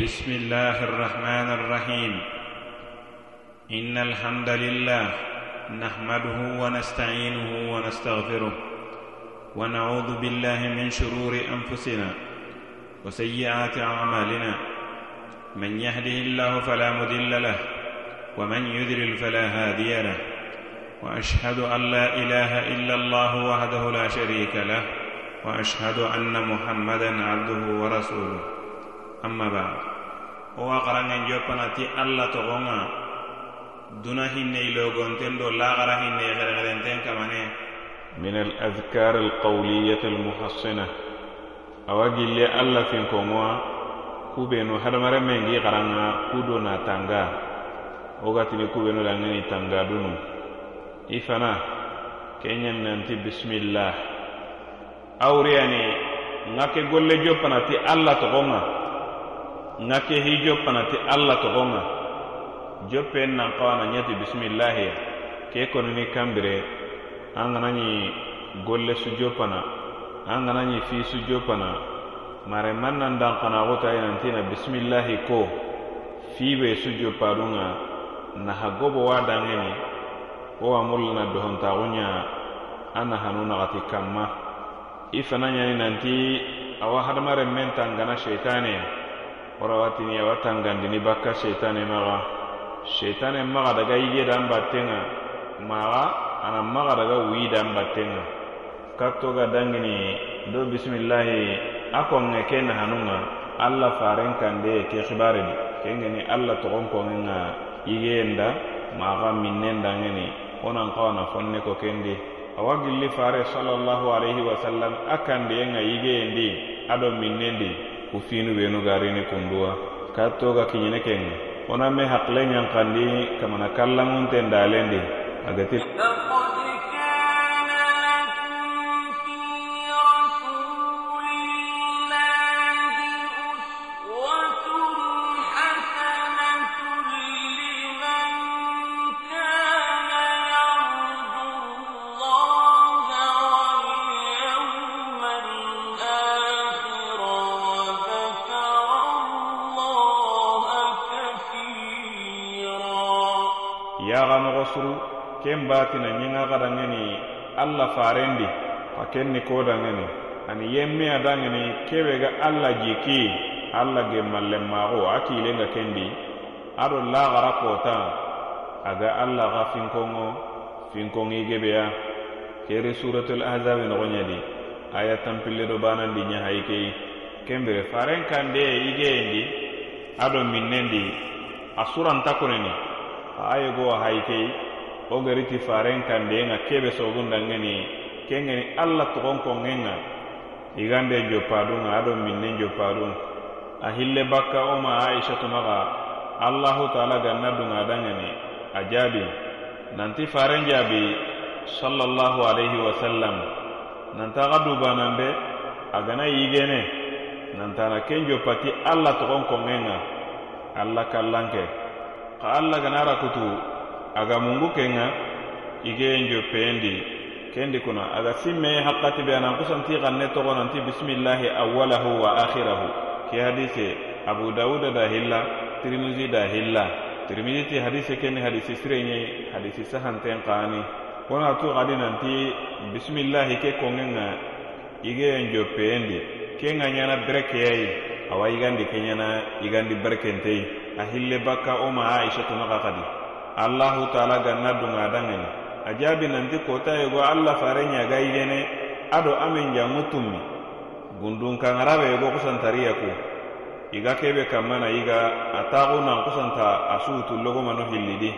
بسم الله الرحمن الرحيم إن الحمد لله نحمده ونستعينه ونستغفره ونعوذ بالله من شرور أنفسنا وسيئات أعمالنا من يهده الله فلا مضل له ومن يذلل فلا هادي له وأشهد أن لا إله إلا الله وحده لا شريك له وأشهد أن محمدا عبده ورسوله amma ba o waxaranŋen jopanati alla toxonŋa duna hinne ilogonten do laxara hinne ixerexerenten kamane min alazkar alqawliyat almuhassina awa gille alla finkonŋowa kubenu hadamaremengi xaranŋa kudo na tanga wo gatini kubenu danŋeni tanga dunu i fana kenyen nanti bismillah awriyani ŋa ke golle jopanati alla toxonŋa nga ke hijo pana ti alla togo nga joppe n nankawana ñati bisimillahi ya ke konini kambire a ganañi golle sujo pana a ganañi fi sujo pana mare man nan dankanaxuta i nantina bisimillahi ko fibe sujo padu nga naha gobo wa dangeni wo wa mullana dohontaxuña a nahanu naxati kanma i fana ñani nanti awa hadamaren men tangana sheitaneya warawatini awa tangandini bakka seitane maxa seitane maxa daga yige dan battenŋa maxa ana maxa daga wuyi dan battenŋa kattoga dangini do bisimilahi a konŋe ke nahanunŋa alla faren kande ke xibarini kengeni alla toxon konŋenŋa yigeyen da maxa minnen dangeni wo nan xa ana fonne ko kendi awa gilli fare sallallahu alaihi wasallam a kandiyenŋa yigeyendi a do minnendi xu finu benu garini tunduwa kato ga kiɲineken xona me haxile ɲanxandi kamana karlanŋunten dalendin a gati batina ɲiŋa xadaŋeni alla farendi xa ken ni kodaŋeni ani yemme a daŋeni kebe ga alla jiki alla gemmallenmaxo a kilen ga kendi ado laxara kota a ga alla xa finkonŋo finkoŋi gebeya keri suratul azabi e noxoɲadi aya tanpille do banandi ɲahayi keyi kenbire faren kande e i geyendi ado minnendi a suranta kuneni a ayego a hayi keyi wo geriti faren kandenŋa kebe sogundanŋeni kengeni alla togonkonŋenŋa igande joppadunŋa ado minne joppadun a hille bakka wo ma aishatumaxa allahu taala ganna dunŋa danŋeni a jaabi nanti faren jaabi sallallahu alaihi wasallam nanta xa dubananbe a gana yigene nantana ken joppati alla togonkonŋenŋa alla kallanke xa alla gana rakutu aga mungu ke ŋa igeyenjo pendi kendi kuna aga simmeye hakkati be anan kusanti xanne togo nanti bisimillahi awalahu wa akhirahu ke hadise abu dauda da hilla tirmizi da hilla tirmizi ti hadise kendi hadisi sirenye hadisi sahanten xani wona tu xadi nanti bisimillahi ke konge ŋa igeyenjo pendi ke ŋa ɲana bere keyayi awa igandi ke ɲana igandi berekenteyi a hille bakka wo ma aishatu maxa xadi allahu taala ganna dunŋa daŋeni a jaabi nanti kota yego allah fare ɲaga yene ado amen jaŋu tummi gundunkanŋarabe yego kusantariya ku i ga kebe kanma na i ga a taxu nan kusanta a suutu logomano hillidi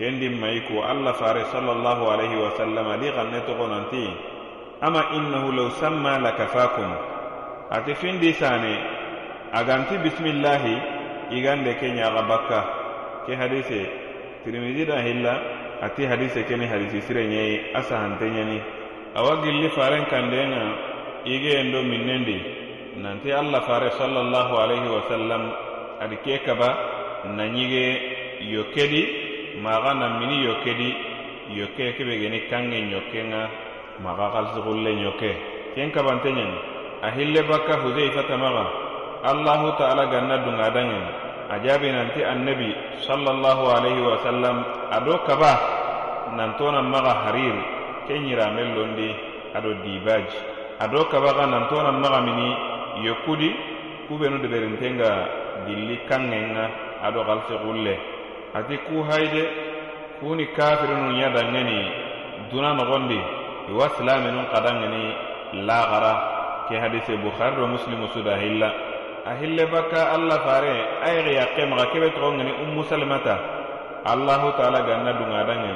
ken dinma i ku allah fare salallahu alaihi wasallam adi xanne toxo nanti ama innahu law samma lakafakum ati findi sane a ganti bisimillahi i gande ke ɲaxa bakka ke hadise tirimidi da hilla ati hadise keni hadisi sire ɲeyi a sahante ɲani awa gilli faren kandenga igeyendo minnendi nanti allah fare sallallahu alaihi wasallam adi ke kaba na ɲige yokedi maga na mini yokedi yoke kebe geni kange ɲoke nga maga kalsigulle ɲoke ken kabante ɲani a hille bakka huzeifatamaga allahu taala ganna dungadaŋeni a jaabi nanti annabi sallallahu alaihi wa sallam ado kaba nantona maga harir ke ɲiramen londi ado dibaji ado kabaga nantona maga mini yokkudi kubenu deberintenga dilli kanŋenŋa ado galsi xulle ati ku hayde kuni kafirinun ya danŋeni duna noxondi iwa silamenun xadanŋeni laxara ke hadise buhari do muslimu sudahilla a hillebakka alla fare a yexi yakke maxa kebe toxongeni ummusalimata allahu taala ganna dungadanŋe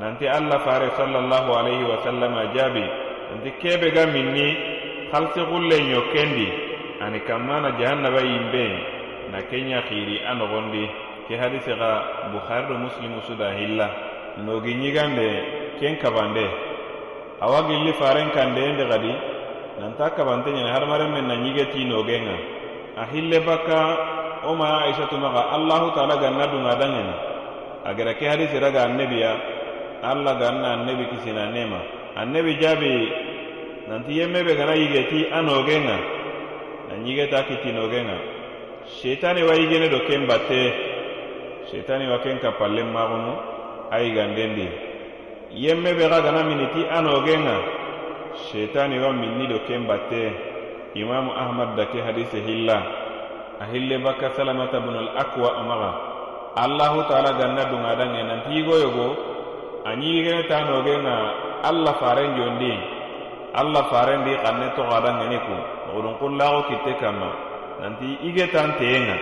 nanti alla fare sallallahu alayhi wa sallam a jaabi nanti kebe ga minni xalsi xulle ɲokkendi ani kammana jahannaba yinbe na kenya xiri a noxondi ke hadisi xa buhari do musilimu suda hilla nogi ɲigande ken kabande awa gilli faren kandeyende xadi nanta kabante ɲene hadamaren men na ɲige ti nogen ŋa a hille bakka wo ma aisatu maga allahu taala ganna dunga dangeni a gera ke hadisiraga annebiya alla ganna annebi kisina nema annebi jaabi nanti yemme be gana yigeti a nogenga na yigeta kiti nogenga sheitani wa yigene do ken batte sheitani wa ken kapallen magunu a yigandendi yemme be ga gana miniti a nogenga sheitani wa minni do ken batte imamu ahmad dake hadise hilla a hille bakka salamata bunul akwa maga allahu taala ganna dunga dange nanti yigoyogo a ɲiigene ta noge nga alla faren jondi alla faren di xanne toxa dangeni ku maxudun kullaxo kitte kanma nanti igetan teye nga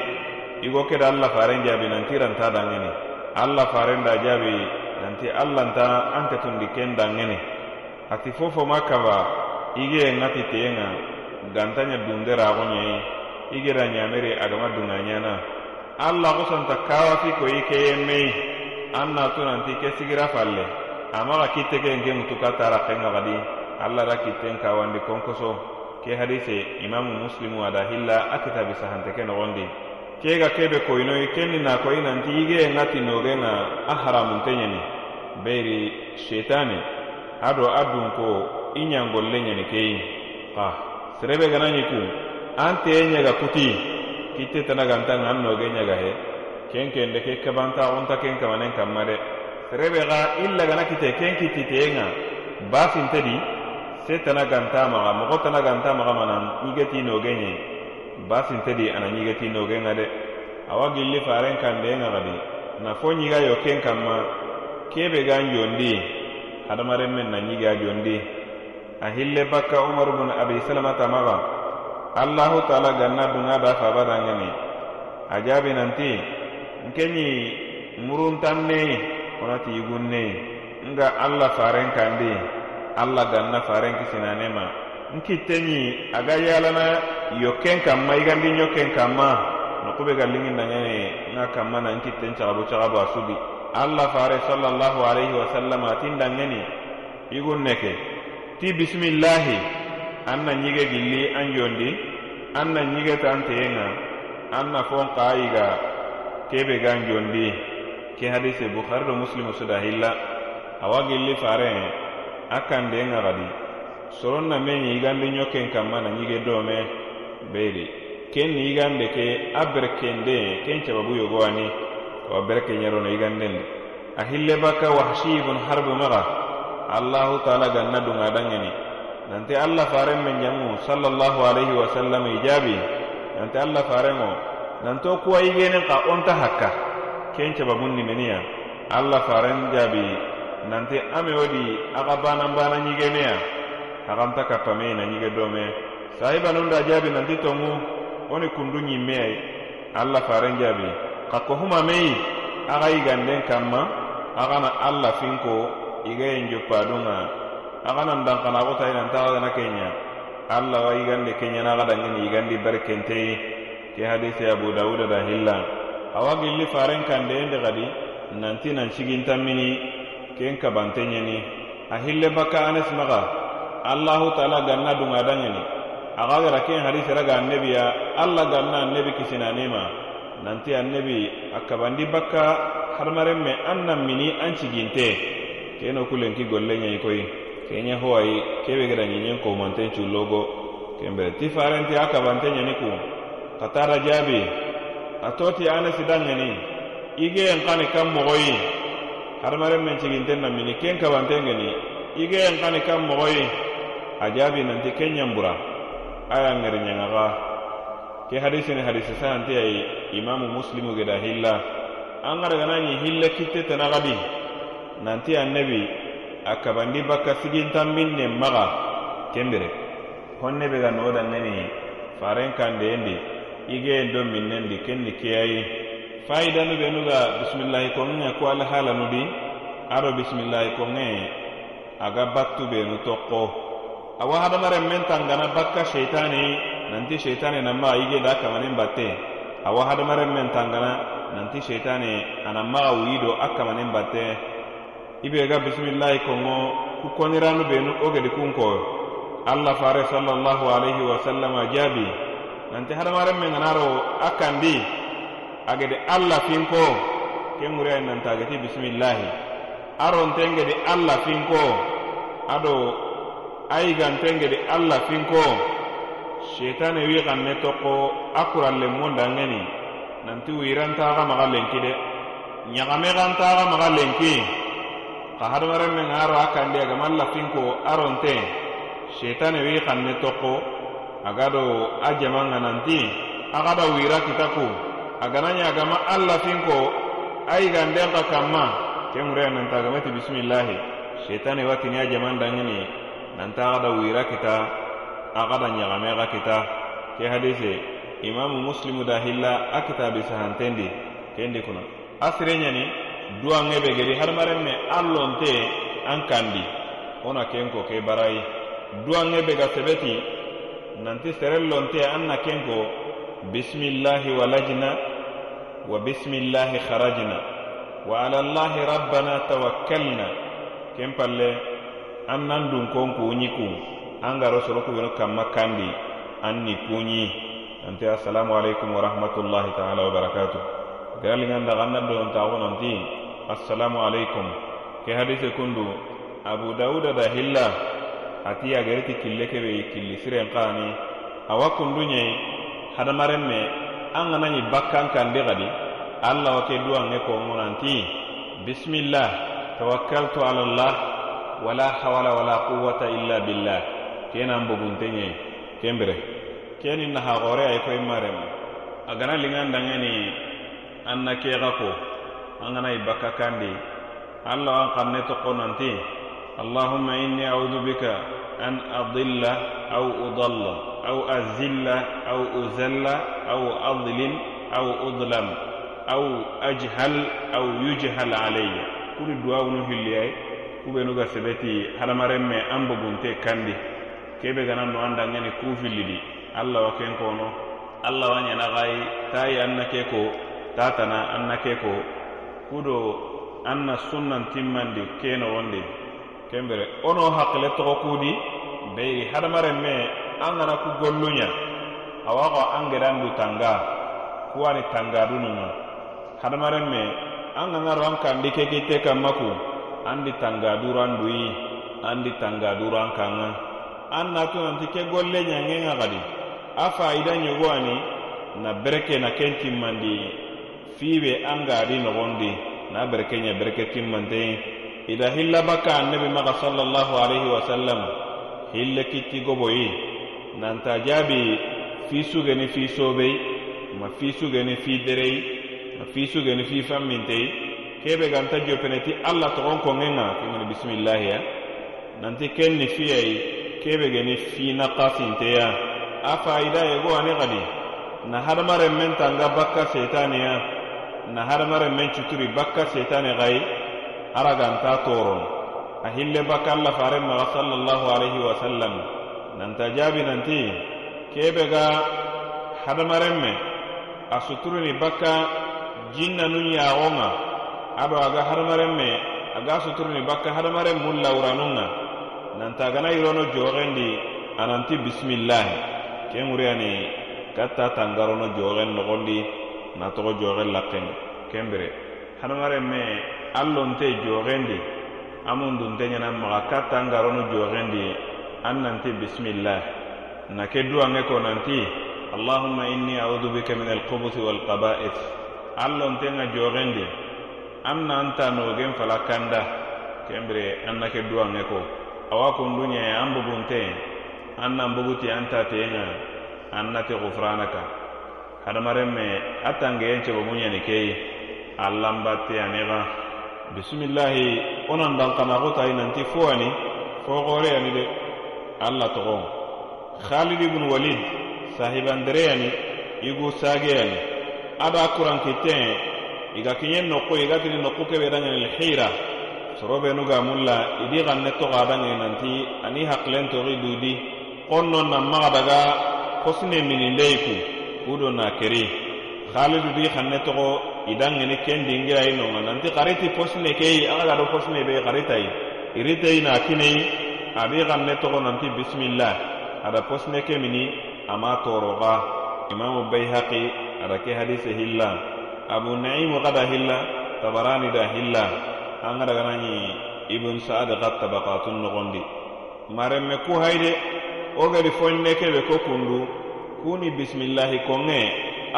igo keda alla faren jabi nanti ranta dangeni alla faren da jabi nanti alla nta an ketundi ken dangeni ati fofoma kaba igeye ngati teye nga gantanya dunderaxo ɲei i gera ɲameri agama dunga ɲana alla xosanta kawafi ko i yemme anna an natu nanti ke sigira falle ama xa kitte ke nge mutu ka tara nga xadi alla da kitten kawandi konkoso ke hadise imamu muslimu ada hilla a kitabi sahante ke noxondi ke ga kebe koyinoyi kenni na koyi nanti no ge na a haramunte ni beri shetane ado a dunko i ɲangolle ɲeni keyi xa ah. serebe gana ni ku ante enya ga kuti kitte tana ga ntanga anno ge nya ga he ken ken de ke kabanta on ta ken kamane kamare serebe ga illa gana kite ken kiti te nga ba fin tedi se tana ga ntama ga mo tana ga ntama ga manan igeti no ge nya ba fin tedi ana igeti no ge nga de awa gilli faren kan de nga gadi na fo nyi ga yo ken kamma kebe ga njondi adamare men na nyi ga njondi a hille bakka umaru bun abi salamata maba allahu taala ganna dunga da fabada ngani a jaabi nanti nkeɲi muruntanne konati yigunne nga allah faren kandi allah ganna faren kisinane ma nkitteɲi aga yalana yokken kanma yigandi ɲokken kanma nokube gallingin dangani nga kanma na nkitten cagabu cagabu a subi allah fare sallallahu alaihi wasallam atin dangani yigunne ke ti bisimillahi an na ɲige gilli an yondi an na ɲige tan teyenŋa an na fon xaayiga kebe gan yondi ke hadise buhari do musilimu sudahilla awa gilli faren a kandenŋa xadi soron na men yigandi ɲoken kanma na ɲige dome beyri ken ni yigande ke a berekende ken cababu yogowani awa bereke ɲerono yigandendi a hillebaka wahashi ibun harbu maxa allahu taala ganna dungadangeni nanti allah faren men ñangu sallallahu alaihi wasallam ijabi e nanti allah farengo nanto kuwa igenen ka onta hakka kencababunni meniya allah faren jabi nanti ame wodi aga bananbana ñigeneya aganta kappame ina ñige dome sahibanunda jabi nanti tongu oni kundu ñimmeyay allah faren jabi kakko humamei aga iganden kamma agana allah finko igayen jopadunga aganan dankanakotayinantaxagana kenya alla wa igande kenyanaxadangeni igandi berkenteyi ke hadise abu dauda da hilla awa gilli faren kandeyende xadi nanti nan sigintanmini ken kabantenyeni a hille bakka anes maxa allahu taala ganna dungadangeni axa gara ken hadiseraga annebiya alla ganna annebi kisinanema nanti annebi a kabandi bakka hadmaren me an nan mini an siginte keno kulen ki golle ñayi koyi kenya howayi kebe gera ñiñen komanten cullogo kembere ti farenti a kabante ñani ku katara jaabi a toti anasi dan ŋani i geyen xani kan moxoyi hadamaren men ciginten na mini ken kabanten geni i geyen xani kan moxoyi a jaabi nanti ken ɲanbura a ya ŋeri ɲaŋaxa ke hadisini hadisi sahantiyayi imamu muslimu geda hilla an ŋaragana ɲi hille kitte tenaxadi nanti annabi a kabandi bakka sigintanmin ne maxa kenbire honne be ga no dangani faren kandeyendi i geyen do minnendi ken ni keyayi fayidanu benu ga bisimillahi konŋe ko alhalanudi aro bisimillahi konŋe a ga battu benu toqo awa hadamaren men tangana bakka sheitani nanti sheitani nanma i geda kamanin batte awa hadamaren men tangana nanti sheitani a nanmaxa wuyido a kamanin batte i be ga bisimillahi konŋo ku koniranu benu wo gedi kun ko allah fare sallallahu alaihi wasallam a jaabi nanti hadamaren men ŋanaro a kandi a gedi allah finko ke ŋuriya yin nanta a geti bisimillahi a ronten gedi allah finko ado a yiganten gedi allah finko sheitane wi xan ne tokko a kurallen mondanŋeni nanti wirantaxa maxa lenki de ɲaxame xantaxa maxa lenki xa hadamaren men aro a kandi agaman lafinko aronte shetane wi xanne toqo aga do a jaman ga nanti axa da wira kitaku agana ɲagama an lafinko a yiganden xa kanma ke ŋure nanta gamati bisimilahi shetane wa kini a jaman dangini nanta axa da wira kita axa da ɲagame xa kita ke hadise imamu muslimu dahilla a kitabi sahantendi kendi kuna a ɲani duwanŋe be geri harmaren me allonte an kandi wo na ken ko ke barayi duwanŋe be ga sebeti nanti seren lonte an na ken ko bisimillahi walajina wa bisimillahi harajina wa ala llahi rabbana tawakkalna ken palle an nan dun kon kuwuɲi kun an garo soro kubeno kanma kandi an ni kuɲi nanti assalamu alaikum warahmatullahi taala wabarakatu galiŋan daga an na donontaxo nanti assalamu alaikum ke hadise kundu abu dauda da hilla ati agariti kille kebe i killi siren kani awa kundu ɲe hadamaren me an ŋana ɲi bakkan kandi xadi alla wa ke duwan ŋe koŋonanti bisimillah tawakkaltu ala llah wala hawala wala quwata illa billah kenan bogunte ɲe kenbire kenin naha xore a yi ko imma ren a gana liŋan danŋeni an na ke xa ko an gana yi baka kan di allah an kanne to konan ti allahumma inni a'udhu bika an adilla aw udalla aw azilla aw uzalla aw adlim aw udlam aw ajhal aw yujhal alayya kuni du'a wunu hilliyai kubenu ga sebeti hadamaren me an bagunte kandi kebe ganan no an dangani ku fillidi allah wa ken kono allah wa nyana gai tayi an nake ko tatana an nake ko kudo anna sunnan timmandi keno wonde kembere ono hakle togo kudi bei hadamare me angana ku gollunya awako angerandu tanga kuwani tangadununga hadamare me angangaro anka andi kekite kammaku andi tangaduru anduyi andi tangaduru ankanga anna tunanti ke golle nyangenga kadi afa ida nyogoani na bereke na kentimmandi fiibe an gaadi nogondi na bereke ɲa bereke timmanteyi ida hilla bakka annabi maga sallallahu alaihi wasallam hille kitti goboyi nanta jaabi fiisugeni fiisobeyi ma fiisugeni fiidereyi ma fiisugeni fiifanminteyi kebe ganta jopeneti alla togon kongen ga kengeni bisimillahi ya nanti ken ni fiyayi kebe geni fiina kasinteya a faida yego ani gadi na hadamaren men tanga bakka seitaniya naharanare men cuturi bakka setane gay araganta toron a hille bakka allah faren maga sallallahu alaihi wasallam nanta jaabi nanti kebe ga hadamaren me a suturini bakka jinna nun yaxonga ado aga hadamaren me aga suturini bakka hadamaren mun lawuranunga nanta gana yirono joxendi ananti bisimillahi ke ŋuriyani katta tangarono joxen noxondi na togo joxe lakkendi kembire hadamarenme allonte joxendi amundunte ɲana maxa katta n garonu joxendi an nanti bisimillah na ke duwange ko nanti allahumma inni audu bika min alkubuthi walkaba'it allonte ŋa joxendi an na n ta nogen fala kanda kembire an na ke duwange ko awa kundu ɲe an bugunte an nan buguti an tateŋa an nati gufranaka hadamaren me attangeyen cebo muñani keyi allanbatte aneba bisimillahi wo nan dankanaxutayi nanti fowani foxoreyani de alla toxon khalid ibnu walid sahibandereyani igu sageyani ada kuran kitten iga kiyen noku igatini noku kebe dangeni lhira sorobenu ga mulla idi xanne toxa dangeni nanti ani haklen toxi dudi xon non nan maxa daga kosine minindeyi ku kudo na keri khalidu bi khanne to go idan ngene ken dingira ino nanti qariti posne kei aga do posne be qaritai iritai na kini abi khanne to go nanti bismillah ada posne ke mini ama toroga imam bayhaqi ada ke hadise hilla abu naim qada hilla tabarani da hilla anga daga nani ibn sa'd qad tabaqatun nugondi mareme ku hayde o gari fonne ke be ko kundu kuni bisimillahi konŋe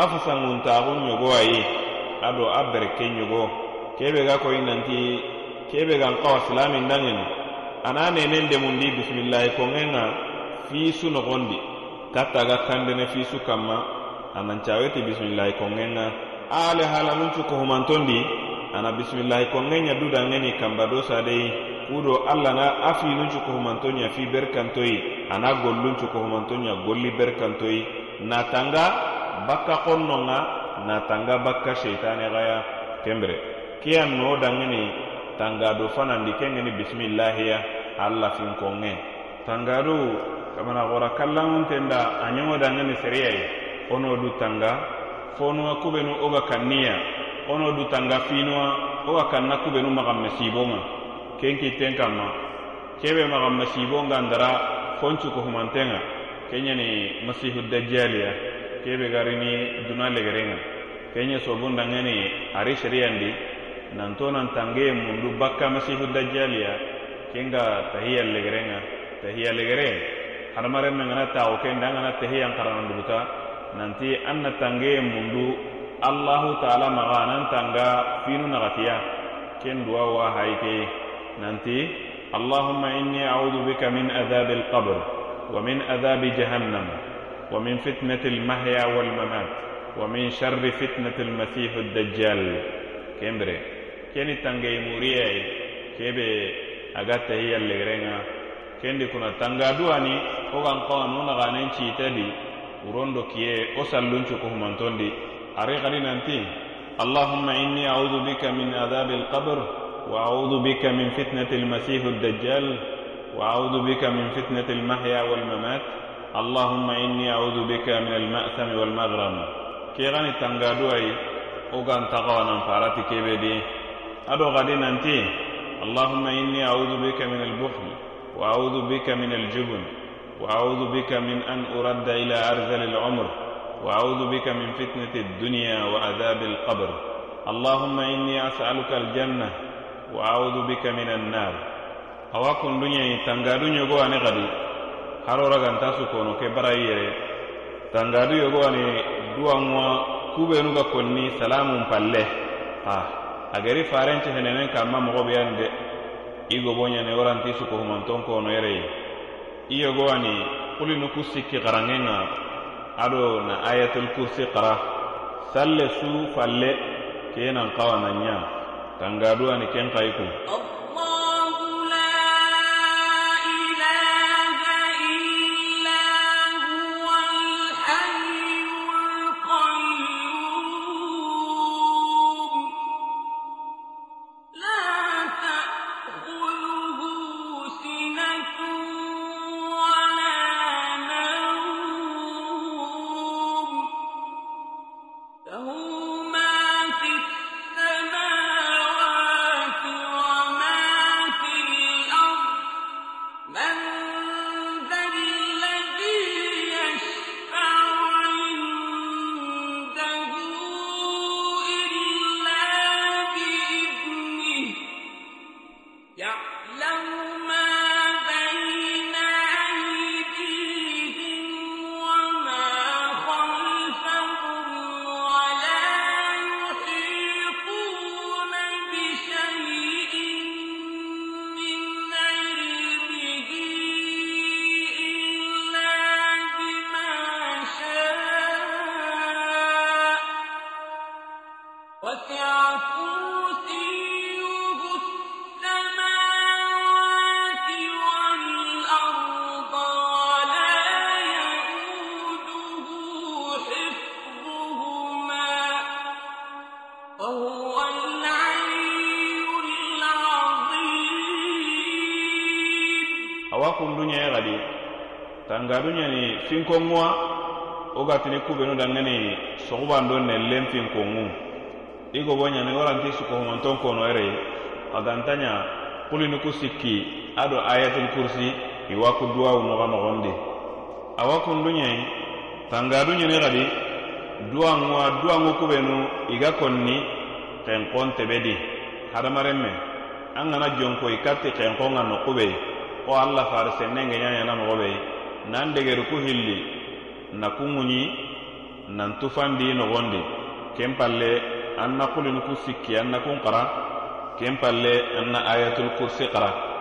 afu sanguntaxu ɲogo ayi a do a berke ɲogo kebe ga koyi nanti kebe gan xawa silamin danŋeni a na nenen demundi bisimillahi konŋe ŋa fiisu noxondi katta ga kandene fiisu kanma a nancaweti bisimillahi konŋe ŋa a ale halanuncu kohumantondi a na bisimillahi konŋe ɲa dudanŋeni kanba do sadeyi kudo allah ŋa a fiinuncu kohumanto ɲa fi berkantoyi a na gollun cukohomantoya golli berkantoyi natanga bakka konnonga natanga bakka sheitane xaya kenbire kiyan no dangini tangado fanandi kengeni bisimillahiya alla finkonge tangado kamana xora kallanŋontenda a ɲeŋo dangini seriyayi ono du tanga fonuwa kubenu wo ga kanniya ono du tanga finuwa wo ga kanna kubenu maxanme sibonga ken kitten kanma kebe maxanme sibonga ndara koncu ko humantenga ni masihu dajjaliya kebe garini duna legerenga kenya ngani ari sheriyandi nanto tangge mundu bakka masihu ya. kenga tahiya legerenga tahiya legere harmare men ta o kenda ngana tahiyan karananduguta nanti anna tangge tange mundu allahu taala maga anan tanga finu nagatiya ken duwa wa haike nanti اللهم إني أعوذ بك من أذاب القبر ومن أذاب جهنم ومن فتنة المحيا والممات ومن شر فتنة المسيح الدجال كيمبري كيني تنجي مورياي كيبي أغاتا هي اللي غرينا كيني كنا تنجا دواني وغان قانون غانين شي تدي وروندو كيه أسال لنشو كهمان توندي أري غرينا اللهم إني أعوذ بك من أذاب القبر وأعوذ بك من فتنة المسيح الدجال وأعوذ بك من فتنة المحيا والممات اللهم إني أعوذ بك من المأثم والمغرم كيراني أي أغان تغوانا فاراتي كيبدي أدو غادي ننتي اللهم إني أعوذ بك من البخل وأعوذ بك من الجبن وأعوذ بك من أن أرد إلى أرذل العمر وأعوذ بك من فتنة الدنيا وعذاب القبر اللهم إني أسألك الجنة wa a'udhu bika minan nar awa kundunyei tangadu ɲogo ani gadi haroraganta sukono ke barayi yere tangadu yogo ani duwanŋuwa kubenu ga konni salamun palle a ageri farenci henenen kanma mogo beyani de i goboɲani woranti suko humanton kono yereyi i yogo ani kulinu ku sikki garanŋen ŋa ado na ayatul kursi qara salle su falle kenan kawa na ɲa kangadu ani ken kai adu ɲani finkonŋuwa wo gatini kubenu dangani sogubando nellen finkonŋu i gobo ɲani waranti sukohumanton kono ere aganta ɲa kulini ado ayatul kursi iwa ku duwawu noga nogondi awa kundu ɲai tangadu ɲini gadi duwanŋuwa duwanŋu kubenu i ga konni xenxon tebe di hadamaren me an gana jonko i katti xenxon ŋa noqubei wo alla farisennengeɲa ɲana nogobeyi nan degeru ku hilli na kuŋuni nan tufandi nogondi ken palle an na kulinu ku sikki an na kun kara ken palle an na ayatul kursi kara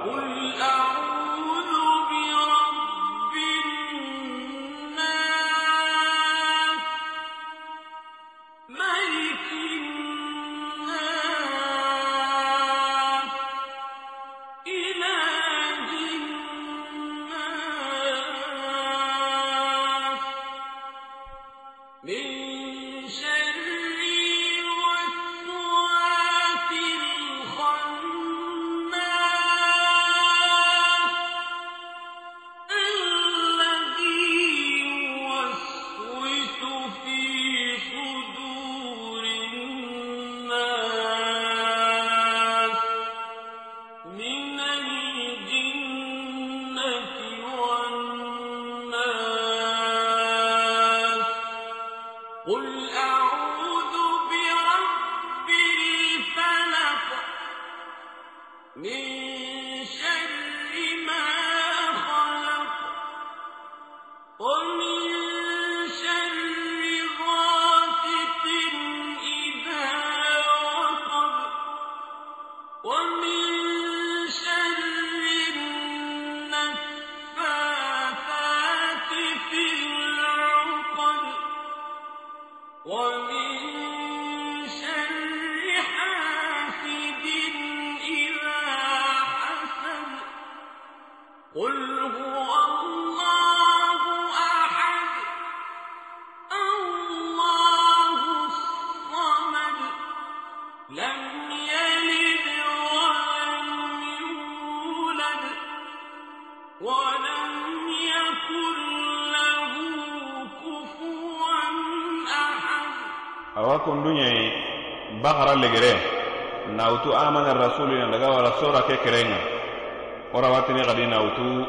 kundunye bahara legere utu amana rasuli na daga wala sora ke kerenga ora watini gadi utu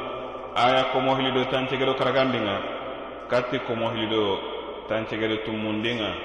aya komo hilido tancegedo karagandinga kati komo hilido tancegedo tumundinga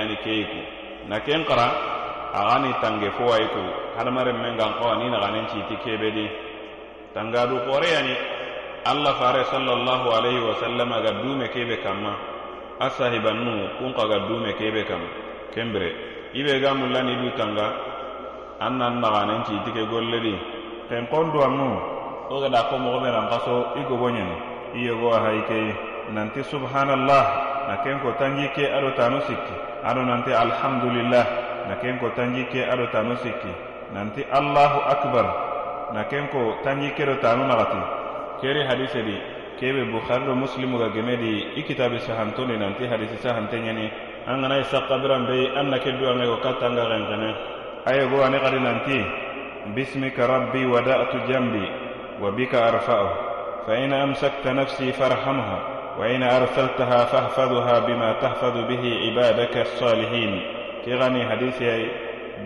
yani kei ku na ken kara agani tange fo ay ku hadamaren men gan ko ni naganen citi kebe di tangadu kore yani allah fare sallallahu alaihi wa sallam ga dume kebe kamma asahiban nu kun ka ga dume kebe kam kembre ibe ga mulani du tanga annan naganen citi ke golle di ken kondu amu o ga da ko mo be ran kaso iko bonyen iyo go haike nanti subhanallah na ken ko tangi ke aro tanu sikki ado nanti alhamdulillah na ken ko tanji ke ado tanu sikki nanti allahu akbar na ken ko tanji ke do tanu nagati keri hadise di kebe bukhari do muslimu ga geme di i kitabi sahantoni nanti hadisi sahante ɲani an gana i e sakkadiran be an na ke duwa ŋe ko kattanga ɣenɣene aye go ani ɣadi nanti bismika rabbi wada'tu jambi wa bika arfa'u fa in amsakta nafsi farhamha fa وإن أرسلتها فاحفظها بما تحفظ به عبادك الصالحين كيغاني حديث أي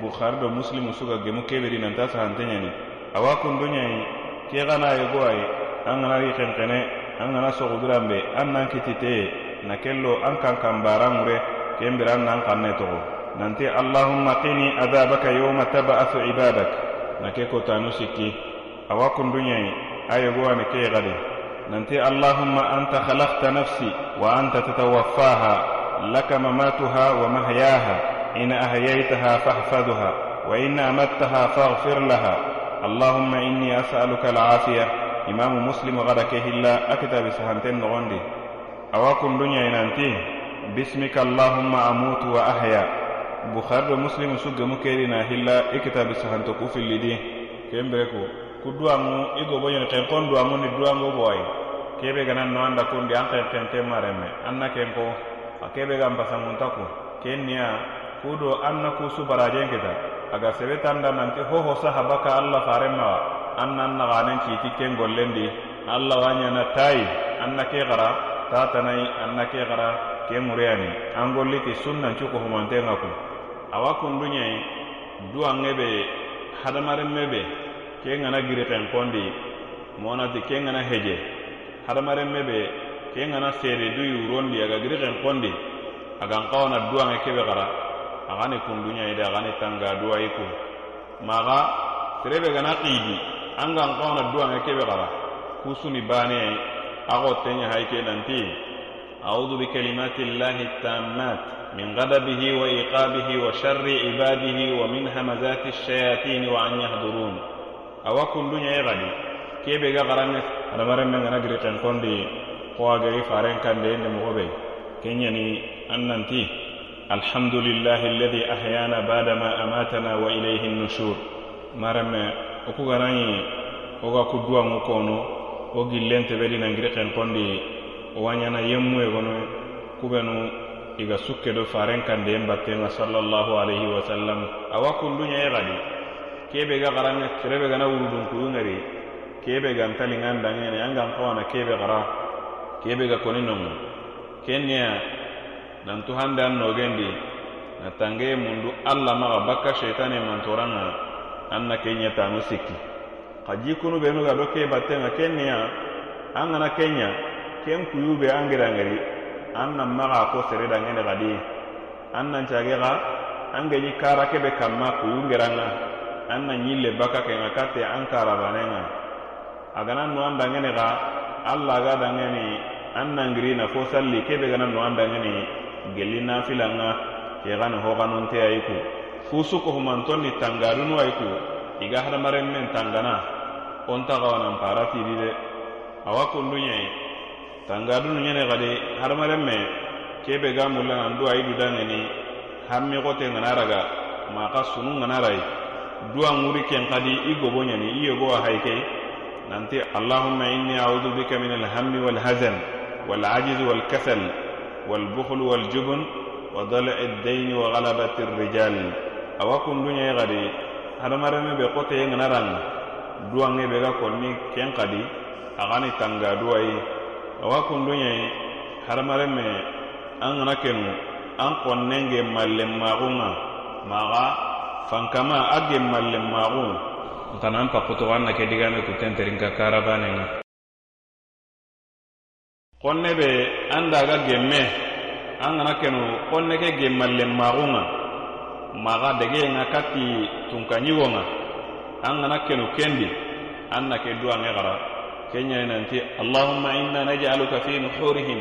بخاري مسلم سوغا جمو كيبري نانتا سانتيني أوا كون دنياي كيغانا يغواي أن أنا ريخن قني أن أنا سوغو غرامبي أن نان كيتيتي نكلو أن كان كان بارامري كيمبر أن نان قنيتو نانتي اللهم قيني عذابك يوم تبعث عبادك نكيكو تانو سيكي أوا كون دنياي أيغواني كيغادي ننتي اللهم أنت خلقت نفسي وأنت تتوفاها لك مماتها ومهياها إن أهييتها فاحفظها وإن أمتها فاغفر لها اللهم إني أسألك العافية إمام مسلم غركه الله أكتب سهنتين نغندي أواكم دنيا ننتي بسمك اللهم أموت وأحيا بخار مسلم سجمك لنا هلا اكتب سهنتك في اللي دي كم بيكو ku duwaŋu i gobo ñiŋ xenkon duwaŋu ni duwaŋo booyi kebe gana no anda kundi an xenxen ke mareme an na kenko a kebe ga nbasaŋunta ku ken niya ku do an na kusu barajen kita aga sebe tanda nanti hoho sahabaka alla farenma wa an nan naxanen kiiti ken gollendi alla wa ñana tayi an na ke xara tatanayi an na ke xara ke ŋureyani an golliti sunnancu kohumante ŋa ku awa kundu ñayi duwaŋe be hadamarenme be ke ngana giriten kondi monati ke ngana heje hadamaren mebe ke ngana sere duyi wurondi aga giriten kondi aga nkawona duwange kebe kara agani kundunyaide agani tanga duwa iku maga serebe gana qidi anga nkawona duwange kebe kara kusuni bane ago tenya haike nanti أعوذ بكلمات الله التامات من غضبه وإيقابه وشر عباده ومن همزات الشياطين وأن يحضرون awa kundu ɲe yagadi kebe ga garanŋe adamaren men gana giri xenkondi xo a geri faren kande ne mogo be kenɲani an nanti alhamdulilahi alladi ahyana badama amatana wa ilayhi nushur maren me wo ku ganaɲi wo ga kuduwanŋu kono wo gillen tebedi nan giri xenkondi owaɲana yenmu ye gono kubenu iga sukke do faren kandeyen battenŋa sallallahu alayhi wasallam awa kundu ɲe yagadi kebe ga garanga kirebe gana wurudun ku ngari kebe ga ntali nganda ngene yanga ngawana kebe gara kebe ga koninon kenya nan tu handan no gendi na tange mundu alla ma bakka shaytane man toranga anna kenya ta musiki kaji kunu be no ga do ke battenga kenya angana kenya ken ku yube angira ngari annan maga ko sere dangene gadi annan chagega angeni karake be kamma ku yungeranga an na ɲille baka ke ŋa kate an karabane ŋa a gana nu an daŋene xa allah ga daŋeni an nangiri nafo salli ke be gana nu an daŋeni gelli nafilan ŋa ke xa ni hoxanunte a yi ku fu sukohumanton ni tangadunu a yi ku i ga hadamaren men tangana onta xawa nan paratidi de awa kundu ɲei tangadunu ɲene xadi hadamaren me kebe ga mulla nan du a yi du daŋeni hammi xote ŋana raga ma xa sunu ŋana rayi duwan wuri ken kadi i gobo ɲani i yogo wa hayike nanti allahumma inni a'udhu bika min alhammi walhazan walajiz walkasal walbukhl waljubn wa dala'i ad-dayn wa ghalabati ar-rijal awa kundunya gadi hadamareme be qote ngaran duwange be ga konni ken kadi agani tanga duwai awa kundunya hadamareme an ngana kenu an qonnenge mallem magunga maga fankama a gen mallen maxun ntanan pakkutu xan na ke digane ku tenterin ka karabanen ga xon ne be an daga genme a gana kenu xon ne ke gen mallen maxun ga maxa degeyen ga kati tunkanɲigo ga a gana kenu kendi an na ke duwange xara kenɲane nanti allahumma inna najaluka fi nuhurihim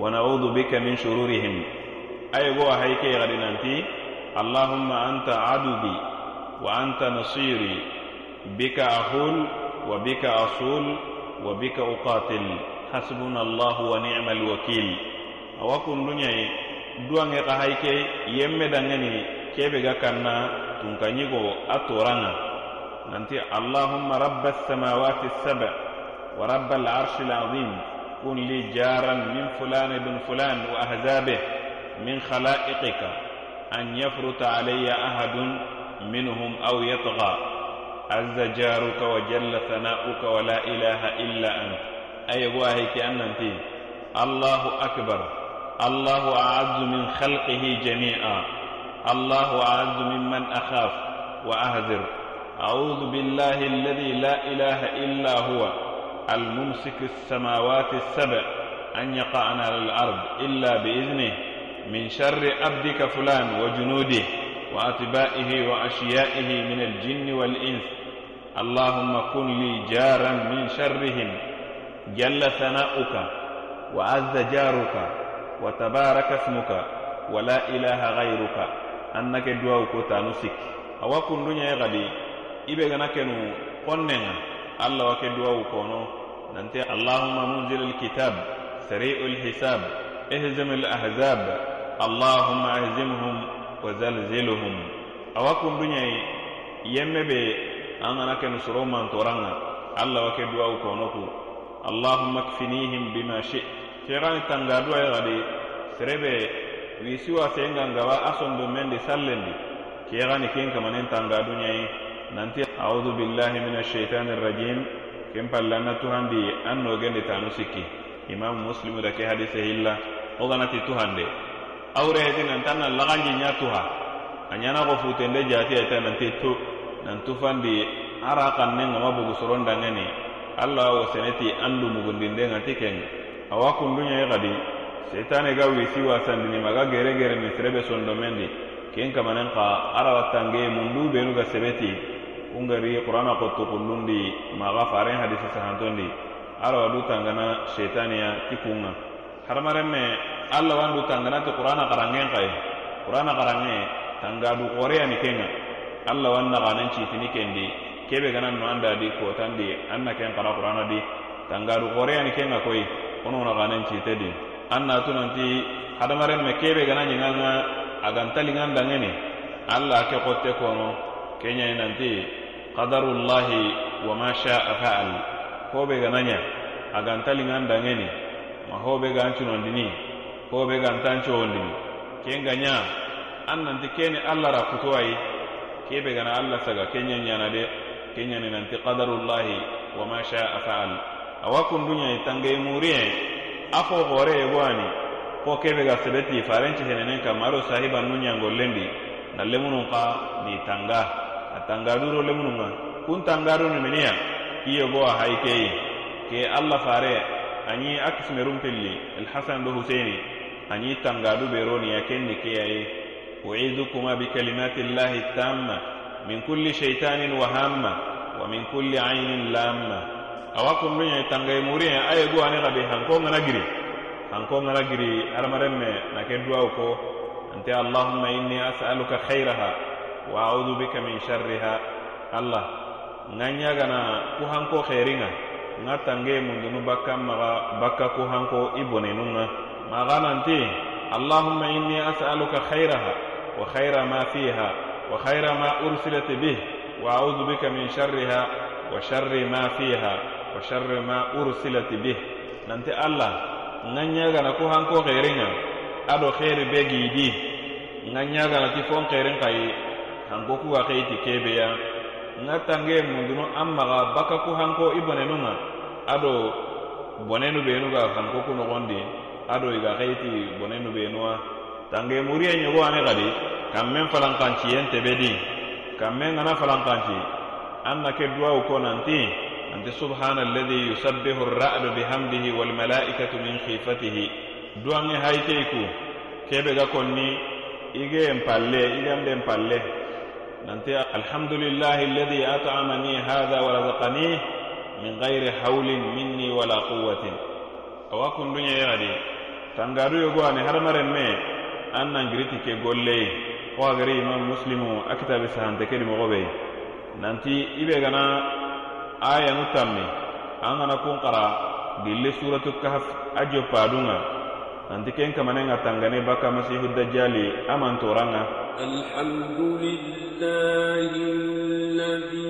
wa naudu bika min shururihim ayego a hay ke xadi nanti اللهم أنت عددي وأنت نصيري بك أهول وبك أصول وبك أقاتل حسبنا الله ونعم الوكيل أوكم دنياي duwange ka hayke yemme dangeni kebe ga kanna tunkanyigo a toranga nanti السبع ورب العرش العظيم كن لي جارا من فلان بن فلان وأهزابه من خلائقك أن يفرط علي أحد منهم أو يطغى عز جارك وجل ثناؤك ولا إله إلا أنت أي واهي كأن أنت الله أكبر الله أعز من خلقه جميعا الله أعز ممن أخاف وأهذر أعوذ بالله الذي لا إله إلا هو الممسك السماوات السبع أن يقعنا على الأرض إلا بإذنه من شر عبدك فلان وجنوده وأتبائه وأشيائه من الجن والإنس اللهم كن لي جارا من شرهم جل ثناؤك وعز جارك وتبارك اسمك ولا إله غيرك أنك دعوك تانسك أوكن دنيا غدي إبقى نكنو قننا الله وكن دعوك ننتهي اللهم منزل الكتاب سريع الحساب اهزم الأحزاب allahuma ahzimhum wa zalziluhum awa kunduñayi yemme be an gana kenu soro mantoran ŋa allah wa ke duwawu kono ku allahuma kfinihim bima shi sheikhani tanga duwa yaxadi serebe wisiwa sengan gawa a sondo mendi sallendi keexani ken kamanen tangaduñayi nanti audu billahi min ashaitani rajim ken pallana tuhandi an nogendi tanu sikki imamu muslimu da ke hadise hilla wo ganati tuhande awre heti nanta na laganɲe nya tuha a ko futende jati ayita nanti tu nantu fandi ara kanne ŋama bugu sorondangeni alla wa seneti andu mugundinde ŋati kenga awa ya i xadi setan ga wisi wasandini maga gere gere mi serebe mendi ken kamanen xa mundu benu ga sebeti ungari qur'ana kottukundundi maga faren hadis sahantondi arawa du tangana setania tikunga kunga me allah wandu kanganati qur'ana xaranŋen xaye qur'ana xaranŋe tangadu xoreyani kenŋa allah wannaxanan citini kendi kebe ganan nu an dadi kotandi an na ken xara qur'ana di tangadu xoreyani kenŋa koyi wono naxanan cite di an natunanti hadamaren me kebe gana ɲiŋanŋa a gantaliŋan danŋeni allah ke xotte kono kenɲai nanti qadarullahi wa ma sha'a fa'al hobe gana ɲa a gantaliŋan danŋeni ma hobe gan cunondini kobe gantancowondi ke n ga ɲa an nanti kene allah ra kuto ayi kebe gana allah saga kenya ɲana de kenyani e nanti qadarullahi wa ma sha afaal awa kundunɲai tangei muriye a fo hore yegoani fo kebe ga sebeti farenci henenen kam aro sahiban nu ɲangollendi na lemunun ka ni tanga a tangaduro lemunun ga kun tangadu nimeniya kiyego a hayikeyi ke allah fare ani a kisimerun pilli elhasan be huseini ani tangadu beroniya kenni keyaye uidukuma bikalimati llahi tamma min kulli sheitanin wahamma wa min kulli ainin lamma awa kunduñay tangaye muriya aye gu ani xabi hanko ngana giri hanko ngana giri armarenme nake duwaw ko ante allahumma inni asaluka khairaha wa audu bika min sharriha allah nga ñagana ku hanko xeeringa nga tange mundunu bakka maxa bakka ku hanko i bonenunga maganante allahumma inni asaluka khairaha wa khaira ma fiha wa khaira ma ursilat bih wa audu bika min sharriha wa sharri ma fiha wa sharri ma ursilat bih nante allah ŋanɲagana ko hanko xerinŋa ado xeri be giidi ŋanɲagana ti fon xerin xayi hanko kuga xei ti kebeya ŋa tange mundunu an maxa bakka ku hanko i bonenunŋa ado bonenu benuga hanko ku noxondi ado iga bone xeiti bonenu benuwa tange muriye ɲogo ani xadi kanmen falanxanciyen tebe din kanmen ŋana falanxanci an na ke duwawu ko nanti anti subhana alladi yusabbihu arra'du bihamdihi walmalaikatu min khifatihi duwanŋe hayitei ku kebe ga konni ige npalle igande npalle nanti alhamdulillahi alladi at'amani hadha wa min gayri hawlin minni wala quwwatin awa kundunɲe yadi tangado yogo ani hadamaren me an nangiriti ke golley ho agari imam muslimu a kitabe sahante kedi mogobe nanti i be gana ayanu tammi an gana kunkara gille suratu kahf a joppadunga nanti ken kamane ga tangane bakka masihu dajjali a mantoranga alhamdulillahi alladhi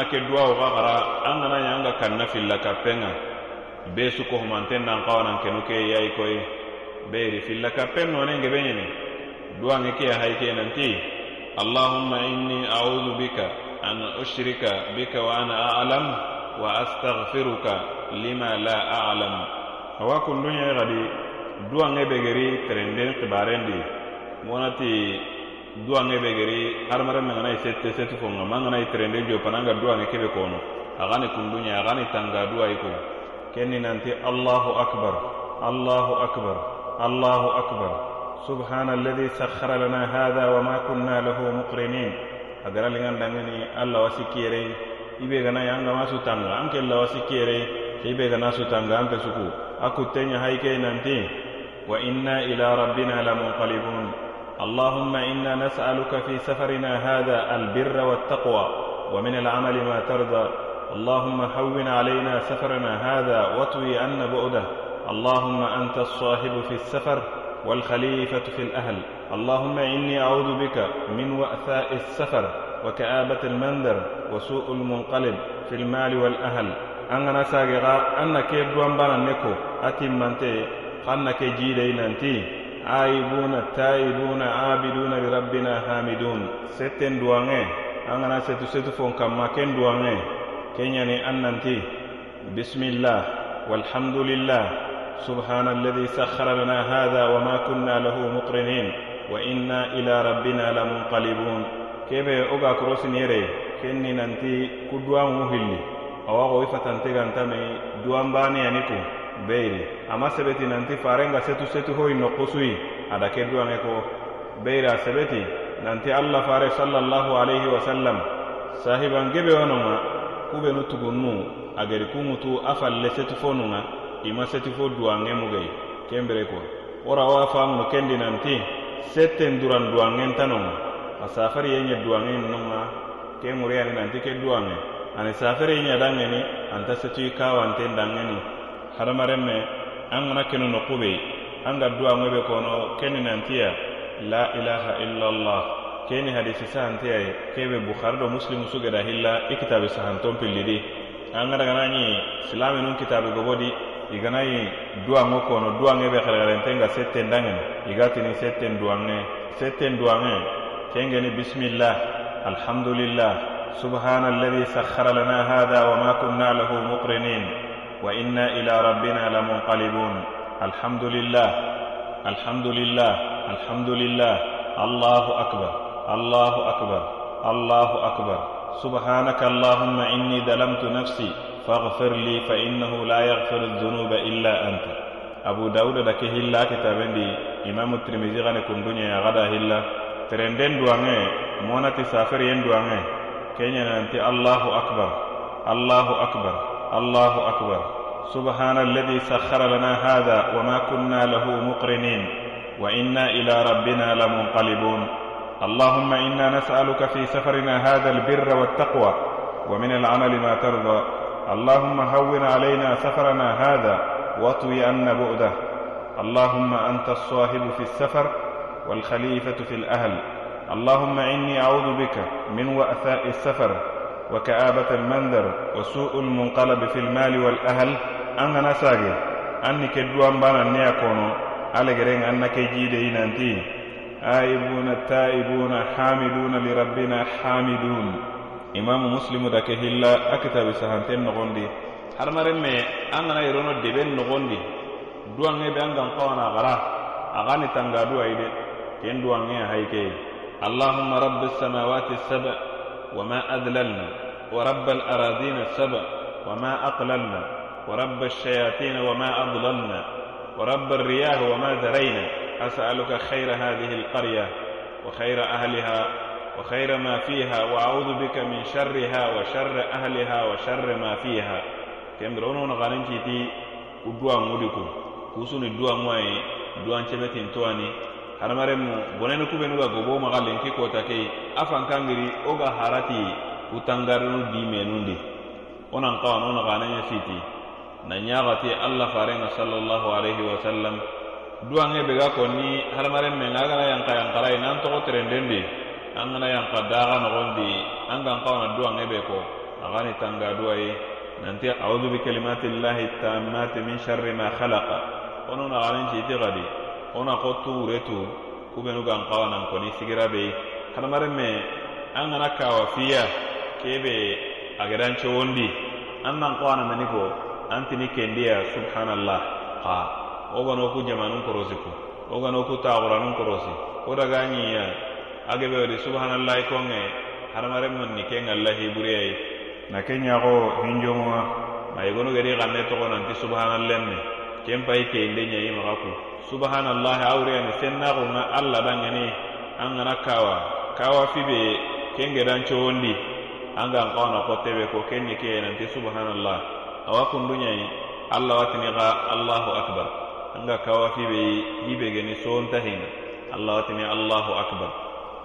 na ke duwawo xa xara an gana ɲa an ga kanna filla kappen ga be sukohumanten nan xawanan kenu ke yayi koye beyiri filla kappen nonen gebe ɲini duwange keya hayi ke nanti allahumma inni audu bika an ushrika bika wa ana alam wa astagfiruka lima la alam awa kundunɲa i xadi duwange be geri terenden xibaren di wonati duwanŋe be geri hadamarenme ganayi sette sette fo ŋa man ganayi terende jo pananga duwanŋe kebe kono axani kundunɲe axani tanga duwayi ko kenni nanti allahu akbar allahu akbar allahu akbar subhana alladi sakhara lana hatha wama kunna lahu muqrinin a gara liŋan danŋeni alla wa sikkiyerei i be ganayi an gama su tanga an kella wa sikkiyerei ke i be gana su tanga an pe suku a kutteɲe hayikei nanti wa inna ila rabbina lamunqalibun اللهم إنا نسألك في سفرنا هذا البر والتقوى ومن العمل ما ترضى اللهم هون علينا سفرنا هذا واطوي عنا بعده اللهم أنت الصاحب في السفر والخليفة في الأهل اللهم إني أعوذ بك من وأثاء السفر وكآبة المنذر وسوء المنقلب في المال والأهل أننا ساقغا أنك يدوان بنا نكو أتمنتي خانك جيدين أنتي aayibuna taayibuna aabiduna lirabbina hamidun setten duwanŋe an ŋana setu setu fon kanma ken duwanŋe ke ɲani an nanti bisimillah walhamdulillah سبحان الذي سخر لنا هذا وما كنا له مقرنين وإنا إلى ربنا لمنقلبون كيف أغا كروس نيري كني ننتي كدوان مهلي أو أغوي فتنتي غنتمي دوان باني أنيكو beyri ama sebeti nanti farenga setu setu hoyi nokkusuyi ada ke duwange ko beyri a sebeti nanti allah fare sallallahu alaihi wasallam sahiban gebe wononga kubenu tugunnu ageri kumutu afalle setu fonunga ima setu fo duwange mugei kembere ko wora wa famuno kendi nanti setten duran duwangen tanonga a safari yenye duwangen nonga ke ŋuriyani nanti ke duwange ani safari yenye dangeni anta setui kawanten dangeni hadamaren me an ŋana kenu no kube an ga duwa ŋobe kono keni nantiya la ilaha illallah keni hadisi sahantiya ye kebe bukhari do muslimu sugeda hilla i kitabe sahanton pillidi an ŋada gana ɲi silaminun kitabe gobodi i gana yi duwanŋo kono duwanŋe be xerexerenten ga setten danŋene i ga tini setten duwanŋe setten duwanŋe kengeni bisimillah alhamdulillah subhana alladi sakhara lana hada wa ma kunna lahu muqrinin وإنا إلى ربنا لمنقلبون الحمد لله الحمد لله الحمد لله الله أكبر الله أكبر الله أكبر سبحانك اللهم إني ظلمت نفسي فاغفر لي فإنه لا يغفر الذنوب إلا أنت أبو داود دك هلا دي إمام الترمذي غني كندنيا غدا هلا ترندن دوانه مونة سافر ين كينا كينيا ننتي الله أكبر الله أكبر الله أكبر سبحان الذي سخر لنا هذا وما كنا له مقرنين وإنا إلى ربنا لمنقلبون اللهم إنا نسألك في سفرنا هذا البر والتقوى ومن العمل ما ترضى اللهم هون علينا سفرنا هذا واطوي عنا بؤده اللهم أنت الصاحب في السفر والخليفة في الأهل اللهم إني أعوذ بك من وأثاء السفر وكآبة المنظر وسوء المنقلب في المال والأهل أنا ساغي أني كدوان بانا نيكونو على جرين أنك جيدي ننتي آيبون التائبون حامدون لربنا حامدون إمام مسلم ذاك هلا أكتب سهنتين نغندي harmaren me أنا gana yirono deben دوان duwange be قوانا غرا أغاني agani tangadu ayi de ken duwange a hayi وما أذللنا ورب الأراضين السبع وما أقللنا ورب الشياطين وما أضللنا ورب الرياح وما ذرينا أسألك خير هذه القرية وخير أهلها وخير ما فيها وأعوذ بك من شرها وشر أهلها وشر ما فيها كم درونون نغانين تي ودوا مودكم كوسون الدوا دوان تبتين تواني hadamaren mu bonene kubenu ga gobo maga lenki kota ke a fankangiri wo ga harati wu tangarinu dimenundi wo nan kawano naganeɲe fiti na ɲagati alla farenga sallallahu alaihi wasallam duwange bega konni hadamaren men a gana yanka yankarayi nan togo terendendi an gana yanka daga nogondi an gan kawana duwange be ko agani tanga duwayi nanti audu bikalimati llahi tammati min sharri ma khalaqa wo nu naganen citi gadi wona xo tuure tu kubenu gan xawa nan koni sigira be hadamaren me an gana kawa fiya kebe a gedance wondi an nan xo ana nani ko an tini kendiya subhanallah xa wo gano ku jamanun korosi ko wo gano ku taxuranun korosi wo daga ɲiya a gebe wodi subhanallahi konge hadamaren mun ni ken allahi buriyayi na ken ɲaxo hinjongoa ma yegonu gedi xanne toxo nanti subhanallen ne ken pai keinde ɲeyi maxa ku subhanallahi awureyani sennaxonga allah ɗangeni an gana kawa kawa fibe kenge dancowondi an gan xawana xottebe ko kenne keyenanti subhanallah awa kundunyai allah watini xa allahu akbar an ga kawa fibe yibe geni sowontahinga allah watini allahu akbar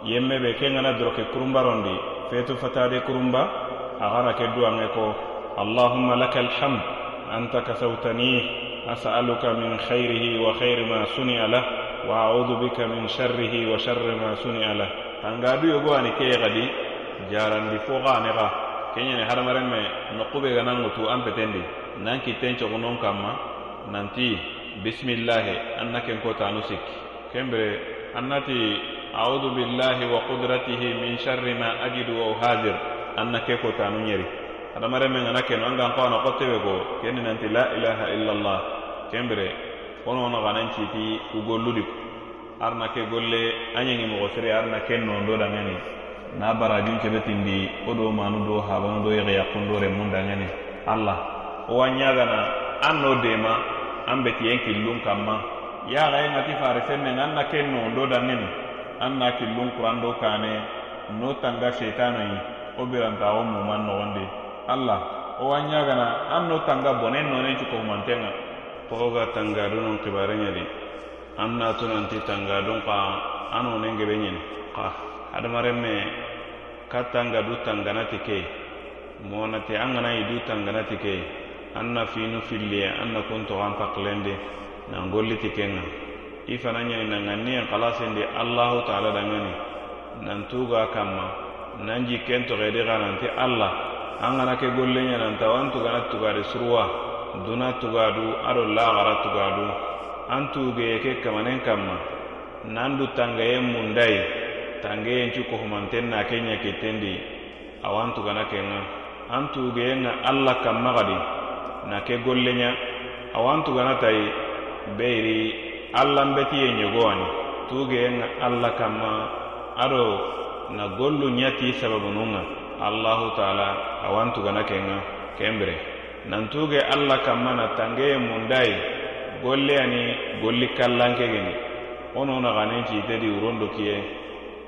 yemme be ken gana doroke kurumbarondi fetu fatade kurumba a xana ke duwange ko allahumma laka alhamd anta kasautani أسألك من خيره وخير ما سنع له وأعوذ بك من شره وشر ما سنع له تنغادو يغواني كي غدي جاران دي فوغا نغا كيني هرمرن مي نقوبي غنانغتو أم بتندي نانكي تنشو غنون كاما نانتي بسم الله أنك انكوتا نسك كمبري أنتي أعوذ بالله وقدرته من شر ما أجد وأهاجر أنك كوتا نيري هرمرن مي غنانكي نوانغان قوانا قطبكو كيني نانتي لا إله إلا الله kembire honono xananciti ku golludi ar na ke golle a ñengi moxo sere ar na ken nondo dangeni na barajun kebe tindi wo do manu do habanu do yexeyakun do remun dangeni alla wo wa ñagana an no dema an be tiyen killun kan ma yaxaye ŋati fare femmen an na ken nondo dangeni an na killun kuran do kane no tanga seitanoyi wo biranta xo muman noxondi alla wo wa ñagana an no tanga bonen nonen cukohumantenga koxoga tangadunun xibarenyedi an natunanti tangadun xa anonengebe ɲini xa hadamarenme ka tangadu tanganati ke monati an gana idu tanganati ke an na finu fili an na kuntoxan faxilendi nangoliti kenga i fana ɲani nanganniyen xalasindi allahu taala dangani nantuga kanma nan ji kentoxedi xananti allah an gana ke golle ɲanantawantuganati tugadi suruwa duna tugadu ado lagara tugadu antu geye ke kamanen kamma nandu tangaye mundai tangeyen cu kohumanten na ke ɲakittendi awantugana kenga antu geye ŋa alla kanmagadi na ke gollenya awantugana tai beyiri allan betiye ɲogowani tugeye ŋa alla kanma ado na gollu ɲati sababununga allahu taala awantugana kenga kenbire nantuge alla kanma na tangeye mundayi golle ani golli kallanke geni wo nonaxanin citedi wurondo kiye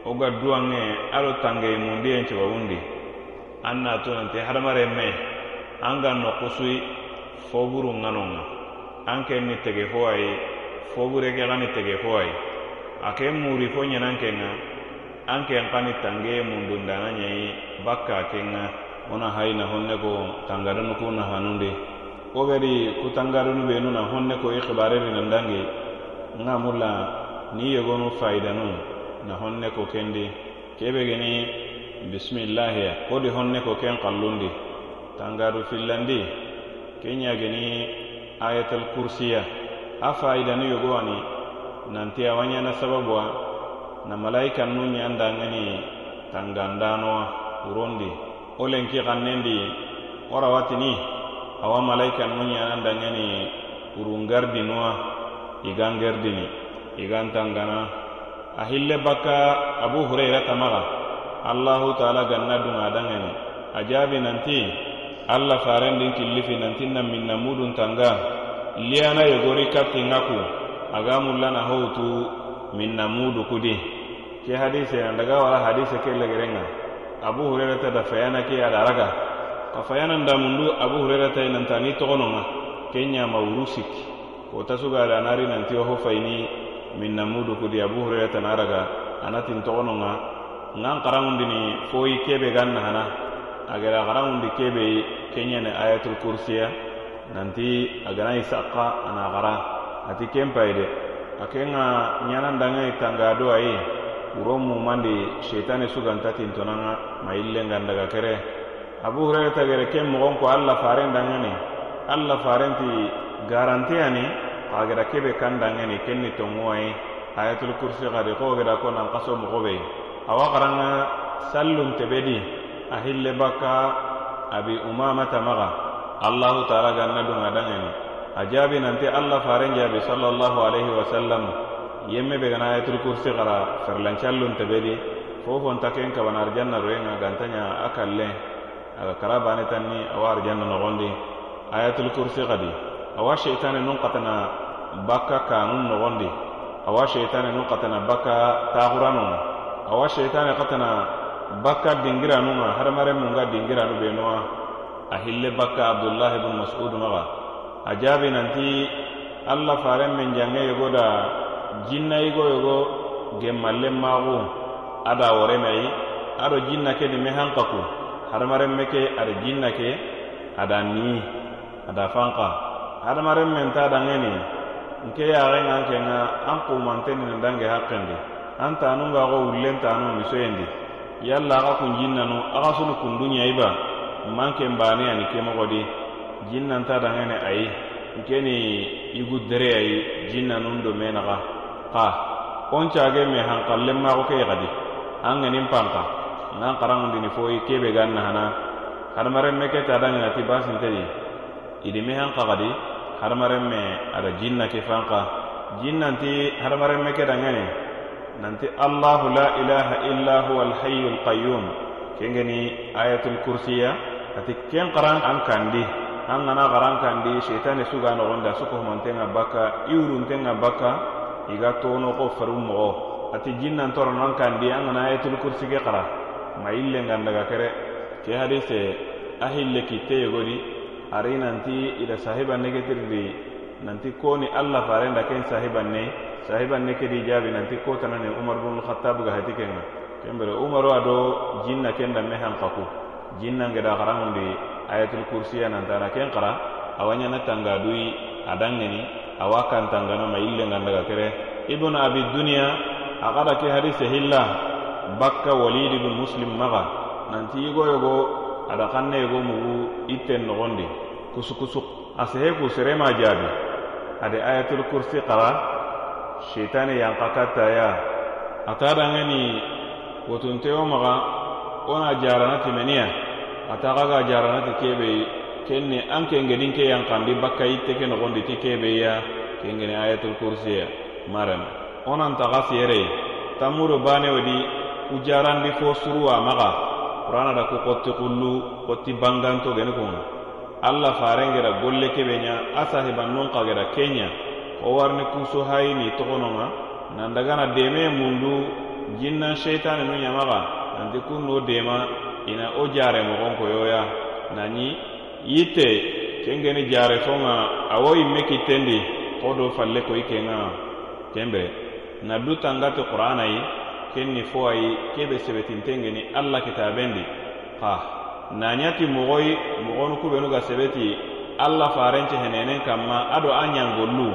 wo ga duwanŋe alo tangeye mundiyen cibawundi an nato nante hadamaren me an ga noxusuyi foburu ŋanon ŋa an ken ni tege fo ayi fobure ke xa ni tege fo ayi a ke muri fo ɲananken ŋa an ken xa ni tangeye mundundana ɲeyi bakka ken ŋa wona hayna honne ko tangarenu ko nahanunde wo ɓeri ku tangarenu ɓenuna honne ko e i xibareni nandange nga mulla ni yegonu faydanu na honne ko kendi kebe geni bisimillahiya wo di honne ko ken xallundi tangaru fillandi ke ɲa geni ayatal kursiya a faydanu yogo ani nanti awa ɲana sababuwa na malaikannu ɲandangeni tangandanowa urondi wo lenki xannendi wo rawatini awa malaika nu ɲanan dangeni urungardinuwa i gan gerdini i gan tangana a hille bakka abu hureira kamaxa allahu taala ganna dunga dangeni a jaabi nanti allah farendin killifi nanti nanmin namudun tanga liyana yogori kaptin ga ku a ga mullana howtu min namudu kudi ke hadise andaga wala hadise ke legerenga abu hurairata da fayana ke ala raga ka fayana nda mundu abu hurairata inanta ni ma kenya mau rusik. kota suga ala nari nanti ho fayini min namudu di abu hurairata na raga anatin togononga ngan ni koi kebe gan nahana agara karangundi kebe kenya ne ayatul kursiya nanti agana Isaqa ana gara ati kempay de akenga nyanan ndanga itanga doa ini wuro mumandi sheitani suganta tintonanga ma daga kere abu hurairata gere ken mogon ko alla faren dangani alla farenti garantiyani xa gera kebe kan dangani ken ni tongowayi ayatul kursi xadi xo gera ko nan xaso mogo awa xaranga sallun tebedi a baka abi umamata maxa allah taala ganna dunga dangani a jaabi nanti alla faren jaabi sallallahu alaihi wasallam yemme be gana ayatul kursi gara challun farlancallun tebedi fofonta ken janna arjanna royenga gantanya a kallen aga kara bane awar janna no gondi ayatul kursi gadi awa sheitane nun qatana bakka kanun no gondi awa sheitane nun qatana bakka taquranu awa sheitane qatana bakka dingiranu ma har mare mun ga dingiranu benowa a hille bakka abdullah ibn mas'ud maga a jaabi nanti alla faren men jange yogoda jinna igo yogo gemmallen maxu a da woremeyi ado jinna ke dime hanka ku hadamaren me ke ada jinna ke ada ni ada fanka hadamaren men ta dangeni nke yaxe ŋan ke ŋa an kumantenninen dange hakkendi an tanunga xo wullen tanu misoyendi yalla a xa kun jinnanu a xa sunu kundu ɲayiba man ken bane ani kemoxodi jinnanta dangene ayi nkeni igu dereyayi jinnanun do me naxa ka koncage me hankallenmaxo ke yaxadi an ŋenin panka nan xaranŋundini fo i kebe gan nahana hadamaren me kete adaŋinati basintedi idi me han xaxadi hadamaren me ada jinna ke fanka jinnanti hadamaren me keda ŋeni nanti allahu la ilaha illa huwa alhayu alqayum kengeni ayatul kursiya ati ken xaran an kandi an ŋana xaran kandi sheitani e suga noxonda sukohumantenŋa bakka iwurunten ŋa bakka i ga tono ko farum mogo ati jinnan toro non kandi an gana ayatul kursi ke kara ma ille ngan daga kere ke hadise ahille kitte yogodi ari nanti ida sahiban negetirdi nanti koni allah faren da ken sahiban ne sahiban ne kedi jabi nanti ko tanane umar bin khattab ga hati kenga kembere umar wa do jinna ken da mehan kaku jinna ngeda garang di ayatul kursi ya nanta ken kara awanya na tangga dui adangeni awa kantanganama yille ngan daga kere ibnu abi duniya a xada ke hari sehilla bakka walididu muslim maxa nanti yigo yogo ada xanna yogo mugu itte noxondi kusukusuk a sehe ku serema jaabi ade ayatul kursi xara sheitane yanxa kattaya a ta dangeni wotunteyo maxa wona jaranati meniya a taxa ga jaranati kebe kenne an ke ngedin ke yankandi bakka yitte ke nogondi ti kebeya ke ngene ayatul kursiya maren onanta ga fiyerey tamuro banewo di kujarandi fo suruwa maga qurana da ku kotti kullu kotti banganto geni kuna allah farengera golle kebe nya a sahiban non kagera kenya ko warni kuso hayini togononga nandagana deme mundu jinnan sheitani nu nyamaga nanti kunno dema ina o jare mogonko yoya nani yitte kengeni jare fonga awo imme kittendi ho do falle koyi kenga kembe na du tangati qur'anayi ken ni fo ayi kebe sebetintengeni alla kitabendi ha nanyati mogoyi mogonu kubenu ga sebeti alla farence henenen kanma ado a ɲangollu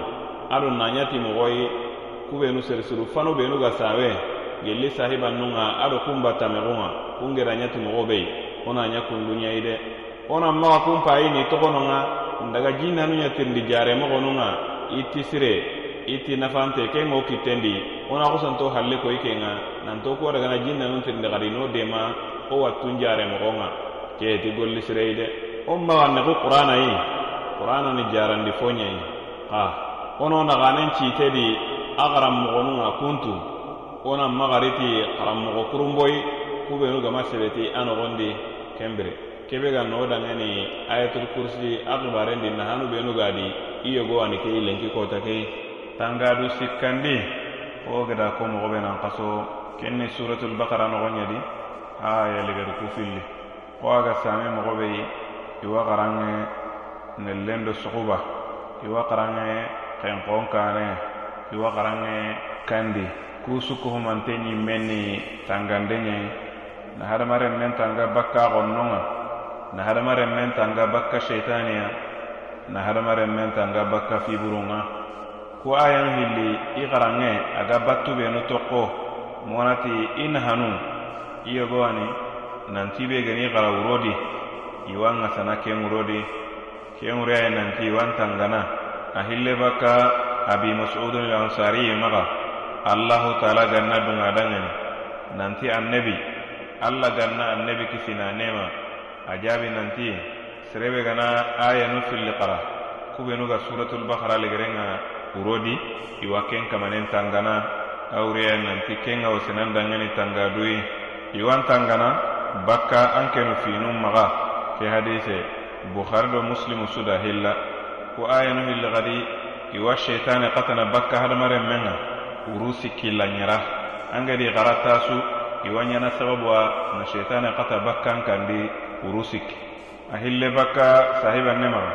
ado nanyati mogoyi kubenu serisuru fano benu ga sawe gelli sahibannunga ado kun battamegunga kun nyati mogo beyi wo nanya kundunɲayi de wona maxa kunpayi ni toxononga ndaga jinanuya tirindi jare moxonunga iti sire iti nafante ke ŋo kittendi wona xusanto halle koyi ke ŋa nanto kuwa dagana jinnanu tirindi xadi no dema wo wattun jare moxonga ke ti golli sireyi de wo maxa nexu qur'anayi qur'ana ni jarandi foñeyi xa wono naxanen citedi a xaran moxonunga kuntu wona maxariti xaran moxo kurunboyi kubenu gama sebeti a noxondi kembire kebe ga no da ngani ayatul kursi abu barendi na hanu be nu gadi iyo go ani ke lenki ko ta ke tanga du sikandi o ga da ko mo be na kaso kenne suratul baqara no gonya di ha ya le ga ku filli ko aga same mo go be yi wa garange ne lendo suhuba yi wa garange ken kon kane yi wa garange kandi ku suku humante ni menni tangandenye na hadamaren nen tanga bakka gonnonga na hadamaren men tanga bakka sheitaniya na hadamaren men tanga bakka fiburunga ku ayan hilli i garanŋe aga battubenu tokko monati i nahanu iyogowani nanti be geni gara wurodi iwan ŋasana ken wurodi ken wureyayi nanti iwan tangana a hille bakka abi masudun lansariyi maga allahu taala ganna dunŋadanŋeni nanti annebi alla ganna annebi kisina nema a jaabi nanti serebe gana ayanu filikara kubenu ga suratul bakara legerenga urodi iwa ken kamanen tangana awuriya nanti kenga wasinan dangani tangadui iwan tangana bakka ankenu finu maga ke hadise bukhari do muslimu suda hilla ku ayanu hilikari iwa shaitane katana bakka hadamaren menga uru sikkila nyara angadi garatasu iwa nyana sababu wa na shaitane kata bakkan kandi kurusik a hille bakka sahiban nemaga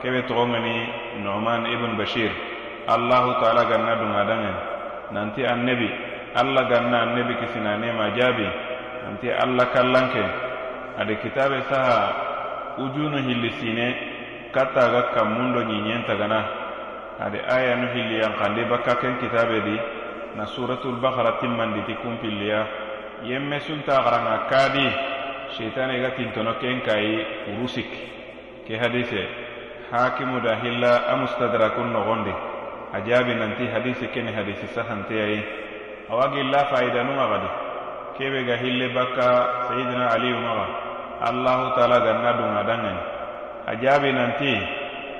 kebe togongani noman ibn bashir allahu taala ganna dungadangen nanti annebi allah ganna annebi kisina nema jaabi nanti allah kallanke ade kitabe saha ujunu hilli sine kattaga kammundo ñiñentagana ade aya nu hilliyankhandi bakka ken kitabe di na suratul bakara timmanditi kumpilliya yemme sunta haranga kadi sheitana iga tintono ken kayi urusik ke hadise hakimu da hilla a mustadrakun nogondi a jaabi nanti hadise kene hadise sahanteyayi awa gilla fayidanumagadi kebe ga hille bakka sayidina aliyumaga allahu taala ganna dunga dangani a jaabi nanti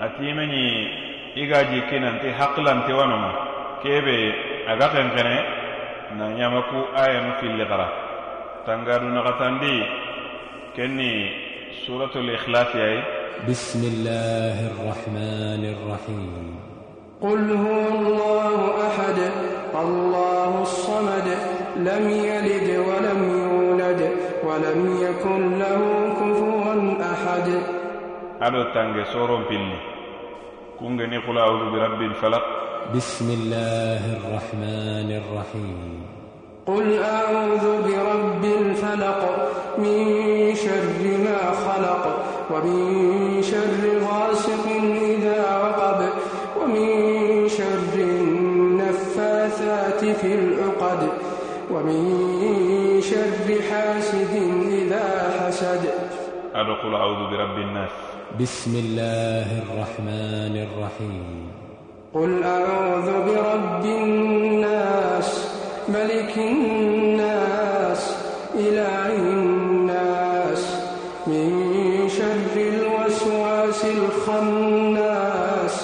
atimeni iga jikki nanti haqlanti wanuma kebe aga kenkene na ɲamaku ayanu filli xara tangadunaxatandi كني سورة الإخلاص أي بسم الله الرحمن الرحيم قل هو الله أحد الله الصمد لم يلد ولم يولد ولم يكن له كفوا أحد أدو تانجي سورة بني كونغني قل أعوذ برب الفلق بسم الله الرحمن الرحيم قل أعوذ برب الفلق من شر ما خلق ومن شر غاسق إذا وقب ومن شر النفاثات في العقد ومن شر حاسد إذا حسد أنا قل أعوذ برب الناس بسم الله الرحمن الرحيم قل أعوذ برب الناس ملك الناس إله الناس من شر الوسواس الخناس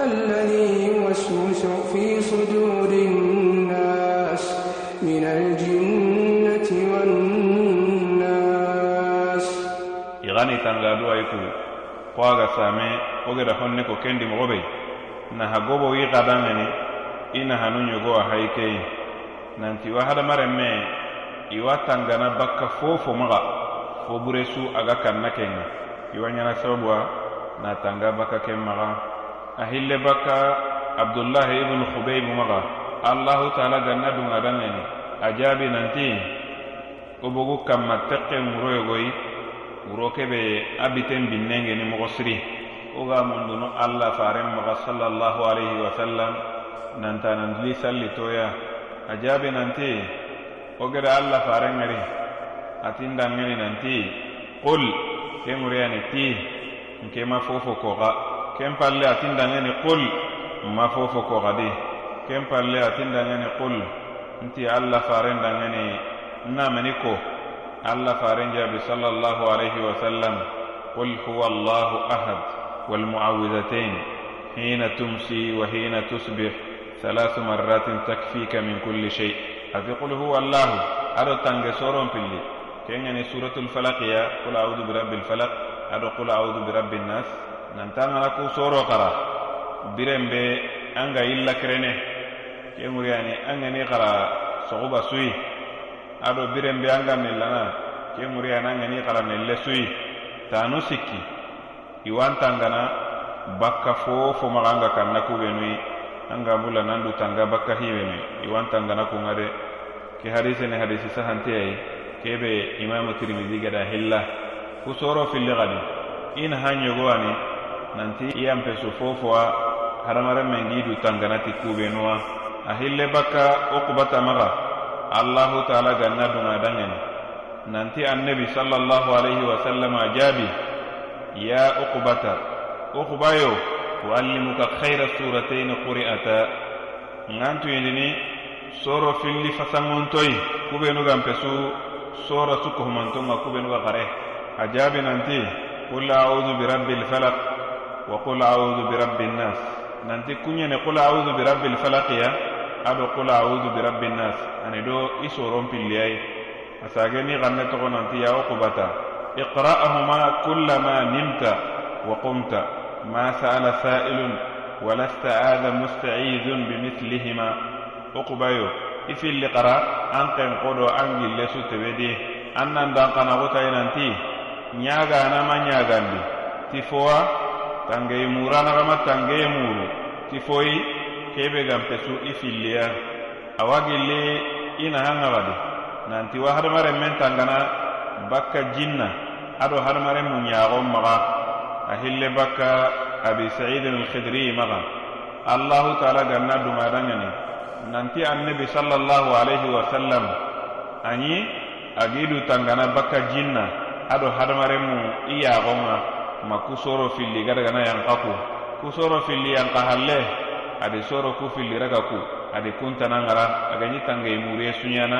الذي يوسوس في صدور الناس من الجنة والناس يغني تنغادو أيكو قواغا سامي وغير هنكو كندي مغبي نها غبو يغبامني إنها ننيغو هايكي nanti iwa hadamaren me iwa tangana bakka fo fo maga fo bure su a ga kanna ken ga iwa ɲana sababuwa na tanga bakka ken maga a hille bakka abdullahi ibnu hubaibu maga allahu taala ganna dunga danŋeni a jaabi nanti wo bogu kanma tekke muro yogoyi wuro kebe a biten binnengeni mogo siri wo ga mundunu allah faren maga sallallahu alaihi wasallam nanta nandili salli toya a jaabi nanti wo gede alla faren ŋari atin danŋeni nanti qul ke ŋuriyani ti nke ma fofo koxa ken palle atin danŋeni qul ma fofo koxadi ken palle atin danŋeni qul nti allah faren danŋeni nna meni ko alla faren jaabi sallallahu alaihi wasallam قل هو الله أحد والمعوذتين حين تمسي وحين تصبح ثلاث مرات تكفيك من كل شيء أبي قل هو الله أدو تنجسور بلي كأنني سورة الفلق يا قل أعوذ برب الفلق أدو قل أعوذ برب الناس ننتان لكو سورو قرا برم بي أنغا إلا كرنه كأمر يعني أنغا قرا صعوبة سوي أدو برم بي أنغا من لنا كأمر يعني أنغا قرا نل سوي تانو سكي يوان تنغنا bakka fo كان نكو بنوي anga mula nandu tanga bakka hiwe me iwanta ngana ku ngade ke hadise ne hadisi sahanti ay kebe imam tirmidhi gada hilla ku soro fili gadi in hanyo goani nanti iyan pesu fofoa haramare men gidu tangana ti kube nuwa a hille bakka uqbata maga allahu taala ganna dunga dangen nanti annabi sallallahu alaihi wasallam jabi ya uqbata uqbayo وعلمك خير السورتين قرئتا نانتو يدني سورة في اللي توي فسنغنتوي كوبينو غامبسو سورة سكهمانتونغا كوبينو غره عجاب نانتي قل أعوذ برب الفلق وقل أعوذ برب الناس نانتي كوني نقول أعوذ برب الفلق يا أبو قل أعوذ برب الناس أنا دو إسورون في اللي أي أساقني نانتي يا وقبتا اقرأهما كلما نمت وقمت ما سأل سائل ولست هذا مستعيذ بمثلهما أقبيو إفي اللي قرأ أنقن قدو أنجي لسو تبدي أنن دانقنا غتين أنتي نياغا نما نياغا بي تفوا تنجي موران غما تنجي مورو تفوي كيبه غم تسو إفي اللي أواجي اللي إنا هنغا بدي نانتي وهرمار من تنجنا بكا جنة أدو هرمار من ياغم مغاق ahille bakka abi saidin alkhidri maga allahu taala ganna dumadaŋani nanti annabi sallallahu alaihi wasallam ani agidu tangana bakka jinna ado hadamaremu i yagoŋa ma kusoro filli gadagana yanka ku kusoro filli yanka halle adi soro ku filliraga ku adi kuntana ŋara agani tanga imuriye suɲana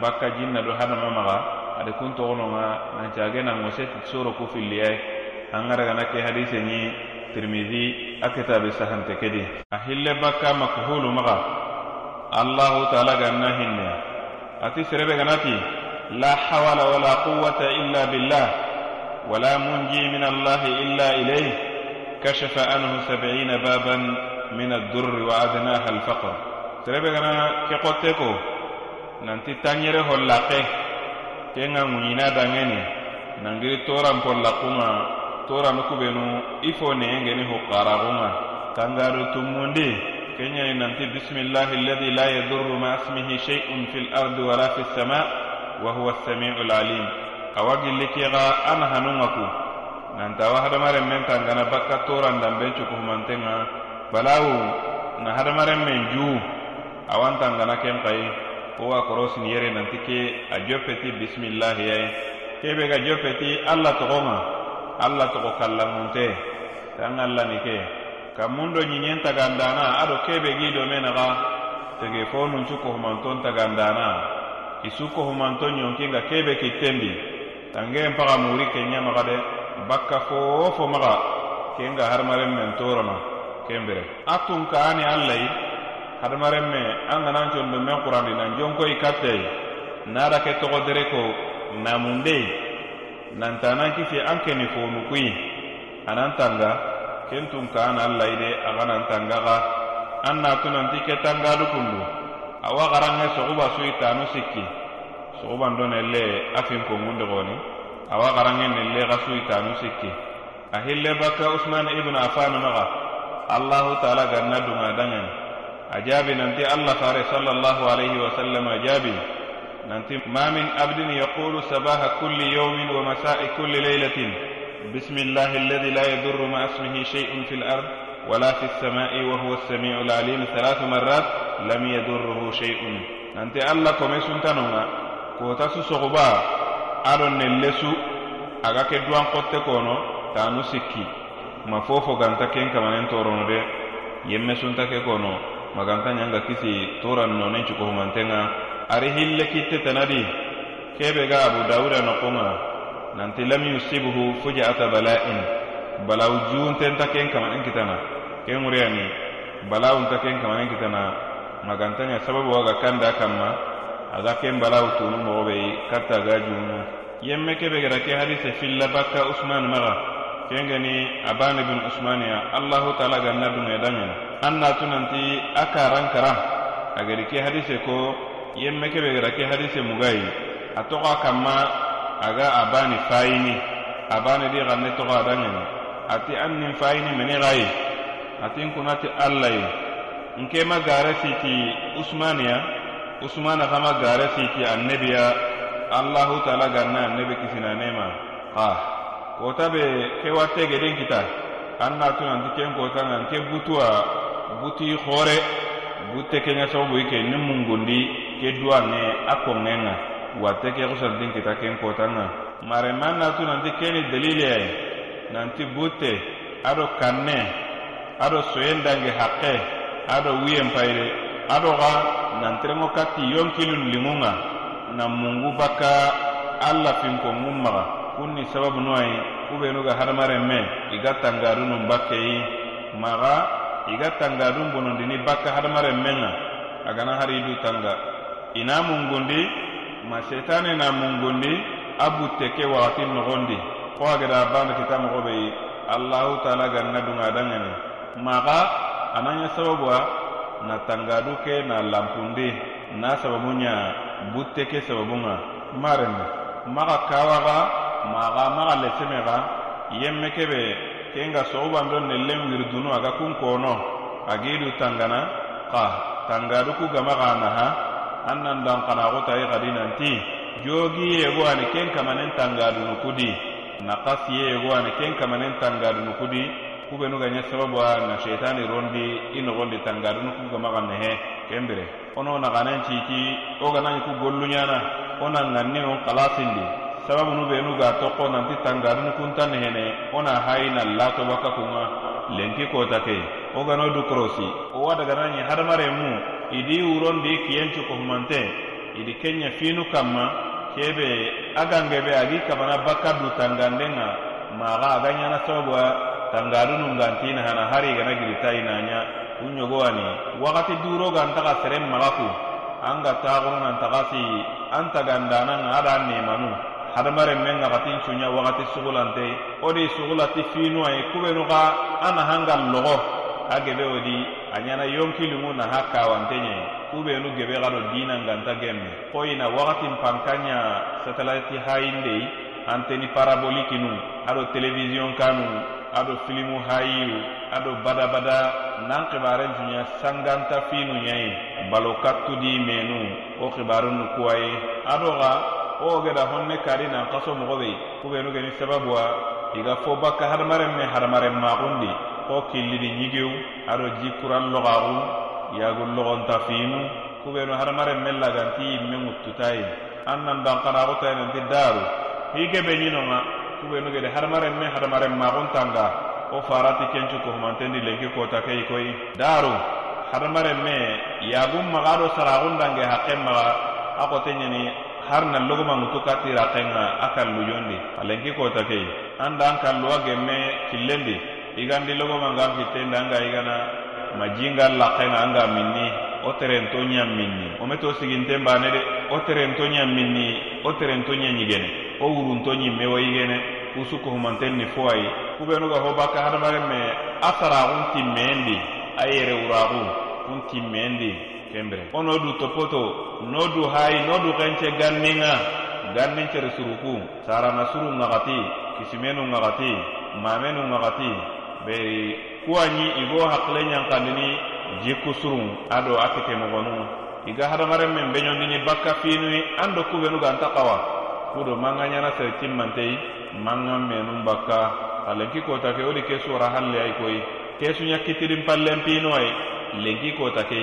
bakka jinna do hadama maga adi kuntogononŋa nanti age nan ŋose soro ku filliyai e. an ga ke hadise ɲi tirmidhi a kitabe sahante kedi ahille bakka makhulu maga allah taala ganna hinne ati serebe ganati la hawala wala quwwata illa billah ولا منجي من الله إلا إليه كشف عنه سبعين بابا من الدر وأدناها الفقر تربي غنا كي قوتكو نانتي تانيري هولاقي كي غا مونينا دانيني نانغري توران بولاقوما toranu kubenu ifo ne neengeni huqaraxunga kangaru tumundi kenyai nanti bismillahi alladhi la yadurru ma ismihi shay'un fil ardi wala fis sama wa huwa as-sami'ul alim awa gilli kixa a nahanunga ku nantawa hadamaren men kangana bakka toran danben cukuhumantenga balawu na hadamare men juu awantangana ken xayi wo wa korosini yere nanti ke ajopeti jopeti bisimillahi yayi kebe ga jopeti alla toxonga alla togo kallamunte tan alla ni ke kammundo ɲiɲen tagandana ado kebe gi dome naxa tege fo nuncu kohumanton tagandana isu kohumanto ɲonkinga kebe kittendi tangeen paxa muri kenɲa maxa de bakka fo fo maxa kenga hadamaren men torono kenbire a tun kaani allayi hadamaren me an ganan condo men xurandi nan jonkoyi kattei nada ke toxo dere ko namundeyi nantana kife an keni fonu kuyi anan tanga kentun ka an allayi de a ganan tanga ga an natunanti ke tangalu kundu awa garanŋe soxuba su i tanu sikki soxuban do nelle a finkongundixoni awa garanŋe nelle xa su i tanu sikki a hille bakka usman ibnu afanu maxa allahu taala ganna dunŋa danŋen a jaabi nanti allah fare sallallahu alayhi wa sallam a jaabi ننتم ما من عبد يقول صباح كل يوم ومساء كل ليلة بسم الله الذي لا يضر مع اسمه شيء في الأرض ولا في السماء وهو السميع العليم ثلاث مرات لم يضره شيء أنت الله كما سنتنونا كوتاس صغبا أرن اللسو أغا كدوان قد تكونو تانو سكي ما فوفو غانتا كين كمان انتورون بي يمي سنتا كونو ما غانتا نيانغا كيسي توران نونين چكو همانتنغا ari hille kitte tanadi kebe ga abu dawuda nokonga nanti lam yusibuhu fujaata bala'in balawu juuntenta ken kamanen kitana ken ŋuriyani balawunta ken kamanen kitana magantanya sababu waga kanda kamma aga ken balawu tunu mogo be ga junŋa yemme kebe gera ke hadise filla bakka usman maga kengeni abane Usman ya. allahu taala ganna dunŋe damena an natu nanti a kara agedi ke hadise ko yemme kebe gara ke hadise mugayi a toxo a kanma aga a bani fayini a bani di xanne toxo a dangeni ati an nin fayini meni xayi ati n kunati alla yi nke ma gare siti usmaniya usmana xama gare siti annebiya allahu taala ganna annebi kisinanema xa kota be ke watte geden kita an natun anti ken kota nga nke butuwa buti xore butte kenga sogo buyi ke nin mungundi ke duwa me a konŋen ŋa wate ke xusantin kita ken kotan nga mareman natu nanti keni dalile ye nanti butte ado kanne ado soyen dange haqqe ado wiyen payire ado xa nantirenŋo kati kilun liŋun ŋa na mungu ala alla finkonŋun maxa kun ni sababu nu ayi kubenu ga hadamaren me i ga tangadunun bakkeyi maxa i ga tangadun bonondini bakka hadamaren men ŋa a gana hari e du tanga i na mungundi ma seitane na mungundi a butte ke wakati nogondi xo a geda bana kita mogo be yi allahu taala ganna dunga dangeni maxa a naya sababuwa na tangadu ke na lampundi na sababu ɲa butte ke sababunga marenne maxa kawaxa maxa maxa leseme xa yemme kebe ke nga sogobando ne len wiridunu a ga kun kono a gidu tangana xa tangadu ku gama xa naha an nan lankanaxutayi xadinanti jogiyego ani ken kamanen tangadunu kudi naxasiyego ani ken kamanen tangadunu kudi kubenu ga ɲe sababu a na sheitani rondi i noxondi tangadunu kuga maxan nehe ken bire wono naxanen titi wo ganañi ku golluɲana wo na ŋanniun xalasindi sababunu benu ga toxo nanti tangadunu kunta nehene wo na hayi na latobakakunga lenki kota ke wo gano dukorosi wo wa daganañi hadamaren mu idi wurondi kiyenti kohumante idi kenya finu kamma kebe agangebe agi kabana bakkadu tangande ŋa maga aga ɲana sababuwa tangadunu ngantina hana hari gana girita inaɲa ku ɲogowani wagati duro gantaga seren magaku an ga taxununantagasi an tagandana ŋa ada nimanu hadamaren men ŋagatincuɲa wagati sugulante wo di sugulati finu ai kubenu ga a nahan ga logo a gebe wo di a ɲana yonkilinŋu naha kawanteɲe ubenu gebe xa do dinanganta genme xo ina waxatin pankanɲa satelaiti hayindei anteni parabolikinu ado televisiyon kanu ado filimu hayiyu ado badabada nan xibaren tuɲa sanganta finu ɲayi balo kattudi menu wo xibarunnu kuwaye ado xa wo ogeda honne kadi nan xaso moxobe ubenu geni sababuwa iga fo bakka hadamaren me hadamaren maxundi ko killini ñigiw ado jikuran loxaxu yagu loxonta finu kubenu hadamaren men laganti yimme ŋuttutayin an nan danxanaxutayinanti daru i gebe ñinonŋa kubenu gede hadamaren men hadamaren maxuntanga wo farati kencukohumantendi lenki kota ke yikoyi daru hadamaren me yagun maxa do saraxundange haken maxa a xote ñini har na logo man to katira kenga akal lu yondi alen ki ko takei anda an kallu agemme killendi igandi logo ma nga fitte nda nga igana ma jinga la kenga nga minni o teren to nya minni o meto sigin temba ne de o teren to nya minni o teren to nya nyigene o wurun to nyi mewo igene kusu ko manten ni foi ku be no ga hoba ka hada mare me asara un timendi ayere uragu un timendi kembre onodu topoto nodu hai nodu kanche ganninga ganni cer suruku sara nasuru ngati kisimenu ngati mamenu ngati beri kuwanyi igo hakle nyankandini jiku surun ado akite mogonu iga hadamaren men beyondini bakka finui ando kubenu ganta kawa kudo manga nyana ser timmantei manga menum bakka alenki kota ke oli ke sura halle ay koy ke sunya kitirim pallem pinoy lenki kota ke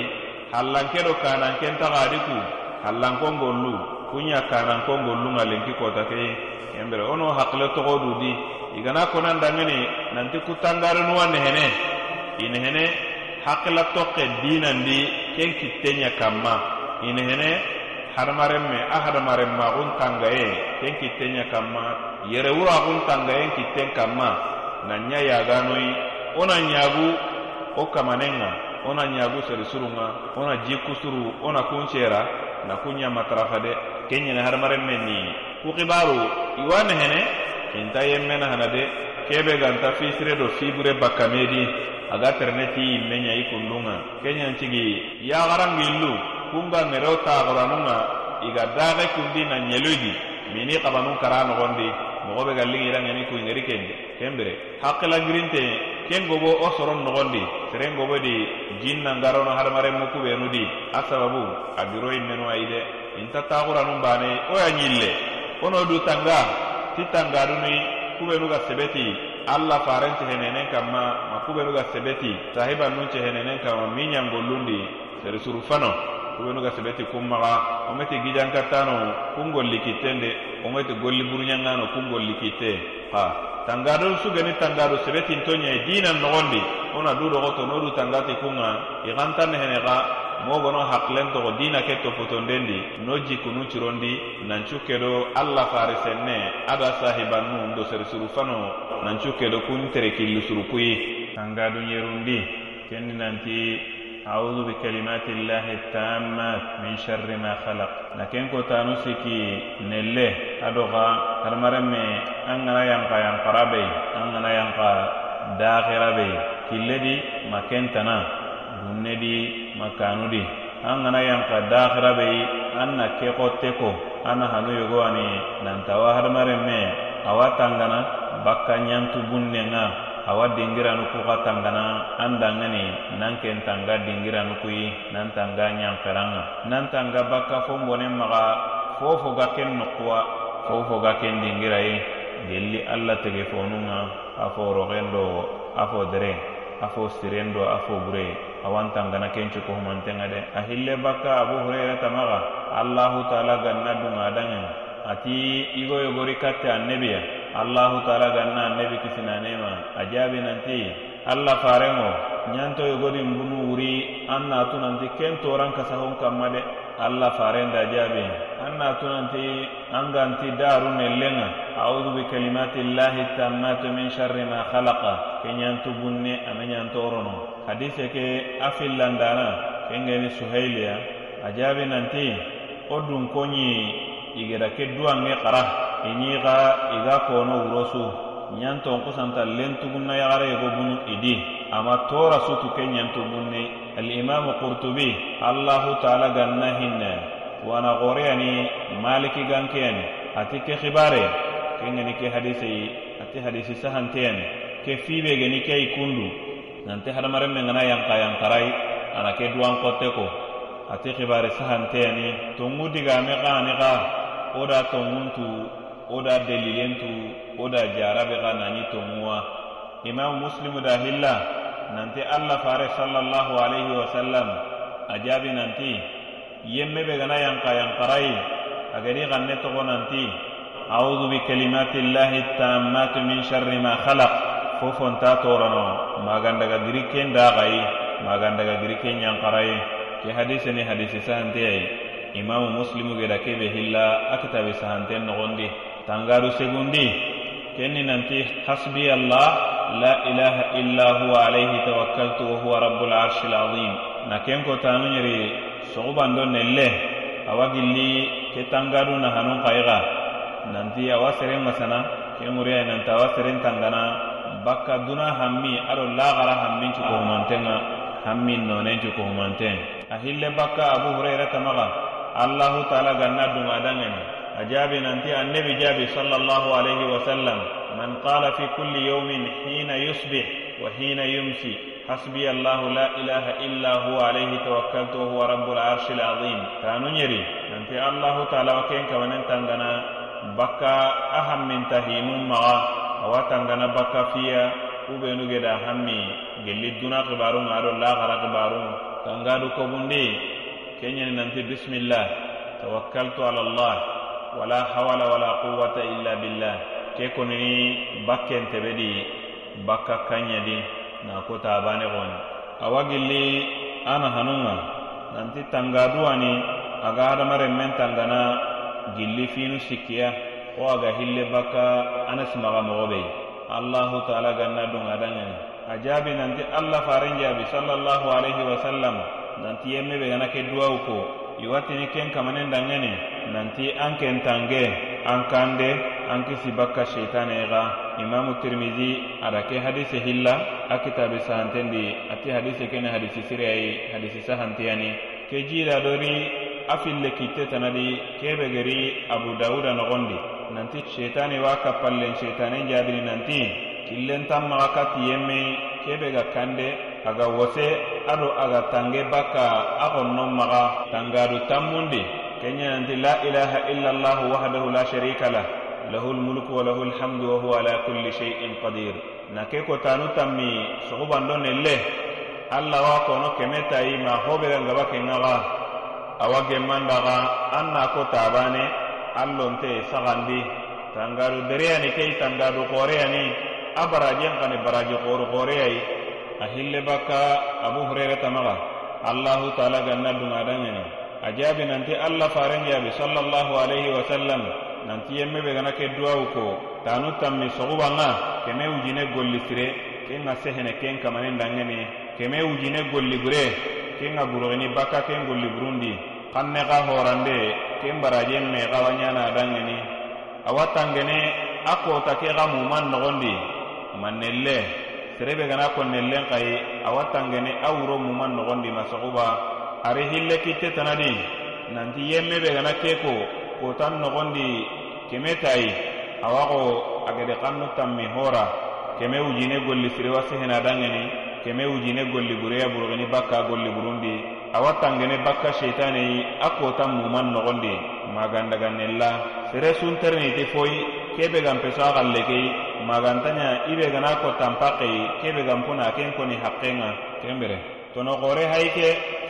halanke do kanan ken ta gadiku halan kongollu kunya kanan kongollu ngalenki kota ke embere ono hakle togo dudi igana konan dangani nanti kutangarunuwa nehene inehene hakila toke dinandi ken kittenya kamma inehene hadamaremme a hadamaren magun tangaye ken kittenya kamma yerewuragun tangayen kitten kamma nanɲa yaganoyi wo na ɲagu kamanenga ona nyagu ɲagu serisurunga ona jikusuru ona na na kunɲa matarafa de ken ɲene ni ku kibaru kenta yemmena hana de kebe ganta fisire do fibure bakkamedi aga terene ti yimmeya i kullunga kenyancigi yagarangillu kunga ŋerewo tagoranunga iga dage kundi na nyeluidi mini kabanun kara nogondi mogo be galliŋirangeni kuingeri kendi kembire hakkilangirinte ken gobo o soron nogondi seren gobodi jinnangarono hadamaren mukubenudi a sababu a juro yimmenu ayi de inta taguranun bane wo ya ɲille wono du tanga sittangaadunui kubenuga sebeti alla farentehenenen kanma ma kubenuga sebeti sahiban nun cehenenen kanma miyangollundi serisurufano kubenuga sebeti kunmaga ometi gijankattano kungolli kittende ometi golliburuyangano kungolli kitte ha tangadon sugeni tangado sebetinto ye dinan nogondi wona du dogoto nodu tangati kunga ihantanehene ga mogono hakilen togo dina ke tofotonden di no jikunu curondi nancu kedo alla fari senne ada sahibannu doseri surufano nancu kedo kun tere killu surukuyi kangadun yerundi kenni nanti أعوذ بكلمات الله التامة من شر ما خلق لكن كنت نسكي نله أدوغا ترمرمي أننا ينقى ينقى ربي أننا ينقى داخل ربي كي الذي ما كنتنا دون makanu di an ŋana yanka dakhira beyi an na ke xote ko a na hanu yogo ani nantawa hadamaren me awa tangana bakka ɲantu bunnen ŋa awa dingiranuku xa tangana an danŋani nan ken tanga dingiranuku yi nan tanga ɲanferan ŋa nan tanga bakka fonbonen maxa fofo ga ken nokuwa fofo ga ken dingira yi gelli alla tege fonun ŋa a fo roxen do a fo dere a fo siren do a fo bure awantangana kenco kohumantenŋa de a hille bakka abu hurairata maga allahu taala ganna dunŋa adaŋena ati igoyogori katte annebiya allahu taala ganna annebi kisinanema a jaabi nanti alla farenŋo ɲanto yogodin bunu wuri an natu nanti ken toran kasahon kanma de alla faren da jaabi an natu nanti an ganti daru nellenŋa audu bikalimatillahi tammatu min sharri ma halaka ke ɲantu bunne ana ɲantoronoŋ hadise ke a fillandana kengeni suhayliya a jaabi nanti o dun koɲi i gera ke duwange xara i ɲi xa i ga kono wurosu ɲanton kusanta lentugunna yaxara yego bunu i di ama tora sutu ke ɲantugunni alimamu kurtubi allahu taala ganna hinne wana xoreyani maliki gankeyani ati ke xibare kengeni ke hadise yi ati hadisi sahanteyani ke fibe geni ke i kundu nante hadamaren men gana yanka yankarai ana ke duwan kotte ko ati xibari sahanteyani tongu digame xa ani xa wo da tonguntu wo da delilentu wo da jarabe xa nani tonguwa imamu muslimu da hilla nante allah fare salallahu alaihi wasallam a jaabi nanti yemme be gana yanka yankarai a gani xanne toxo nanti aaudu bikalimati llahi tammatu min sharri ma xalaq fo fonta torono magandaga giri ken dagayi magandaga giri ken ɲankarayi ke hadise ni hadise sahanteyayi imamu muslimu geda kebe hilla a kitabi sahanten nogondi tangadu segundi kenni nanti hasbi allah la ilaha illa huwa alayhi tawakkaltu wa huwa rabbul arshil azim na ken ko tanu ɲeri sogubando nelle awa gilli ke tangadu nahanun kayiga nanti awa seren masana ke muriyayi nanti awa seren tangana bakka duna hammi aɗo lagara hamminci kohumantenga hammin nonenci kohumanten a hille bakka abu hurairata maga allahu taala ganna dunga dangeni a jaabi nanti annabi jaabi sallallahu alayhi wa sallam man qala fi kulli yawmin hina yusbih wa hina yumsi hasbi allahu la ilaha illa huwa alayhi tawakkaltu wa huwa rabbul arshi alazim tanu nyeri nanti allahu taala wa ken kawanen tangana bakka a hammin tahinun maga awa tangana bakka fiya ubenu geda hammi gelli duna kibarun ado lahara kibarun tangadu kobundi kenyani nanti bismillah tawakkaltu ala allah wala hawala wala quwwata illa billah ke konini bakken tebedi bakka kanyadi na ko tabane gon awa gilli ana hanunga nanti tangadu ani aga adamare men tangana gilli finu sikkiya wo aga hille bakka anas maxa moxobe allahu taala ganna dun adaŋani a jaabi nanti allah faren jaabi salallahu alayhi wasallam nanti yemme be gana ke duwawu ko iwatini ken kamanen danŋani nanti an ken tange an kande an kisi bakka sheitane xa imamu tirmisi ada ke hadise hilla a kitabe sahantendi ati hadise kene hadisi siriyayi hadisi sahantiyani ke jiida dori a fille kitte tanadi kebe geri abu dawuda noxondi nanti sheitani wa kappallen sheitane jaabini nanti killen tan maxa kati yenme kebe ga kande aga wose ado aga tange bakka a xonnon maxa tangadu tammundi kenya nanti la ilaha illa allah wahdahu la sharika lah lahu lmulku wa lahu lhamdu wa huwa ala kulli sheyin qadir na ke ko tanu tammi soxubando nen le alla wa kono keme tayi ma hobe ga ngaba ken ŋaxa awa gemmandaxa an na ko tabane allonte sagandi tangado dereyani kei tangado koreyani a barajen kani baraji koru koreyai a hille bakka abu hurairata maga allahu taala ganna dungadangeni a jaabi nanti allah faren jaabi sallallahu alaihi wasallam nanti yemme be gana ke duwawu ko tanu tammi sogubanga keme wujine golli sire ken ga sehene ken kamanin dangeni keme wujine golli bure ken ga burogini bakka ken golli burundi xan ne xa horande ken baradien me xawaɲana danŋeni awa tangene a kota ke xa muman noxondi ma nelle serebe gana kon nellen xayi awa tangene a wuro muman noxondi masoxuba ari hille kitte tanadi nanti yemme be gana ke ko kotan noxondi keme tayi awa xo a gede xannu tanmi hora keme wujine golli siriwa sehena danŋeni keme wujine golli buruya buruxini bakka golli burundi awa tangene bakka sheitane yi a kota muman nogondi magandaganella seresunterini ti foyi kebe ganpeso a xallekeyi magantanya ibe gana kotanpakkeyi kebe ganpuna ken koni hakkenga kembere tono xore hayike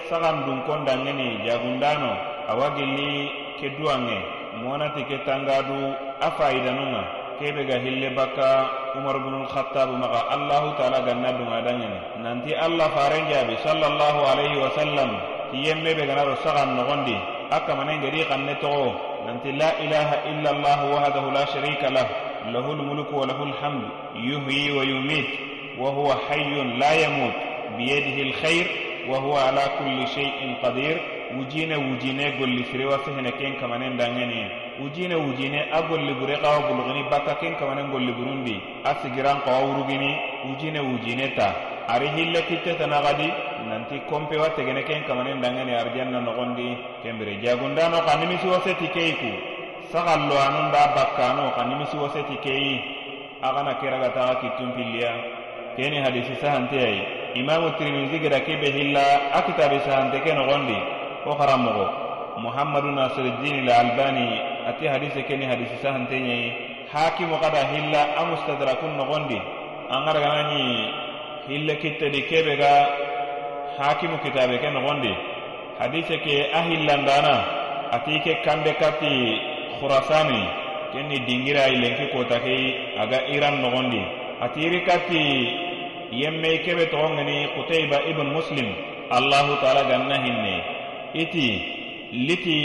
sagan dunkon dangeni jagundano awa gilli ke duwange monati ke tangadu a fayidanunga kebe ga hille bakka umar bin al-khattab maga allah ta'ala ganna dunga danyani nanti allah faren jabi sallallahu alaihi wa sallam yemme be ganaro sagan nogondi akka manen gadi kanne togo nanti la ilaha illa allah wahdahu la sharika lah lahu al-mulku wa lahu al-hamd yuhyi wa yumit wa huwa hayyun la yamut biyadihi al-khair wa huwa ala kulli shay'in qadir wujine wujine golli firewa fehene ken kamanen dangani ujine ujine a golliburi xawa gulugini bakka ken kamanen golliburundi a sigiran xawa wurugini ujine ujine ta ari hille kitte tanaxadi nanti konpe wa tegene ken kamanen dangeni arijanna noxondi kenbire jagundano xa nimisi woseti keyi ku saxallo anun da bakkano xa nimisi woseti keyi a xana keragataxa kittun pilliya keni hadisi sahanteyayi imamu tirmizi gida kebe hilla a kitabi sahante ke noxondi wo xaranmoxo muhammadu nasiruddin l albani ati hadise keni hadise sahante ñeyi hakimo kada hilla a mustadrakun nogondi an garagaŋani hille kittedi kebe ga hakimu kitabe ke nogondi hadise ke a hillandana ati ke kambe kati khurasani keni dingira ilenki kota kei aga iran nogondi atiiri kati yemme i kebe togongeni kutayba ibun muslim allahu taala ganna hinne iti liti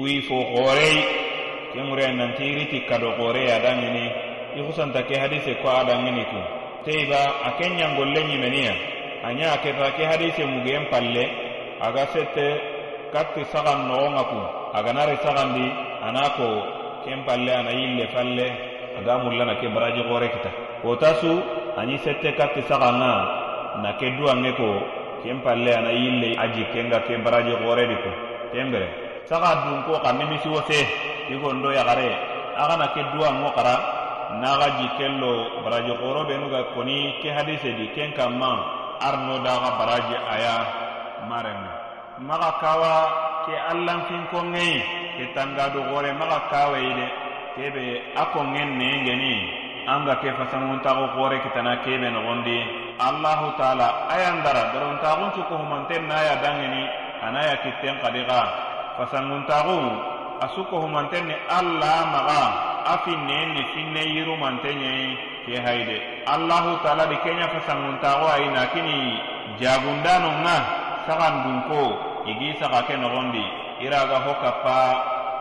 kui fo xorei kemure nantiri tikka kado xore adangini i xusanta ke hadise ko adangini ku teiba a ke ɲangolle ɲimeniya a ɲa a keta ke hadise mugen palle aga sette katti sagan noxonga ku aganari a na ko ken palle ana yille falle aga mullana ke baraji xore kita ta su ani sette katti saganga na ke duwanŋe ko ken palle ana yille a jikken ga ke baraji xoredi ku tembere saga dunko xa nimisi wose i gondo yaxare a xana ke duwanŋo xara naxa ji kello baraji xorobenu ga koni ke hadise di ken kan ma arno daxa baraji aya marenna maxa kawa ke allanfinkonŋei ke tangadu xore maxa kawayi de kebe a konŋen nengeni an ga ke fasanŋuntaxo xore kitana kebe noxondi allahu taala a yandara darontaxuncukohumanten naya danŋeni a naya kitten xadi xa pasangun tahu asuko humantene Allah maka afin nene sinne yiru mantene kehaide. haide Allah taala dikenya pasangun tahu ai nakini jagundano ma sakan gondi, igi sakake norondi iraga hokapa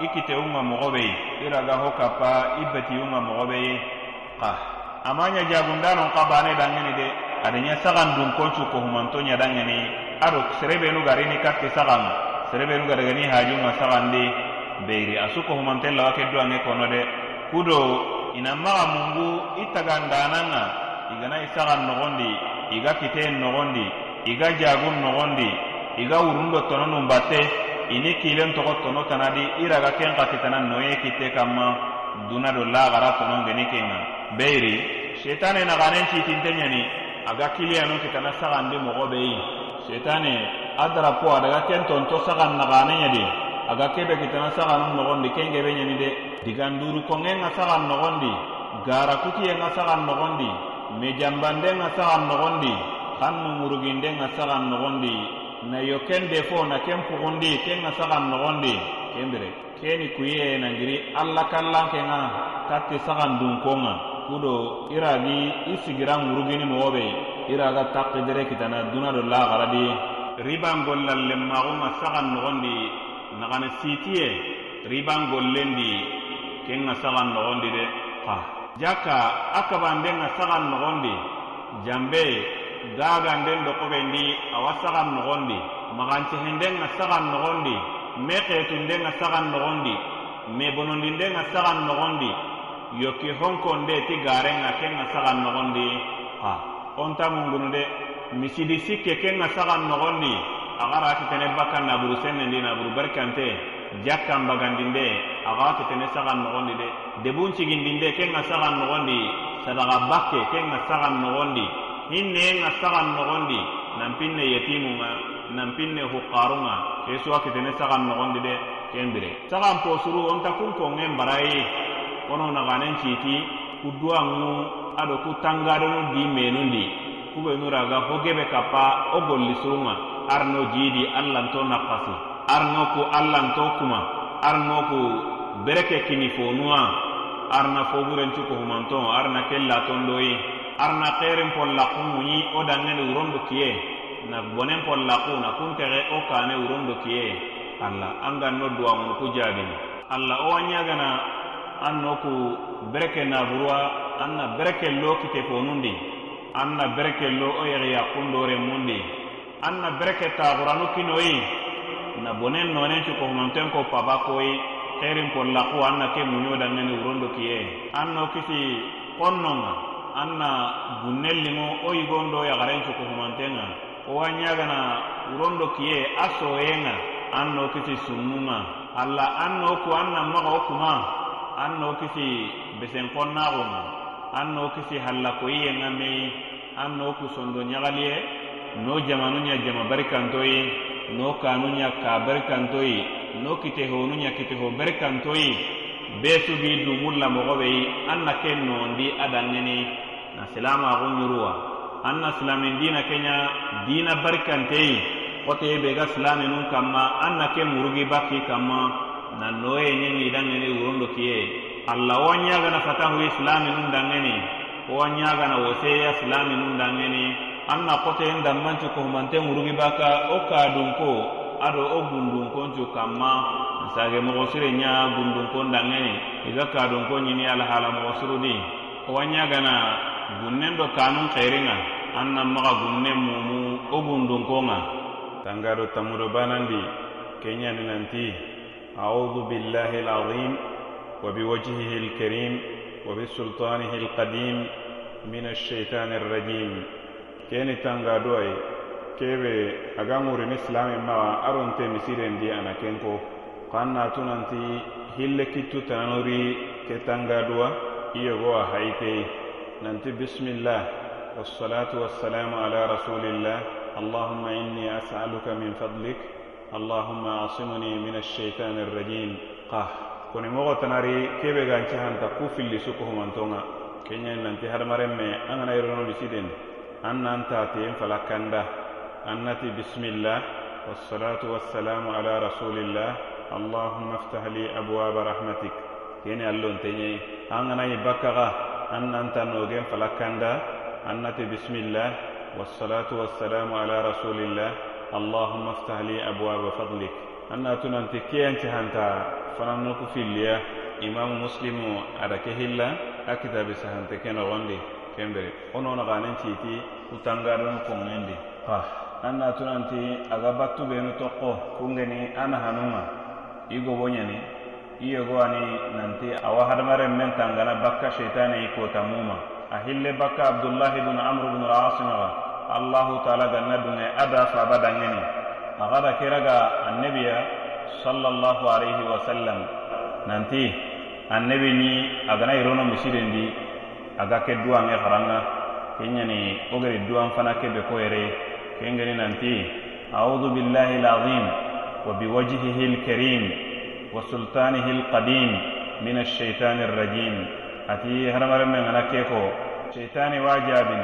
ikite umma mogobe iraga hokapa ibati umma mogobe qah amanya jagundano qabane dangene de adanya sakan bungko cukuh humantonya dangene Aduk serebe nu garini kaki sarang serebenu gadagani hajunga sagandi beyiri a su kohumanten lawa ke duwange kono de kudo ina maga mungu i tagandananga i gana i sagan nogondi i ga kiten nogondi i ga jagun nogondi i ga wurundo tononun batte ini kilen togo tono tanadi i raga ken xa kitana noye kitte kanma duna do lagara tonon geni kenga beyiri setane naganen citinte ɲani a ga kiliyanu kitana sagandi mogo beyi setane a darapo adaga ken tonto sagan nyadi. aga kebe kitana saganu nogondi ken gebe nyani de duru kongen ŋa sagan nogondi kuti ŋa sagan nogondi mejambanden ŋa sagan nogondi han numuruginden ŋa sagan nogondi na yo ken defo na ken pugundi ken ŋa sagan nogondi kembere keni kuye nangiri alla kallanke kena katti sagan dunko ŋa kudo iragi i murugini ŋurugini be iraga takkidere kitana duna do garadi. ribangollallen maxunga saxan noxondi naxana siitiye ribangollendi ken ga saxan noxondi de xa jakka a kabanden ga saxan noxondi jambe gaganden doxobendi awa saxan noxondi maxancehenden ga saxan noxondi me xeetunden ga saxan noxondi me bonondinden ga saxan noxondi yokki honkonde ti garen ga ken ga saxan noxondi xa onta mungunu de misidi sikke ke ŋa sagan nogondi agara kitene bakkan naburu sennendi naburu barkante jakkan bagandinde aga kitene sagan nogondi de debun cigindinde ke ŋa sagan nogondi sadaga bakke ke ŋa sagan nogondi hinne ŋa sagan nogondi nanpinne yetimu ŋa nanpinne hukkaru ŋa ke suwa kitene sagan nogondi de kenbire sagan posuru wonta kunkoŋen barayi wono naganen citi kuduwa ŋu ado ku tangadenu di menundi kube nuraga fo gebe kappa o golli surunŋa arno jiidi allanto nakkasi arno ku allanto kuma arno ku bereke kini fonuwa arna foburentu kohumanto arna kellaton doyi arna kerin pollaku muyi o dannene wurondo kiye na bonen pollaku na kuntexe o kane wurondo kiye alla an ganno duwamunu ku jaabini alla o wanyagana an no ku bereke naburuwa an na bereke lokite fonundi an na bereke lo wo yexeya kundore mundi an na bereke taxuranu kinoyi na bonen nonen cukohumanten ko paba koyi xerin kollaku an na ke muñodanŋeni wurondo kiye an no kisi xonnonŋa an na gunnen liŋo wo yigondo yaxaren cukohumantenŋa wo wa ɲagana wurondo kiye a soyenŋa an no kisi sunnunŋa alla an no ku an na maxa wo kuma an no kisi besenxonnaxunŋa an no kisi hallakoyiyenŋa meyi an no kusondo ɲagaliye no jamanu ɲa jama barikantoyi no kanu ɲa ka barikantoyi no kitehonu ɲa kiteho barikantoyi be su bi dumu lamogoɓeyi an na ke nondi a danŋeni na silamaxunɲuruwa an na silamin dina ke ɲa dina barikanteyi xoteye be ga silaminun kanma an na ke murugi bakki kanma na noye ɲeni danŋeni wurondo kiye allah wo ɲaga na fatahu islaminun danŋeni wa ɲagana wo seya silami nun dangeni an na koteyen danbanci kohumante murugibaka wo kadunko ado wo gundunkoncu kanma nsage mogosire ɲa gundunkon dangeni i ga kadunko ɲini alahala mogosiru di wa ɲagana gunnen do kanun xerinŋa an na maga gunne mumu wo gundunkonŋa tangado tamudo banandi kenyani nanti أعوذ بالله العظيم وبوجهه الكريم وبسلطانه القديم من الشيطان الرجيم كيني تانغا دوي كيبي أغامور الإسلام ما أرون تمسيرين دي أنا كينكو قانا تنانتي هل كتو تنانوري كتانغا دوا إيغوا هايتي ننتي بسم الله والصلاة والسلام على رسول الله اللهم إني أسألك من فضلك اللهم أعصمني من الشيطان الرجيم قه كوني مغتناري كيبي غانشهان تقوفي اللي سكوه kenya nanti hadamaren me angana gana yirono misiden an nan taten fala kanda an nati bismillah wassalatu wassalamu ala rasulillah allahumma aftah li abwaba rahmatik kene allon tenye angana gana yi bakkaga an nan tanogen fala kanda an nati bismillah wassalatu wassalamu ala rasulillah allahumma iftah li abwaba fadlik an na tunanti keyanci hanta fanannoku filliya امام مسلم ada ke a kitabe sahante ke nogondi kembere wo nono xanen citi kutangaren konŋendi xa ah. an natunanti a ga battu benu toxo kungeni a nahanunŋa i gobo ɲani i yogo ani nanti awa hadamaren men tangana bakka sheitane i kotamuma a hille bakka abdullahi bunu amr bunu lasinoxa allahu taala ganna dunŋe a da faba danŋeni a xada keraga annebiya sallallahu alaihi wasallam nanti annabi ni a gana yirono misirendi a ga ke duwan ŋe haranŋa ke ɲani wo gere duwan fana kebe ko yere ken geni nanti audu billahi lazim wa biwajhihi lkarim wa sultanihi lkadim min ashaitani rrajim ati haramaren men ŋana ke ko sheitani wa jabin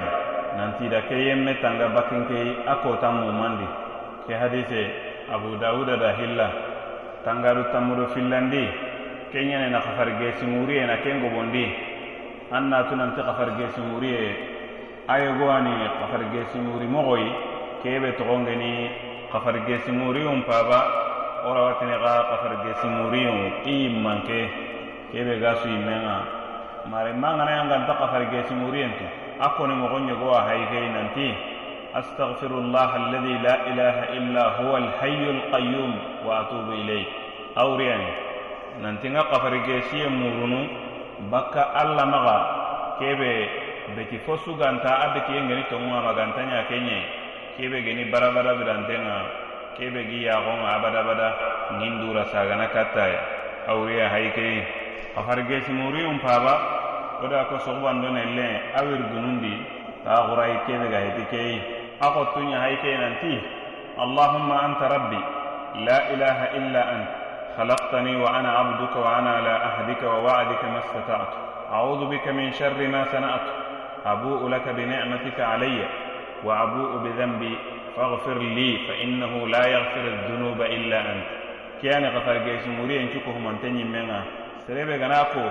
nantida ke yemme tanga bakkinkei a kotan mumandi ke hadise abu dauda da hilla tangadu tammudo fillandi kenya na na kafar gesi muri kengo bondi anna tu nanti kafar gesi muri ayo goani kafar gesi muri mogoi kebe to kafar gesi muri um papa ora togongeni kafarigesiŋuriyun paba worawatini ka kafarigesiŋuriyun iyimmanke kebe ga su imena mare manga na yanga ta gasu yimmenŋa mari manganayanganta kafarigesiŋuriyentu a koni mogo ɲegowa hayikeyi nanti أستغفر الله الذي لا إله إلا هو الحي القيوم وأتوب إليه أوريان nantinŋa kafarike siye murunu bakka alla maga kebe beti fo suganta a be kiye ngeni toŋuŋama gantaya kenye kebe geni barabara birantenŋa kebe gi yagoŋa abadabada nin dura sagana kattay awuriya hayikeyi kafarike simuriyun paba wo da ko sogubando ne len a wirgunundi ta ghurayi kebe ga heti keyi a kottu ya hayikeyi nanti allahumma anta rabbi la ilaha illa anta خلقتني وأنا عبدك وأنا على عهدك ووعدك ما استطعت أعوذ بك من شر ما صنعت أبوء لك بنعمتك علي وأبوء بذنبي فاغفر لي فإنه لا يغفر الذنوب إلا أنت كيان غفر جيس موري إن شكوه من تني منا سريبة غناكو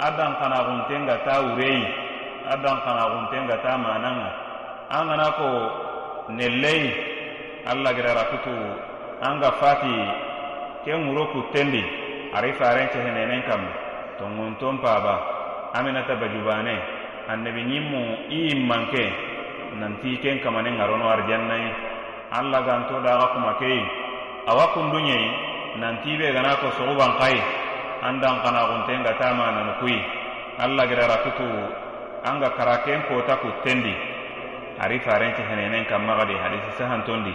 أدن قنا غنتين تا وري أدن قنا غنتين تا مانانا أنغناكو نلي الله غير ركتو أنغا فاتي ken wuro kuttendi ari farencehenenen kamma tonŋunton paba aminata bajubane annabi ɲinmu i immanke nanti ken kamane ŋarono arijannaye alla ganto daga kuma keyi awa kundunɲei nanti be gana ko soguban kayi an dan kanaxunten ga tama nanukuyi alla gira rakutu an ga kara ken kota kuttendi ari farencehenenen kammaxadi hadisi sahantondi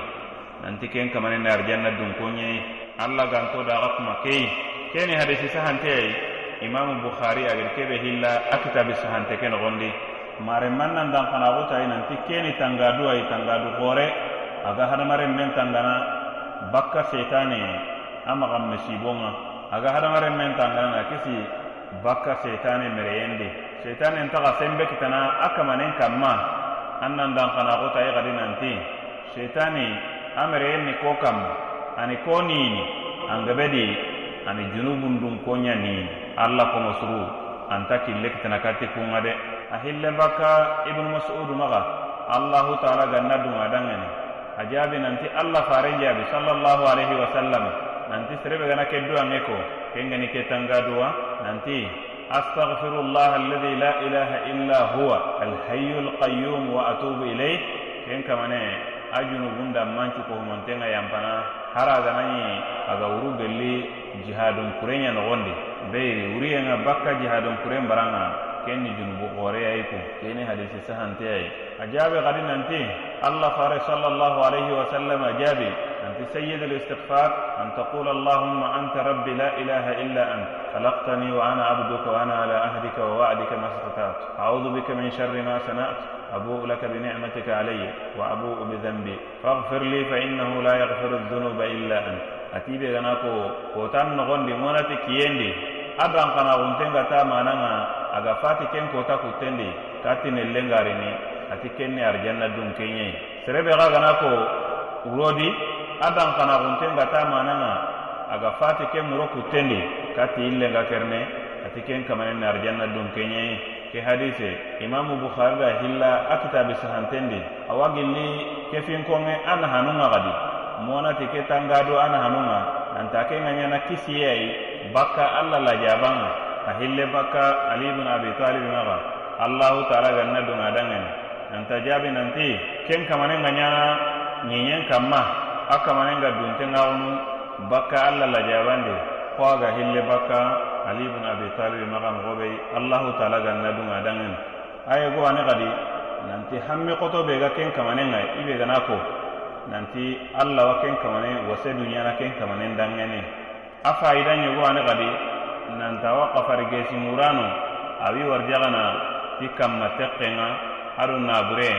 nanti ken kamane ne arijanna dunkonɲei allah gantoɗo axa kuma keyi keni hadisi sahanteyayi imamu bukhari agir keɓe hilla a kitabi sahante ke noxondi marenmannan dan xanaxutayi nanti keni tangadu ayi tangadu xore aga hadamaren men tangana bakka fetane a maxan mesibonga aga hadamaren men tanganana kisi bakka fetane mereyendi fetane ntaxa senbe kitana a kamanen kanma a nan dan xanaxutayi xadi nanti fetane a mereyen ni ko kanma ani ko nini angebedi ani junubun dun koya nini allah komosuru anta kille kitana kati kunga de a hillenbakka ibnu masudu maga allahu taala ganna dunga dangani a jaabi nanti allah faren jaabi sallallahu alaihi wasallam nanti serebe gana keddu ange ko kengani ke tanga duwa nanti astaghfiru llah alladi la ilaha illa huwa alhayu alqayum wa atubu ilayh ken kamane a junubunda mancu ŋa yanpana hara aganañi aga wuru gelli jihadun kurenya nogondi beyiri wuriyenga bakka jihadun kuren baranga كني جنوب junubu oreyayi كني حديث سهان تي أجابي jaabi xadi الله allah fare sallallahu alayhi wa sallam a jaabi الاستغفار أن تقول اللهم أنت ربي لا إله إلا أنت خلقتني وأنا عبدك وأنا على عهدك ووعدك ما استطعت أعوذ بك من شر ما صنعت أبوء لك بنعمتك علي وأبوء بذنبي فاغفر لي فإنه لا يغفر الذنوب إلا أنت أتيبي غناكو وتم نغندي مونتي كيندي أبان قناغنتين غتا aga fati ken kota kutendi kati ne lengarini ati ken ne arjanna dun kenye serebe ga gana ko urodi adan kana runten ga ta mananga aga fati ken muro kutendi kati ilenga kerne ati ken kamane ne arjanna dun kenye ke hadise imam bukhari da hilla akitabi sahantendi awagilli ke fin konge an hanunga gadi mona ti ke tangado an hanunga nanta ke nganya na kisiyai bakka alla la jabanga a hille bakka ali ibn abi talib maga allah taala ganna dunga dangani nanta jaabi nanti ken kamanen ga ɲaga ɲiɲen kanma a kamanen ga duntengaxunu bakka alla lajabandi ko aga hille bakka ali ibn abi talib maga mogo be allahu taala ganna dunga dangani aye go ani xadi nanti hanme xoto be ga ken kamanen ga i be gana ko nanti allah wa ken kamanen wase duɲana ken kamanen dangani a fayidan ɲego ani xadi nantawa kafarigesi murano awi warjagana ti kamma tekkenga ado nabure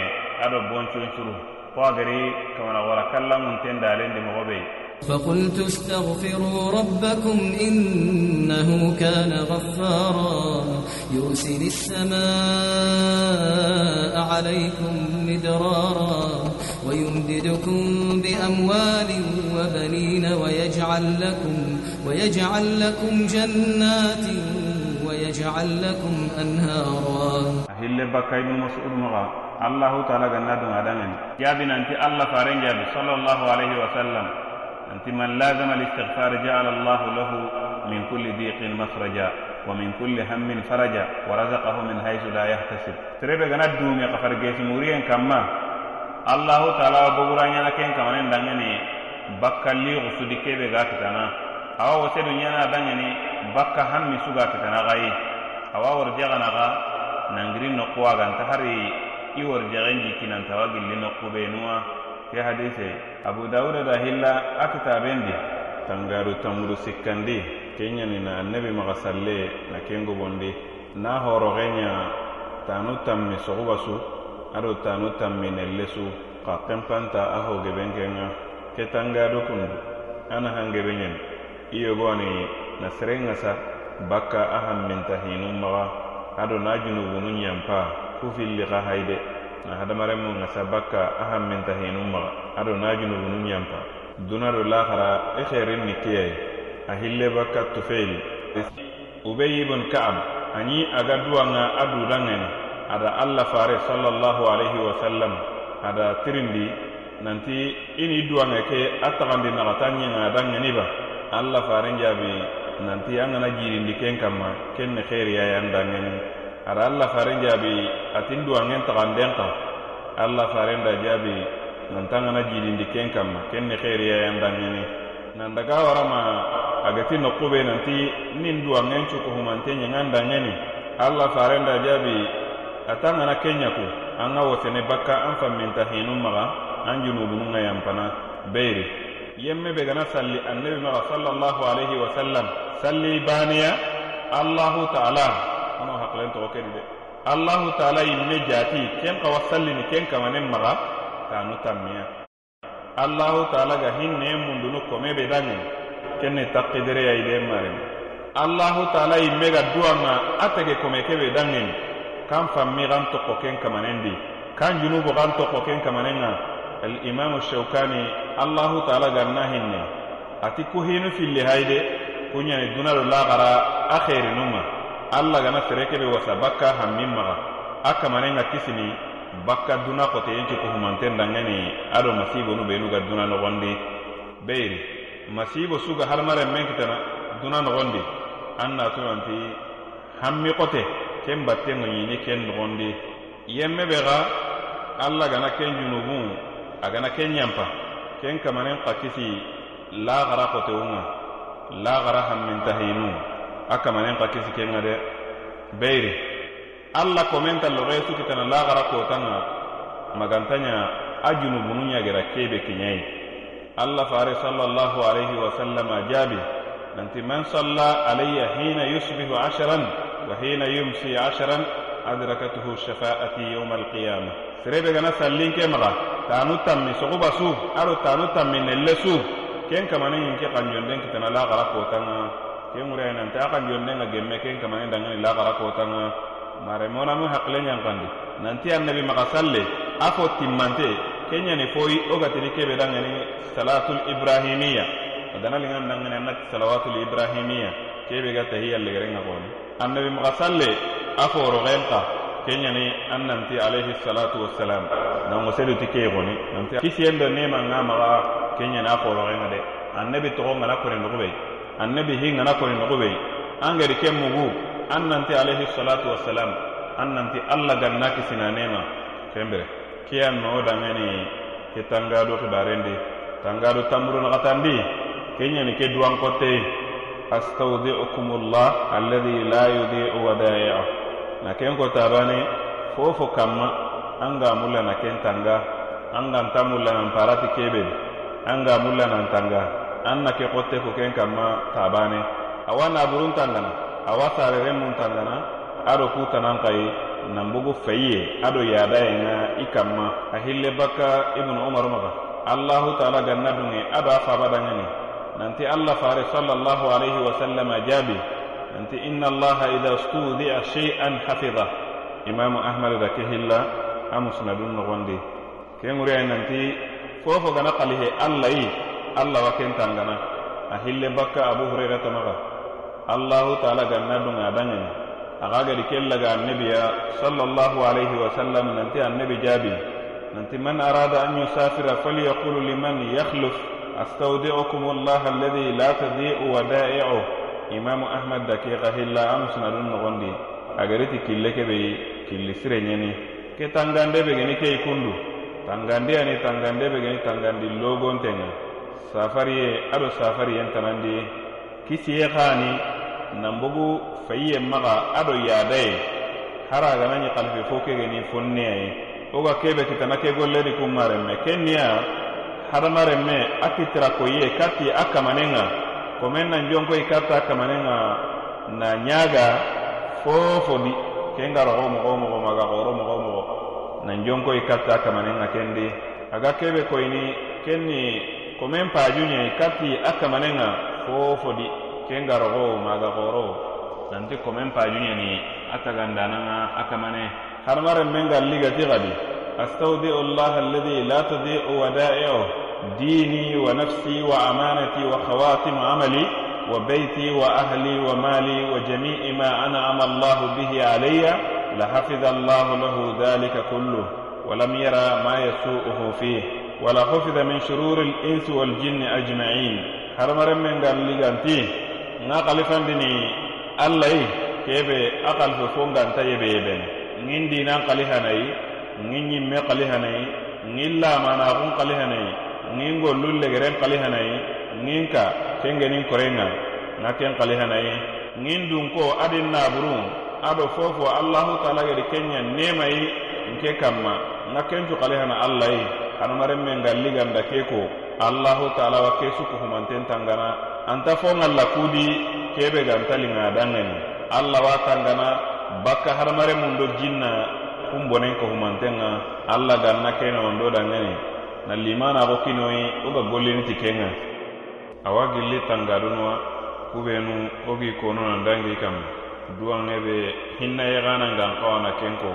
ado bonconcuru fo agari kamana wara kallanŋunten dalendi mogo be فقلت استغفروا ربكم إنه كان غفارا يرسل السماء عليكم مدرارا ويمددكم بأموال وبنين ويجعل لكم ويجعل لكم جنات ويجعل لكم أنهارا هل بكاين مسؤول مغا الله تعالى جنات يا بن أنت الله فارن جاب صلى الله عليه وسلم أنت من لازم الاستغفار جعل الله له من كل ضيق مخرجا ومن كل هم فرجا ورزقه من حيث لا يحتسب تريبه غنا دومي قفر جيس موريان كما الله تعالى بغرانيا لكن كمان دانني بكالي غسودي كيبه غاتنا awa wosedu ɲana bangeni bakka hanmi suga kitana xayi awa worjexana xa nangiri noku aganta hari i worjexen jikkinantawa gilli noku benuwa ke hadise abu dauda da hilla a kitabendi tangaru tamuru sikkandi ke ɲanina annabi maxa salle na kengubondi na horoxenɲa tanu tammi soxuba su ado tanu tammi nelle su xa xenpanta a hogeben kenga ke tangado kundu a nahangebe ɲani iyogoni na serengasa bakka a hanminta hinunmaxa ado na junubunun ɲanpa ku filliga hayide na hadamarenmu ŋasa bakka a hanminta hinunmaxa ado na junubunun ɲanpa duna do lahara e i xerin ni kiyai a hille bakka tufeili ubey ibun ka'ab ani aga duwanŋa a dudanŋeni ada alla fare sallallahu alaihi wa sallam ada tirindi nanti ini duwanŋe ke a taxandi naxatan ɲeŋa danŋeni ba alla fare njaabi nanti a ŋana jiirindi ken kanma ken ni xeeriya yan dangeni ara alla fare njaabi atin duwanŋen taxanden xa alla fare nda jaabi nanta ŋana jiirindi ken kanma ken ni xeeriya yan dangeni nandaga warama a gati noqube nanti nin duwanŋen cukuhumante ɲeŋan dangeni alla fare nda jaabi ata ŋana ken ɲaku an ŋa wosene bakka an faminta hinun maxa an junubununŋa yanpana beyri yemme be gana salli annabi maga sallallahu alayhi wa sallam salli baniya allahu taala ono hakalen togo kedi de allahu taala yimme jati ken kawa salli ni ken kamanen maga tanu tammiya allahu taala ga hinne mundunu kome be dangen ken ne takkidere ya ide maren allahu taala yimme ga duwa nga atege kome kebe dangen kan fammi gan tokko ken kamanen di kan junubu gan tokko ken kamanen nga الإمام الشوكاني الله تعالى قرناهن أتي كهينو في اللي هاي دي كن يعني دون الله غرا أخير نوما الله غنا فريك بوسا بكا هم ممغا أكا مانين أتسني بكا دون قطي ينكي كهمانتين دنجاني أدو مسيبو نبينو غد دون نغندي بيري مسيبو سوغا هرمار منكتنا دون نغندي أنا تنانتي هم قطي كم باتين غنيني كن نغندي يمي بغا الله غنا كن جنوبون a gana ken ɲanpa ken kamanen xa kisi laxara xotewunga laxara hammintahinu a kamanen xa kisi kenga de beyiri alla komenta loxe sukitana laxara kotanga magantaɲa a junubunu ɲagera kebe kiɲayi alla fare sallallahu alaihi wasallama jaabi nanti man salla alayya hina yusbihu ashran wa hina yumsi ashran adrakatuhu shafaati yawm alqiyamah serebe gana sallin ke maga tanu tammi sogoba su aro tanu tammi nelle su ken kamane yin ke kanjon den kitana la gara ko tanga ken ure nan ta kanjon den age me ken kamane dan ni la gara ko tanga mare mona mu hakle nyan kandi nanti annabi maga salle afo timmante kenya ni foi oga tiri ke be dan ni salatul ibrahimiya dana lingan dan ni annat salawatul ibrahimiya ke be ga tahiyya le gerenga ko annabi maga salle afo ro gelta kenyani an nanti alayhi salatu wassalam nan woselu ti kee goni nanti kisiyen do nema nga maga kenyani a koroxenga de annabi togo ngana kone nogube annabi hi ngana kone nogube an geri ken mugu an nanti alayhi salatu wassalam an nanti allah ganna kisina nema kembere kiyan no dangani ke tangado kibarendi tangado tamburu nakatandi kenyani ke duwan kotte astaudiukum llah alladi la yudiu wadaiah na ken ko tabani fofo kamma an ga mulla na ken tanga an ga nta mulla nan parati kebe an ga mulla nan tanga an na ke kotte ko ken kamma tabani awa na burun tangana awa sareren mun tangana ado kutanan kai nan bugu fayye ado yada nga ikamma a hille bakka ibnu umar maga allahu ta'ala ganna dunge ado afa badanani nanti allah fare sallallahu alaihi wasallam jabi انت ان الله اذا استودع شيئا حفظه امام احمد دا كهلا امسند نغندي كنغري انتي فوفو غنا قليه الله اي الله وكنت غنا اهل بك ابو هريره مغا الله تعالى غنا دون ادنني اغاغد كلا غا النبي صلى الله عليه وسلم ننتي النبي جابي ننتي من اراد ان يسافر فليقول لمن يخلف استودعكم الله الذي لا تضيء ودائعه imamu ahmad da ke xahilla a musunadun noxondi a gariti kille kebe yi kili sire ɲeni ke tangande be geni ke yi kundu tangandi ani tangande be geni tangandi logontenŋa safari ye ado safari yen tanandi kisiye xani nanbogu fayiye maxa ado yada ye hara a gana ɲi xalifi fo ke geni fonniya ye wo ga kebe kitana ke golledi kunmaren me ken niya hadamaren me a kitirakoyiye kati a kamanen ŋa komen nan jonkoi karta kamanenga na ñaga fofodi kenga rogo mogo mogo maga goro mogo mogo nan jonkoi karta kamanenga kendi aga kebe koyini kenni komen pajuñe karti a kamanenga fofodi kenga rogo maga goro nanti komen pajuñeni a tagandananga a kamane harmaren men galligati gadi astaudiu llah alladi la tadiu wadai'o ديني ونفسي وأمانتي وخواتم عملي وبيتي وأهلي ومالي وجميع ما أنعم الله به علي لحفظ الله له ذلك كله ولم يرى ما يسوءه فيه ولا حفظ من شرور الإنس والجن أجمعين حرمر من قال لي قانتي ناقل دني الله كيف أقل في فون قانتي بيبن نين دينا ني نين يمي ني نين لا ما ناقل مانا ني nin gollu legeren kalihanayi nin ka kengenin korenga na ken kalihanayi nin dunko adin naburun ado fofo allahu taala geri kenya nemayi nke kamma na kencu kalihana allahyi hanumaren men galli ganda ke ko allahu taala wa ke suku humanten tangana anta fo ngalla kudi kebe ganta linga dangani allah wa tangana bakka hadamaren mundo jinna kumbonen ko humantenga allah ganna kene wondo dangani na limanaxo kinoyi wo ga golliniti kenŋa awa gilli tangadunuwa kubenu wo gi konuna dangi kam duwanŋe be hinna yexanan gan xawana ken ko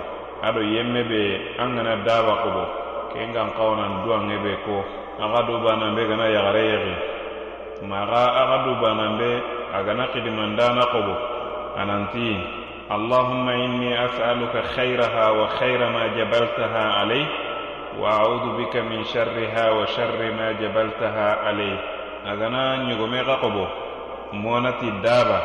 ado yemme be an gana daba xobo ken gan xawanan duwanŋe be ko axa dubanan be gana yaxare yexi maxa axa dubanan be a gana xidimandana xobo a nanti allahumma inni asaluka khairaha wa khaira ma jabaltaha alayh وأعوذ بك من شرها وشر ما جبلتها عليه أغنى نيغومي غقبو مونتي دابا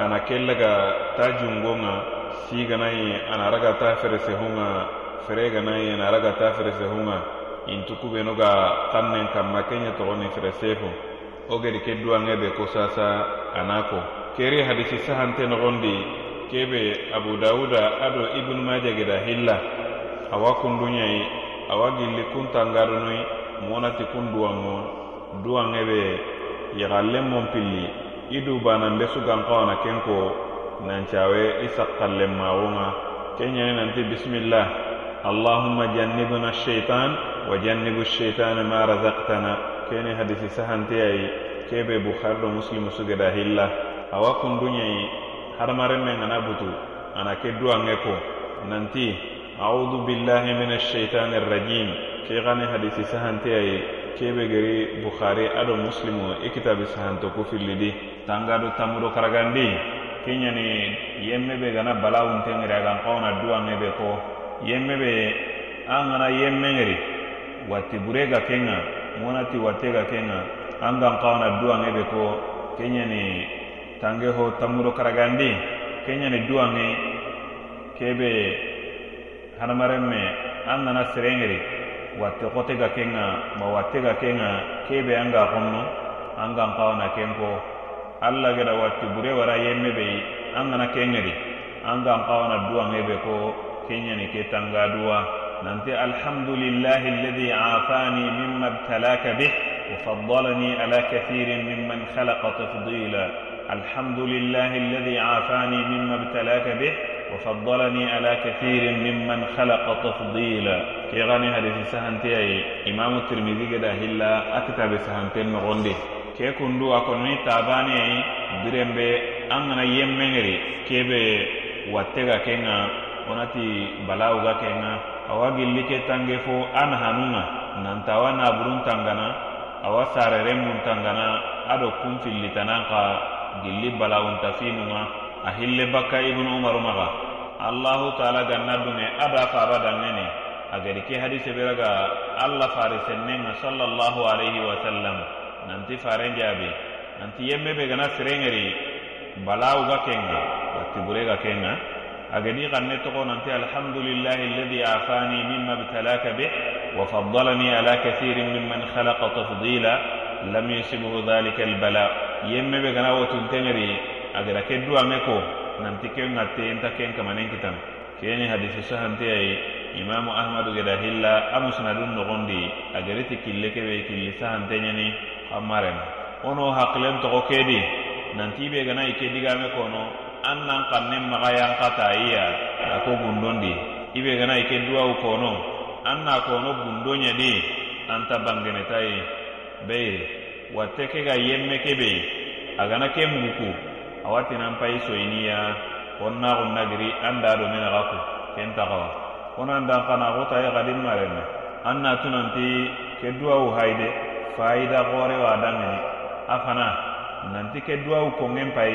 أنا كلغا تاجونغونا سيغناي أنا رغا تافرسهونا فريغناي أنا رغا تافرسهونا in tukube noga xannen kanma kenɲe toxoni fere sefo wo gedi ke duwanŋe be kosasa a na ko keri hadisi sahante noxondi kebe abu dawuda ado ibunu maja geda hilla awa kundunɲei awa gili kuntangaronoyi monati kun duwanŋo duwanŋe be yahallen mon pilli i du banan be sugankawana ken ko nancawe i sakkallen mawoŋa kenyani nanti bisimillah allahumma jannibna sheitan wa jannibu sheitana ma razaktana keni hadisi sahantiyayi kebe bukhari do muslimu sugeda hilla awa kundunyeyi harmarenmen ŋana butu ana ke duwanŋe ko nanti audu billahi min alcheitan irrajim ke gani hadisi sahanteyayi kebe geri bukhari ado muslimu i e kitabi sahanto ku fillidi tangado tamudo karagandi kenyani yemme be gana balawuntengeri agan kawna duwangebe ko yemme be an gana yemmengeri wati bure ga kenga wonati watte ga kenga an gan kawna duwangebe ko kenyani tangeho tamudo karagandi kenyani duwange kebe hadamaren me an nana serengeri watte xote ga kenga ma watte ga kenga kebe an ga xonno an gan xawana ken ko alla gada watti bure wara yemme be an gana kengeri an gan xawana duwange be ko kenyani ke tanga duwa nanti alhamdulillah alladhi afani mimma btalaka bih وفضلني على كثير ممن خلق تفضيلا الحمد لله الذي عافاني مما ابتلاك به وفضلني على كثير ممن خلق تفضيلا كي غني حديث سهنتي اي امام الترمذي قد هلا اكتب سهنتين غندي كي كندو اكوني تاباني اي درين بي انا يمنغري كي بي واتيغا كينا ونتي بلاوغا كينا awagi like tange fo an hanunga nanta awa naburun tangana awa sareremun tangana ado kun fillitanan ka gilli balawunta finunga a hille bakka ibnu umaru maga allahu taala ganna dunge aba faba dangene agadi ke hadise beraga allah fari sennenga sallallahu alaihi wasallam nanti faren jaabi nanti yemme be gana sirengeri balawu ga kenga wattibure ga kenga agadi xanne togo nanti alhamdulillahi alladi afani mima btalaka bih وفضلني على كثير ممن خلق تفضيلا لم يسبه ذلك البلاء يم بغنا وتنتمري a gara ke duwa me ko nanti ke nga te nta ke nka manen kitan ke ni hadisi sahan te ay imam ahmadu gada hilla amusnadun no gondi a gari ti kille ke be kille sahan te nyani amaren ono haqlen to ke di nanti be gana ike diga me ko no an nan kanne maga yan kata iya da ko gundondi ibe gana ike duwa u ko no an na ko no gundonya di anta bangene tai bayri watte ke ga yemme ke be agana ke mugu ku awatinan pai soyiniya konnaxun nagiri an da do mena xa ku ken taxawa konan dan xana xuta ye xadinmarenna an na tunanti ke duwawu hayide fayida xoorewa dangeni a xana nanti ke duwawu kongen pai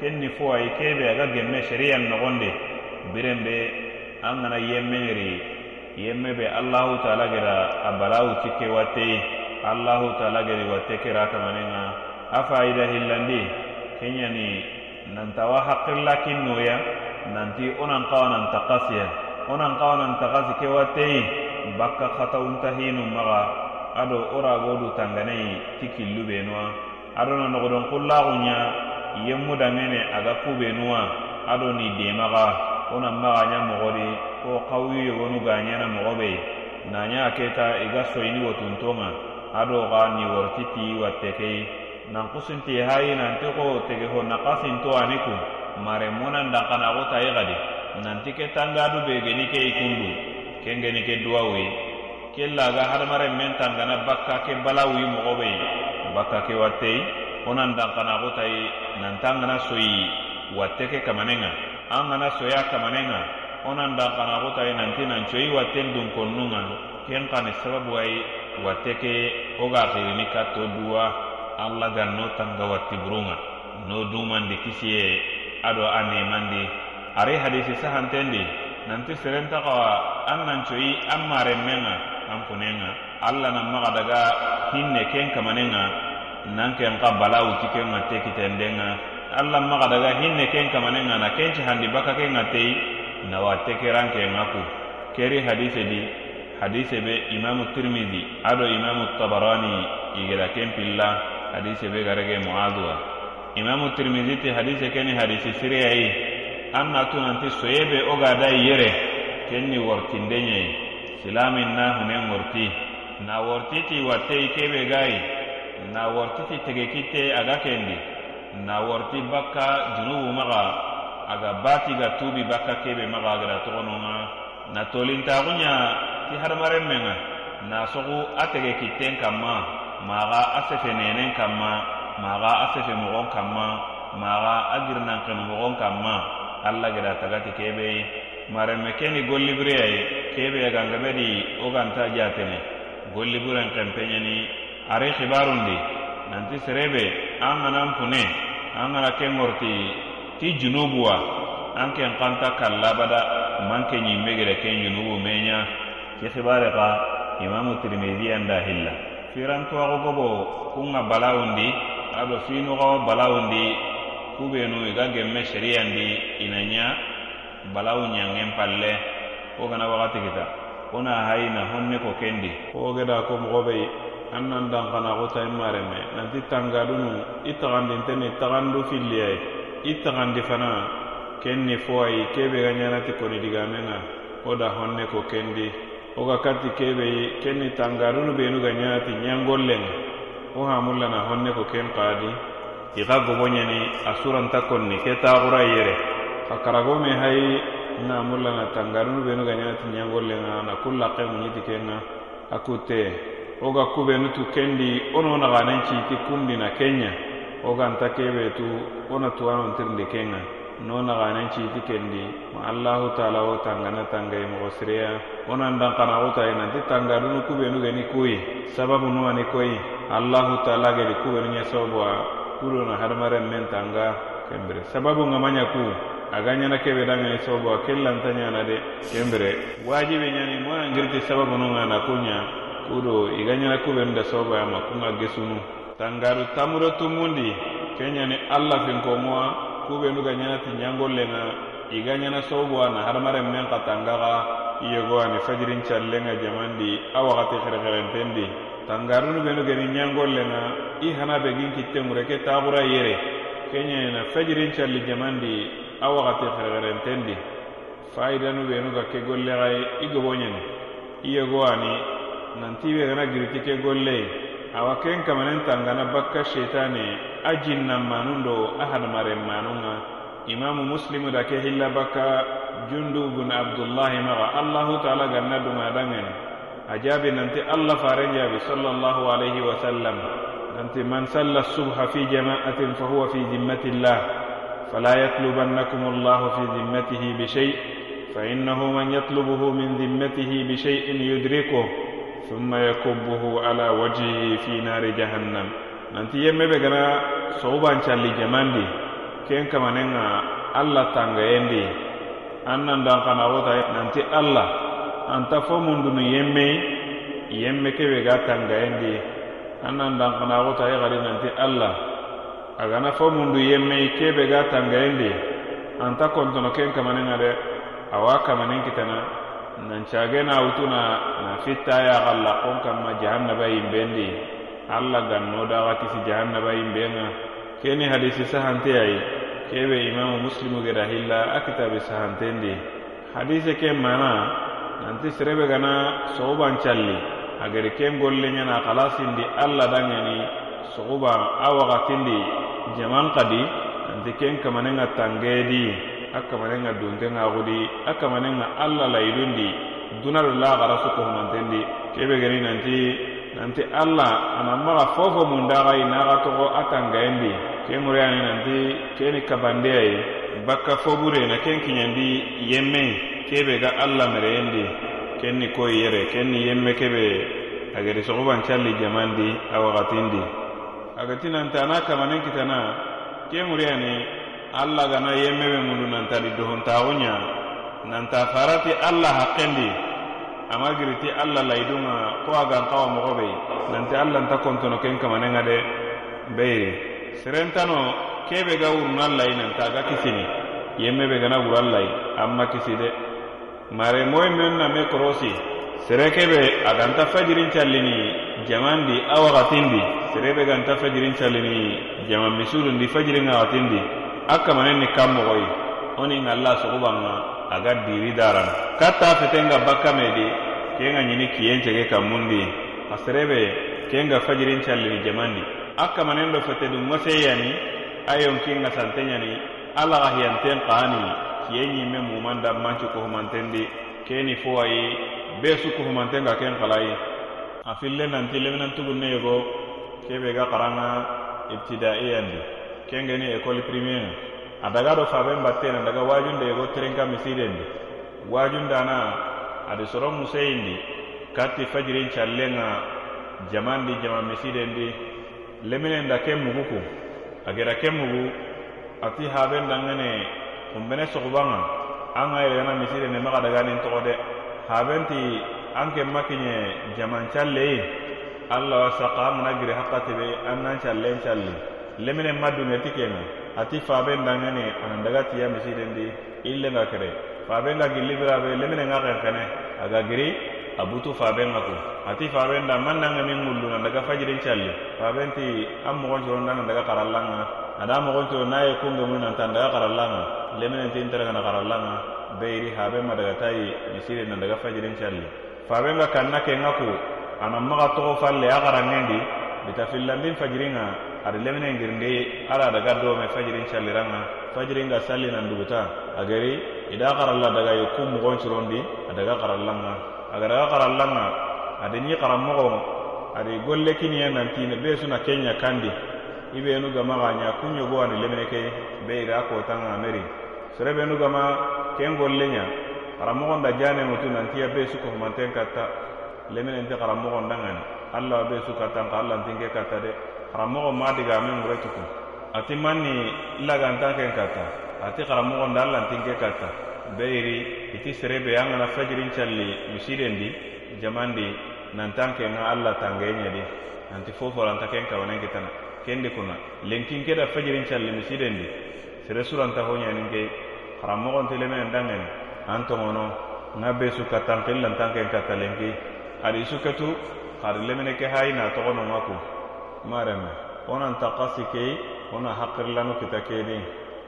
ken ni fo ayi kebe aga gemme shariyan noxonde biren be an gana yemmeniri yemme be allahu taala gera a balawu cikke watteyi allahu taala geri watte kera kamanenga a fayida hillandi kenyani nanta wa hakilla kin noya nanti onan kawa nan takasiya onan kawa nan takasi ke watei bakka kata unta hinu maga ado ora godu tanganei tikillu benua ado na nogodon kulla gunya yemmu dangene aga ku benua ado ni demaga onan maga nya mogodi ko kawi wonu ganya na mogobe na nya keta iga soyini wotuntonga ado ga ni wortiti wattekei nankusunti hayi nanti xo tege ho naqasinto ani kun maremunan danxanaxuta yi xadi nanti ke tangadu be geni ke i kundu ken geni ke duwawuyi ke laga hadamaren men tangana bakka ke balawuyi moxobeyi bakka ke watteyi wo nan danxanaxutayi nantan gana soyi watte ke kamanenga an gana soya kamanenga wo nan yi nanti nancoyi watten dunkonnunga ken xani sababuwayi watte ke wo ga xirini katto duwa allah gan no tangawar tiburunga no dumandi kisiye ado ani mandi ari hadisi sahantendi nanti serentakawa an nancoyi an marenmenga an kunenga allah nan maga daga hinne ken kamanenga nan ken ka bala wuti ken ŋatte kitendenga allah maga daga hinne ken kamanenga na kenci handi baka ken ŋatteyi nawatte keran ke ŋa ku keri hadise di hadise be imamu tirmidi ado imamu tabarani igera ken pilla hadise be garage moadua imamu tirmisi ti hadise keni hadise siriyayi an natunanti soyebe o gadayi yere kenni wortindeyei silamin na hunen worti na wortiti wattei kebe gayi na wortiti tegekite aga kendi na worti bakka junubu maga aga bati ga tubi bakka kebe maga agada togonunga na tolintagunya ti hadamaren menga na sogu a tegekitten kanma maxa a sefe nenen kan ma maxa a sefe moxon kan ma maxa a girinankeni moxon kan ma alla gera tagati kebe ye maremme keni golliburiya ye kebe ye gangabedi wo ganta jatene golliburen xenpeɲeni ari xibarundi nanti serebe an ganan fune an gana ke ŋoriti ti junubu wa an ken xanta kallabada manke ɲimme gere ken junubu meɲa ti xibare xa imamu tirmidiyan da hilla firantowaxo gobo kunga balawundi abe finuxawa balawundi kubenu i ga genme shariyandi ina ɲa balawu ɲangen palle wo gana waxati kita wo na hayina honne ko kendi wo geda ko moxobei an nan danxana xo tayinma reme nanti tangadunu i taxandinteni taxandu filliyai i taxandi fana ken ni fo ayi kebe ga ɲanati koni digamenga wo da honne ko kendi wo ga karti kebe ye ken ni tangarunu benu ga ɲanati ɲangollenga wo hamullana honne ko ken kadi i ga goboɲeni a suranta konni ke taxura yere ka karagome hayi na mullana tangarunu benu ga ɲanati ɲangollenga na kulla ken kenga a kutte wo ga kubenu tu kendi wo no naxanen citi kundina kenɲa wo ganta kebe tu wo na tuwanontirindi kenga no naganen citi kendi ma allahu taala wo tangana tangayi mogo sireya wo nan dankana xutayi nanti tangadunu kubenu geni kuyi sababu nuwani koyi allahu taala geli kubenu ɲe sababuwa kudona hadamaren men tanga kembire sababu ŋamaɲa ku aga ɲana kebe dangani sababuwa ken lanta ɲana de kembire wajibi ɲani mo nan giriti sababu nu ŋa na kunɲa kudo iga ɲana kubenu da sababuya ma kun ŋa gesunu tangadu tamuro tumundi ke ɲani allah finkomowa kubenu ga ɲanati ɲangollenga i ga ɲana sababu a na hadamaren men xa tangaxa i yego ani fajirin callenga jamandi a waxati xerexerentendi tangarunu benu geni ɲangollenga i hana begin kittenŋure ke taxura yere kenɲena fajirin calli jamandi a waxati xerexerentendi fayidanu benu ga ke golle xaye i gobo ɲeni i yego ani nantibe gana giriti ke golleyi awa ken kamanen tangana bakka shetane a jinnanmanun do a hadamarenmanun ga imamu muslimu da ke hilla bakka jundu bun abdullahi maga allahu taala ganna dungadangani a jaabi nanti allah faren jaabi sallallahu alaihi wasallam nanti man salla subha fi jama'atin fa huwa fi zimmatillah fala yatlubannakum allahu fi zimmatihi bishai فإنه من يطلبه من ذمته بشيء يدركه summa yakubuhu ala wajhihi fi nari jahannam nanti yemme be gana soban challi jamandi ken kamanenga alla tanga endi annan dan kana wota nanti alla anta fo mundunu yemme yemme ke be tanga endi annan dan kana wota gari nanti alla agana fo mundu yemme ke be tanga endi anta kontono ken kamanenga de awa kamanen kitana nancagena wutuna na fittaya galla kon kamma jahannaba yimbendi alla ganno daga kisi jahannaba yimbenga keni hadisi sahanteyayi kebe imamu muslimu ge rahilla a kitabi sahantendi hadise ke mana nanti serebe gana soguban calli ageri ken gollenyana kalasindi alla dangeni soguban a wagatindi jaman kadi nanti ken kamanenga tangedi a kamanen ŋa donten ŋa xudi ŋa alla layidundi duna la xara kohumantendi kebe geni nanti nanti alla ana maxa fofo mundaxayi naxa toxo a tangayendi ke ŋureyani nanti keni kabandeya ye bakka foburena ken kiɲendi yemme kebe ga alla mereyendi ken ni koyi yere ken ni yemme kebe a gedi soxubancalli jamandi a waxatindi agati nanti ana kamanen kitana ke ŋureyani allah gana yemmeɓe mundu nantadi dohontawoɲa nanta farati allah haqqendi ama giriti allah layidunga ko agan xawa moxoɓey nanti allah nta kontono ken kamanenga de beyi serentano kebe ga wurunan layi nanta ga kisini yemmeɓe gana wuran layi anma kisi de mare moy men na me korosi sere kebe aganta fajirin callini jamandi awaxatindi serebe ganta fajirin callini jaman misurundi fajirin awatindi a kamanenni kanmogoyi woniŋ alla sogobanŋa a ga diri darana katta fetenga bakkame di ke ŋa ɲini kiyenchege kanmundi a serebe ke ŋa fajirinchallini jamandi a kamanen do fete du ŋoseyani a yonkinŋa santeɲani alla ga hiyanten ƙani kiyenɲinme muman da manchu kohumantendi keni fo ayi be su kohumantenga ken ƙalayi a fille nanti lemina tugunne yogo kebe ga ƙaraŋa ibtidaiyandi kengeni école primaire a daga do faben battena daga wajunde e go trinka misidendi wajundana adi soro museyindi kati fajirin callenga jamandi jama misidendi leminen da ken muguku a gera ken mugu ati haben dangene kumbene sogubanga an ga yeregana misidendi maga daganin togo de habenti an ken makiɲe jaman calleyi allah wa saka an gana giri hakkatibe an nan callen calli lemine madunŋe ti kena ati fabe ndaŋeni anan daga tiya misidendi illenga kere fabe nga gillibirabe lemine ŋa xenxene aga giri a butu fabe ŋa ku ati fabe nda man naŋe min ŋullu nan daga fajirin calli fabenti a moxoncironda nan daga xarallanŋa ada moxoncuro na ye kungemunu nan tan daga xarallanŋa leminentin terenga na xarallanŋa beyiri habe ma daga tayi misiri nan daga fajirin calli fabe nga kanna ke ŋa ku anan maxa toxo falle a xaranŋendi bita fillandin fajirinŋa ada lemine ngir nge ala daga dome fajiri calliranga fajiri nga salli nan dubuta agari ida qaralla daga yukum mugon cirondi adaga qarallanga aga daga qarallanga ada ni qaramo go ada golle kini yan nan tina besu na kenya kandi ibe nu gama ga nya kunyo go an lemine ke be ira ko tanga meri serebe nu gama ken golle nya qaramo go da jane mutu nan tiya besu ko manten katta lemine nte qaramo go dangani allah besu katta allah tinke katta de xaramoxo ma diga min wure tukun ati man ni lagantan ken kata ati xaramoxo nda lantin ke kata be iti serebe a ŋana fajirincalli misidendi jamandi nantan ke ŋa alla tangeyeñedi nanti foforanta ken kawanen kitana kendi kuna lenkin keda fajirincalli misidendi sere suranta honyanin ke xaramoxonti lemenen danŋeni an toŋono ŋa be su katan kin lantan ken kata lenki adi su ketu xari lemene ke hayi na toxononŋa mareme wonanta kasi kei wona hakirilanu kita kedin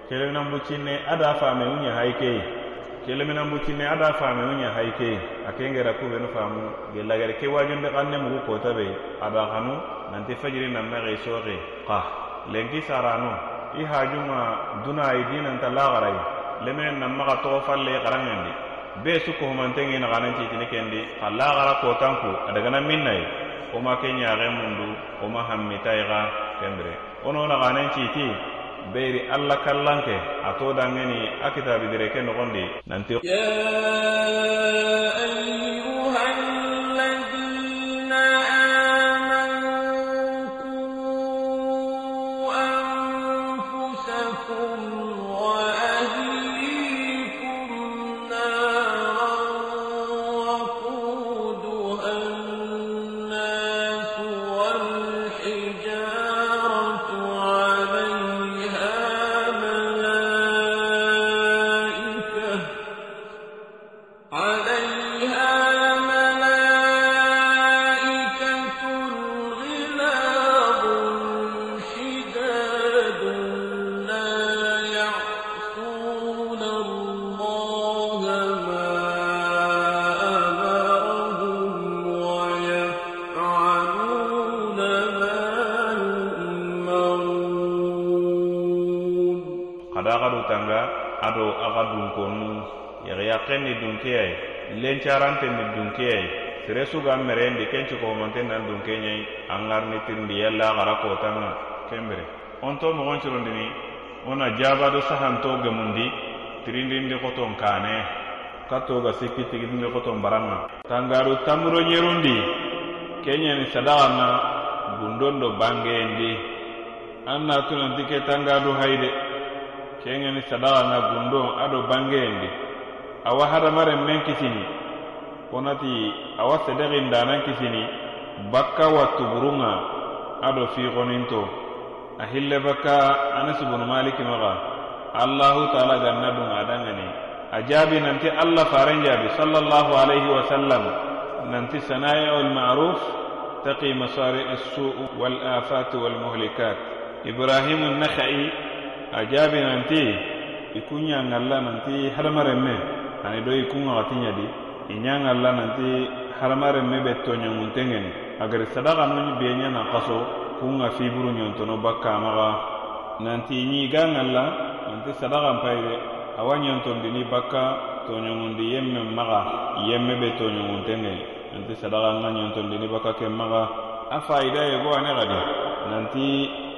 kelemenanbucinne ada fame wuɲe hayi kei kelemenanbucinne ada fame wuɲe hayi kei a ken gera kubenu famu gellagere ke wajunde xanne mugu kotabe ada xanu nanti fajiri nan maxe soxe xa lenki sarano i hajunga dunayi dinanta laxarayi lemene nan maxa toxo falle xarangendi be su kohumantengi naxanen citini kendi xa laxara kotanku a daganan min nayi oma ke ɲaxemundu oma hammita ixa kenbire wo nonaxanen citi beyri alla kallanke a to dangeni a kitabidire ke noxondi nanti ya ayyuhan kiyai sere suga merendi kenci komonte nan dun kenyai angar ni tindi yalla gara ko tanga kembere onto mo gonchiro ndini ona jaba do sahan to gemundi tirindindi koton kane kato ga sikki tigindi koton baranga tangaru tamuro nyerundi kenyani sadaga na gundon do bangendi anna tuna dike tangadu haide kenyani sadaga na gundon ado bangendi awa hadamaren men kitini konati awa sedexin danan kisini bakka wa tuburunga ado fiixoninto a hille bakka ani subunu maliki maxa allahu taala ganna dunga dangani a jaabi nanti allah faren jaabi sallallahu alaihi wasallam nanti sanayau maruf taqi masari السوء والآفات والمهلكات إبراهيم nakhai أجاب ننتي يكون ينغلا ننتي حرم رمي أنا دو يكون غتين يدي inyanga la nanti halamare mebe to nyangun tengen agar sadaka nuni bienya na kaso kunga fiburu nyontono baka amaga nanti inyi ganga la nanti sadaka mpaire awa nyonton dini baka to nyangun di yemme maga yemme be to nyangun tengen nanti sadaka nga nyonton dini baka ke maga afa ida yego ane gadi nanti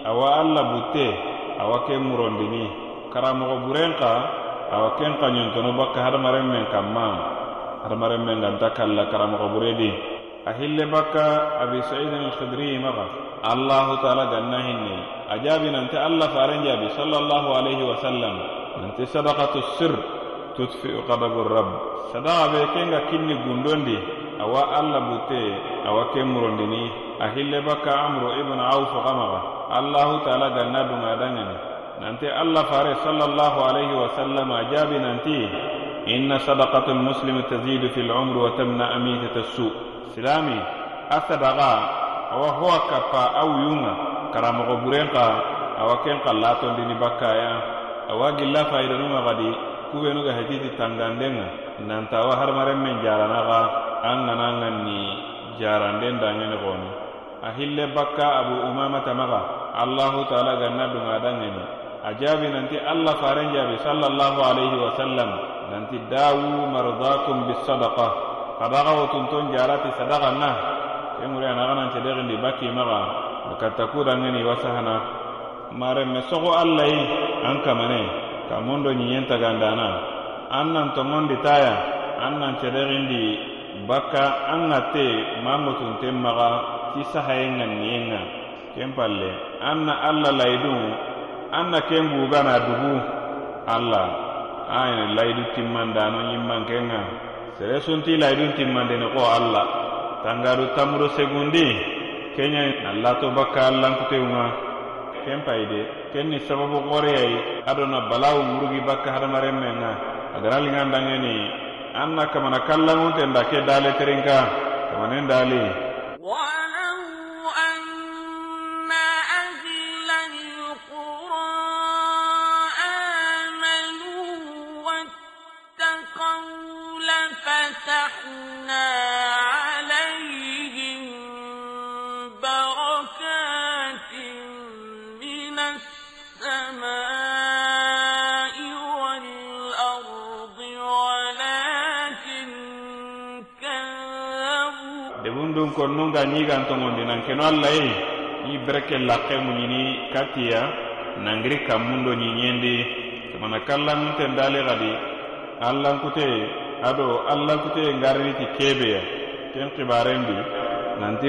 awa alla butte awa ke murondini karamogo burenka awa kenka nyontono baka hadamare men kamama hadamaren men ganta kalla karamogo buredi a hille bakka abi saidin alkhidriyi maga allahu taala ganna hinne a jaabi nante allah faren jaabi sallallahu alayhi wasallam nanti sadakatu sir tutfiu kadabu rab sadaka be kenga kinni gundondi awa allah butte awa ken murondini a hille bakka amru ibn auf gamaga allahu taala ganna dunga dangani nanti allah fare sallallahu alayhi wasallam a jaabi nanti inna sadaqata almuslimi tazidu fi al'umr wa tamna amitat as-su silami asadaqa aw huwa kafa aw yunga karamo ko burenka aw ken qallato dini bakaya aw gilla fayda no magadi kubenu ga hadidi tangandenga nanta wa har mare men jarana ga annana nganni jarande ndanya ne goni ahille bakka abu umama tamaga allah ta'ala ganna dunga dangeni ajabi nanti allah faran jabi sallallahu alaihi wa sallam nanti dawu mardakum bisadaqa kadaga wotunton jarati sadaka na ke ŋure a naganance dexindi bakki maxa katakudangeni wasahana mareme soxo allayi an kamane kamondo ɲiɲentagandana an nan toŋondi taya an nance dexindi bakka an ŋa te maŋotunten maxa ti sahayen ŋa niyen ŋa ken palle an na alla layidu an na ken gugana dugu allah ayen laydu timmanda no yimmanke nga sere sunti laydu timmande ne ko alla tangaru tamuro segundi kenya na lato bakka allan kutew nga ken payde ken ni sababu gore yayi adona balawu murugi bakka hadamaren men nga agarali nga ndangeni anna kamana kallangunte nda ke dale terinka kamanen dali ñigantongondi nan keno alla ye i bereke lakhe mu ñini katiya nangiri kammundo ñiñendi kamana kallanŋunten dali xadi allankute ado allankute ngariniti kebeya ken xibarendi nanti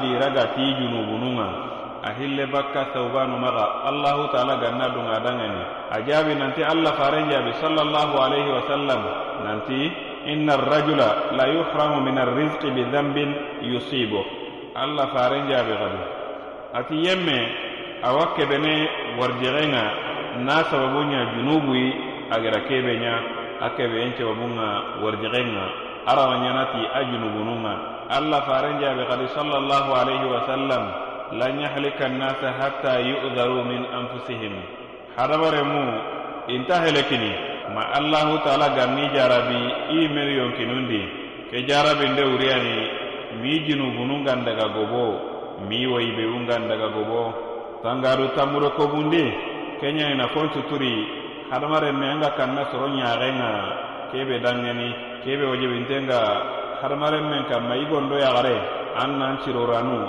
liraga ti junubununga ahille bakka saubanu maga allahu taala ganna dunga dangani ajabi nanti allah faren jabi sallallahu alaihi wasallam nanti inna arrajula la yuhramu min arrizqi bidhanbin yusibu allah faren jabi gadi ati yemme awa kebene warjigenga na sababunya junubui agera kebenya akebe ence wabunga warjigenga arawanyanati ajunubununga allah farenjaɓe hadi sallallahu alayhi wa sallam lan yahlika annasa hatta yu'daru min anfusihim hadabare mu inta helekini ma allahu taala ganni jarabi i mer yonkinundi ke jarabinde wuriyani mi junubunungan daga gobo mi wayibewungan daga gobo tangaru tamuro kobundi kenyaina fonsuturi hadamaren me anga kanna soro ɲaxenga kebe dangeni kebe wajebintenga hadamaren men kanma i gondo yagare an nan siroranu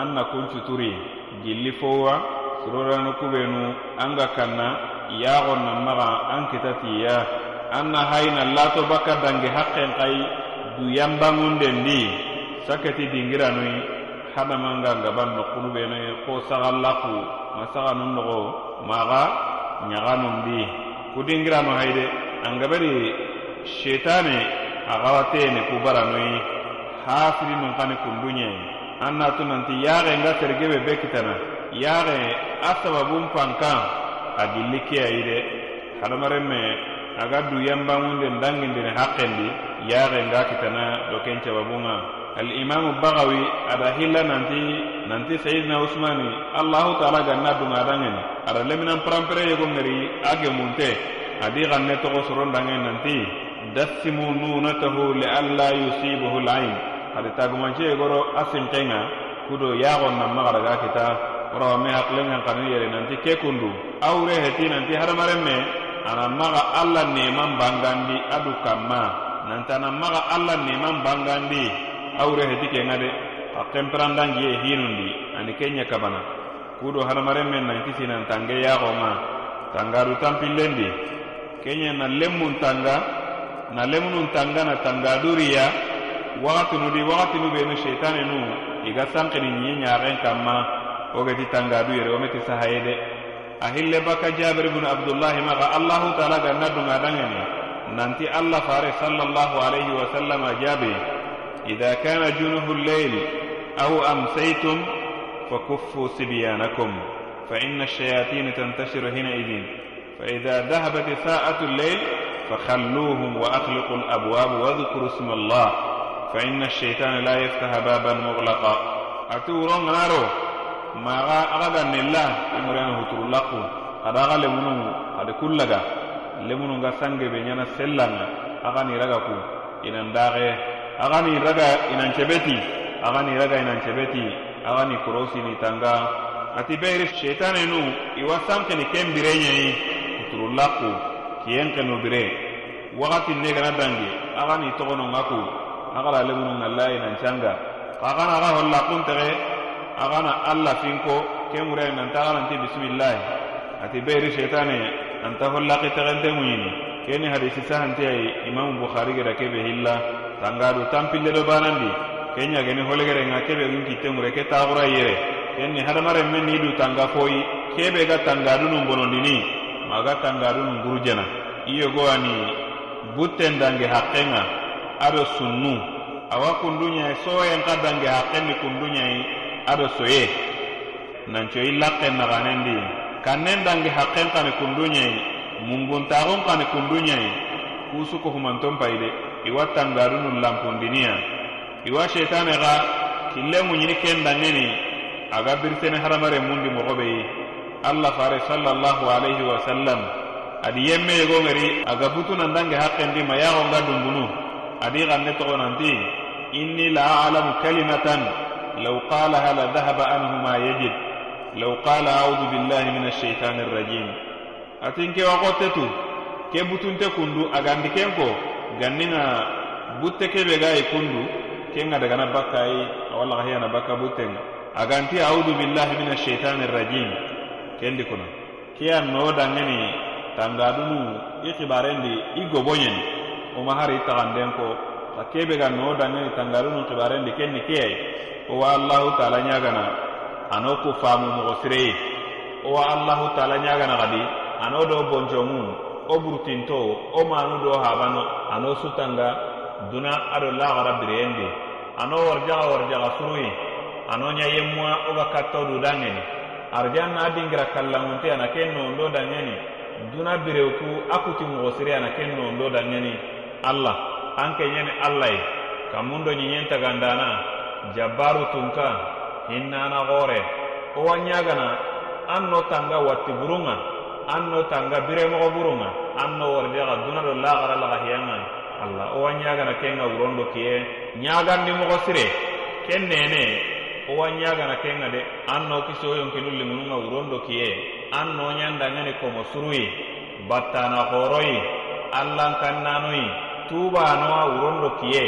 an na kuncuturi gilli fowa siroranu kubenu an ga kanna yagon nan maga an kita tiya an na hayina lato bakka dange hakken kai duyanbangunden di saketi dingiranui hadaman ga gaban nokkunubene ko sagallaku ma saganun nogo maga nyaganun di ku dingiranu hayde an gabedi shetane axawateene ku baranoyi haafiri nonxani kundu ɲe an natu nanti yaxe nga sergebe be kitana yaxe a sababun pankan a dilli keyayi de hadamaren me a ga du yanbanŋunden danŋindini haxxendi yaxe nga kitana do ken cababunŋa alimamu baxawi ada hilla nanti nanti seyidina usmani allahu taala ganna dunŋa danŋeni ada leminan pranpere yogo ŋeri a gemunte adi xanne toxo soron danŋen nanti dassimu nunatahu lialla yusibahu lain hadi tagumance goro a sinkenga kudo yagon na magara ga kita oro me hakle ngan kanu yere nanti ke kundu awre heti nanti hadamare me ana maga alla ne man bangandi adu kamma nanta na maga alla ne man bangandi awre heti ke ngade a temprandan ye hinundi ani kenya kabana kudo hadamare me nanti sinan tange yagon ma tangaru tampilendi kenya na lemmun tanga na lemunun tangana tangaduriya wagatinu di wagatinu benu sheitanenu i ga sankini ɲi ɲaren kanma wo geti tangadu yere wo meti sahaye de a hille bakka jabir bunu abdullahi maga allahu taala ganna dunga dangeni nanti allah fare sallallahu alaihi wasallama jabe ida kana junuhu lleyl au amsaytum فكفوا سبيانكم فإن الشياطين تنتشر حينئذ فإذا ذهبت ساعة الليل فخلوهم وأخلقوا الأبواب واذكروا اسم الله فإن الشيطان لا يفتح بابا مغلقا أتورون نارو ما أغدا نلا أمرين هتر لقو أدغى لمنو أد كل لغا لمنو غا سنگ بنيانا سلنا أغاني رغاكو إنان داغي أغاني رغا إنان شبتي أغاني رغا إنان شبتي أغاني كروسي نتانغا أتبير الشيطان نو إواسام كني كم برينيي هتر لقو kiyen keno bire wakati ne gana dangi aga ni togono ngaku aga la lemu na lai e nan changa aga na aga holla kuntere aga na alla finko kemure e nan ta gana ti bismillah ati beri shetane nan ta holla kitere nte muyini keni hadisi sahan ti ai e imam bukhari gira kebe hilla tangadu tampile do banandi kenya geni hole gere nga kebe un kitte mure ke ta gura yere kenni hadamare men ni du tanga koi kebe ga tangadu num bonondini maga tangarunu iyo i ani butten dange hakenga aro sunnu awa kunduɲai soyen ka dange kundunya i aro soye nanco i laqqen naxanendi kannen dange haqqen kani kunduɲai munguntaxun kani kunduɲai kusu kohumanton payi de iwa tangarunu lampundiniya iwa shetane xa kille ŋuɲini ken dangeni aga birisene haramare mundi moxo yi allah fare sallallahu alayhi wa sallam adi yemme yegongeri aga futunandange hakkendi mayaxonga dumbunu adi xanne toxonanti inni la alamu kalimatan law qalaha la dahaba anhu ma yajid law qala audu billahi min alcheitani rrajim atin ke waxotetu ke butunte kundu agandi ken ko ganninga butte kebe ga yi e kundu kenga dagana bakka yi e, awalla xa heyana bakka buttenga aganti audu billahi min alcheitani rrajim kendi kono kiya noodangeni tangadunu i xibarendi i goboñeni wo ma hari taxanden ko xa kebe ga noodangeni tangadunu xibarendi kenni kiyayi wo wa allahu taala ñagana a no ku faamu moxo sireyi wo wa allahu taala ñagana xadi a no do boncomu o burtinto o manu do habano a no sutanga duna ado laxara biriyendi a no warjaxa warjaxa suruyi a no ñayemuwa wo ga kattodu dangeni arjan na dingira kallamunti ana ken nondo dangeni duna birew ku akuti mogo siri ana ken nondo dangeni allah an ke yeni allahy kamundo ɲiɲen tagandana jabbaru tunka hinnana xore owa ɲagana an no tanga watti burunga an no tanga biremogo burunga an no wardexa duna do laxara laxa hiyanga allah owa ɲagana kenga wurondo kiye ɲagandi mogo sire ken nene wo wanɲagana kenŋa de an no kisi wo yonki nullimununŋa wurondo kiye an no ɲanda ŋani komo suruyi battana horoyi allankannanoyi tubanowa wurondo kiye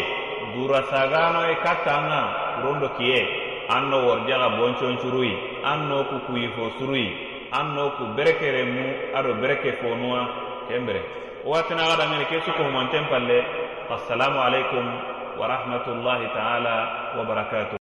durasaganoye kattanŋa wurondo kiye an no worjaga bonconcuruyi an no ku kuyifo suruyi an no ku berekeremu ado bereke fonuwa kembere wo wattina gada ŋani ke sukohumanten palle assalamu alaikum wa rahmatullahi taala wa barakatu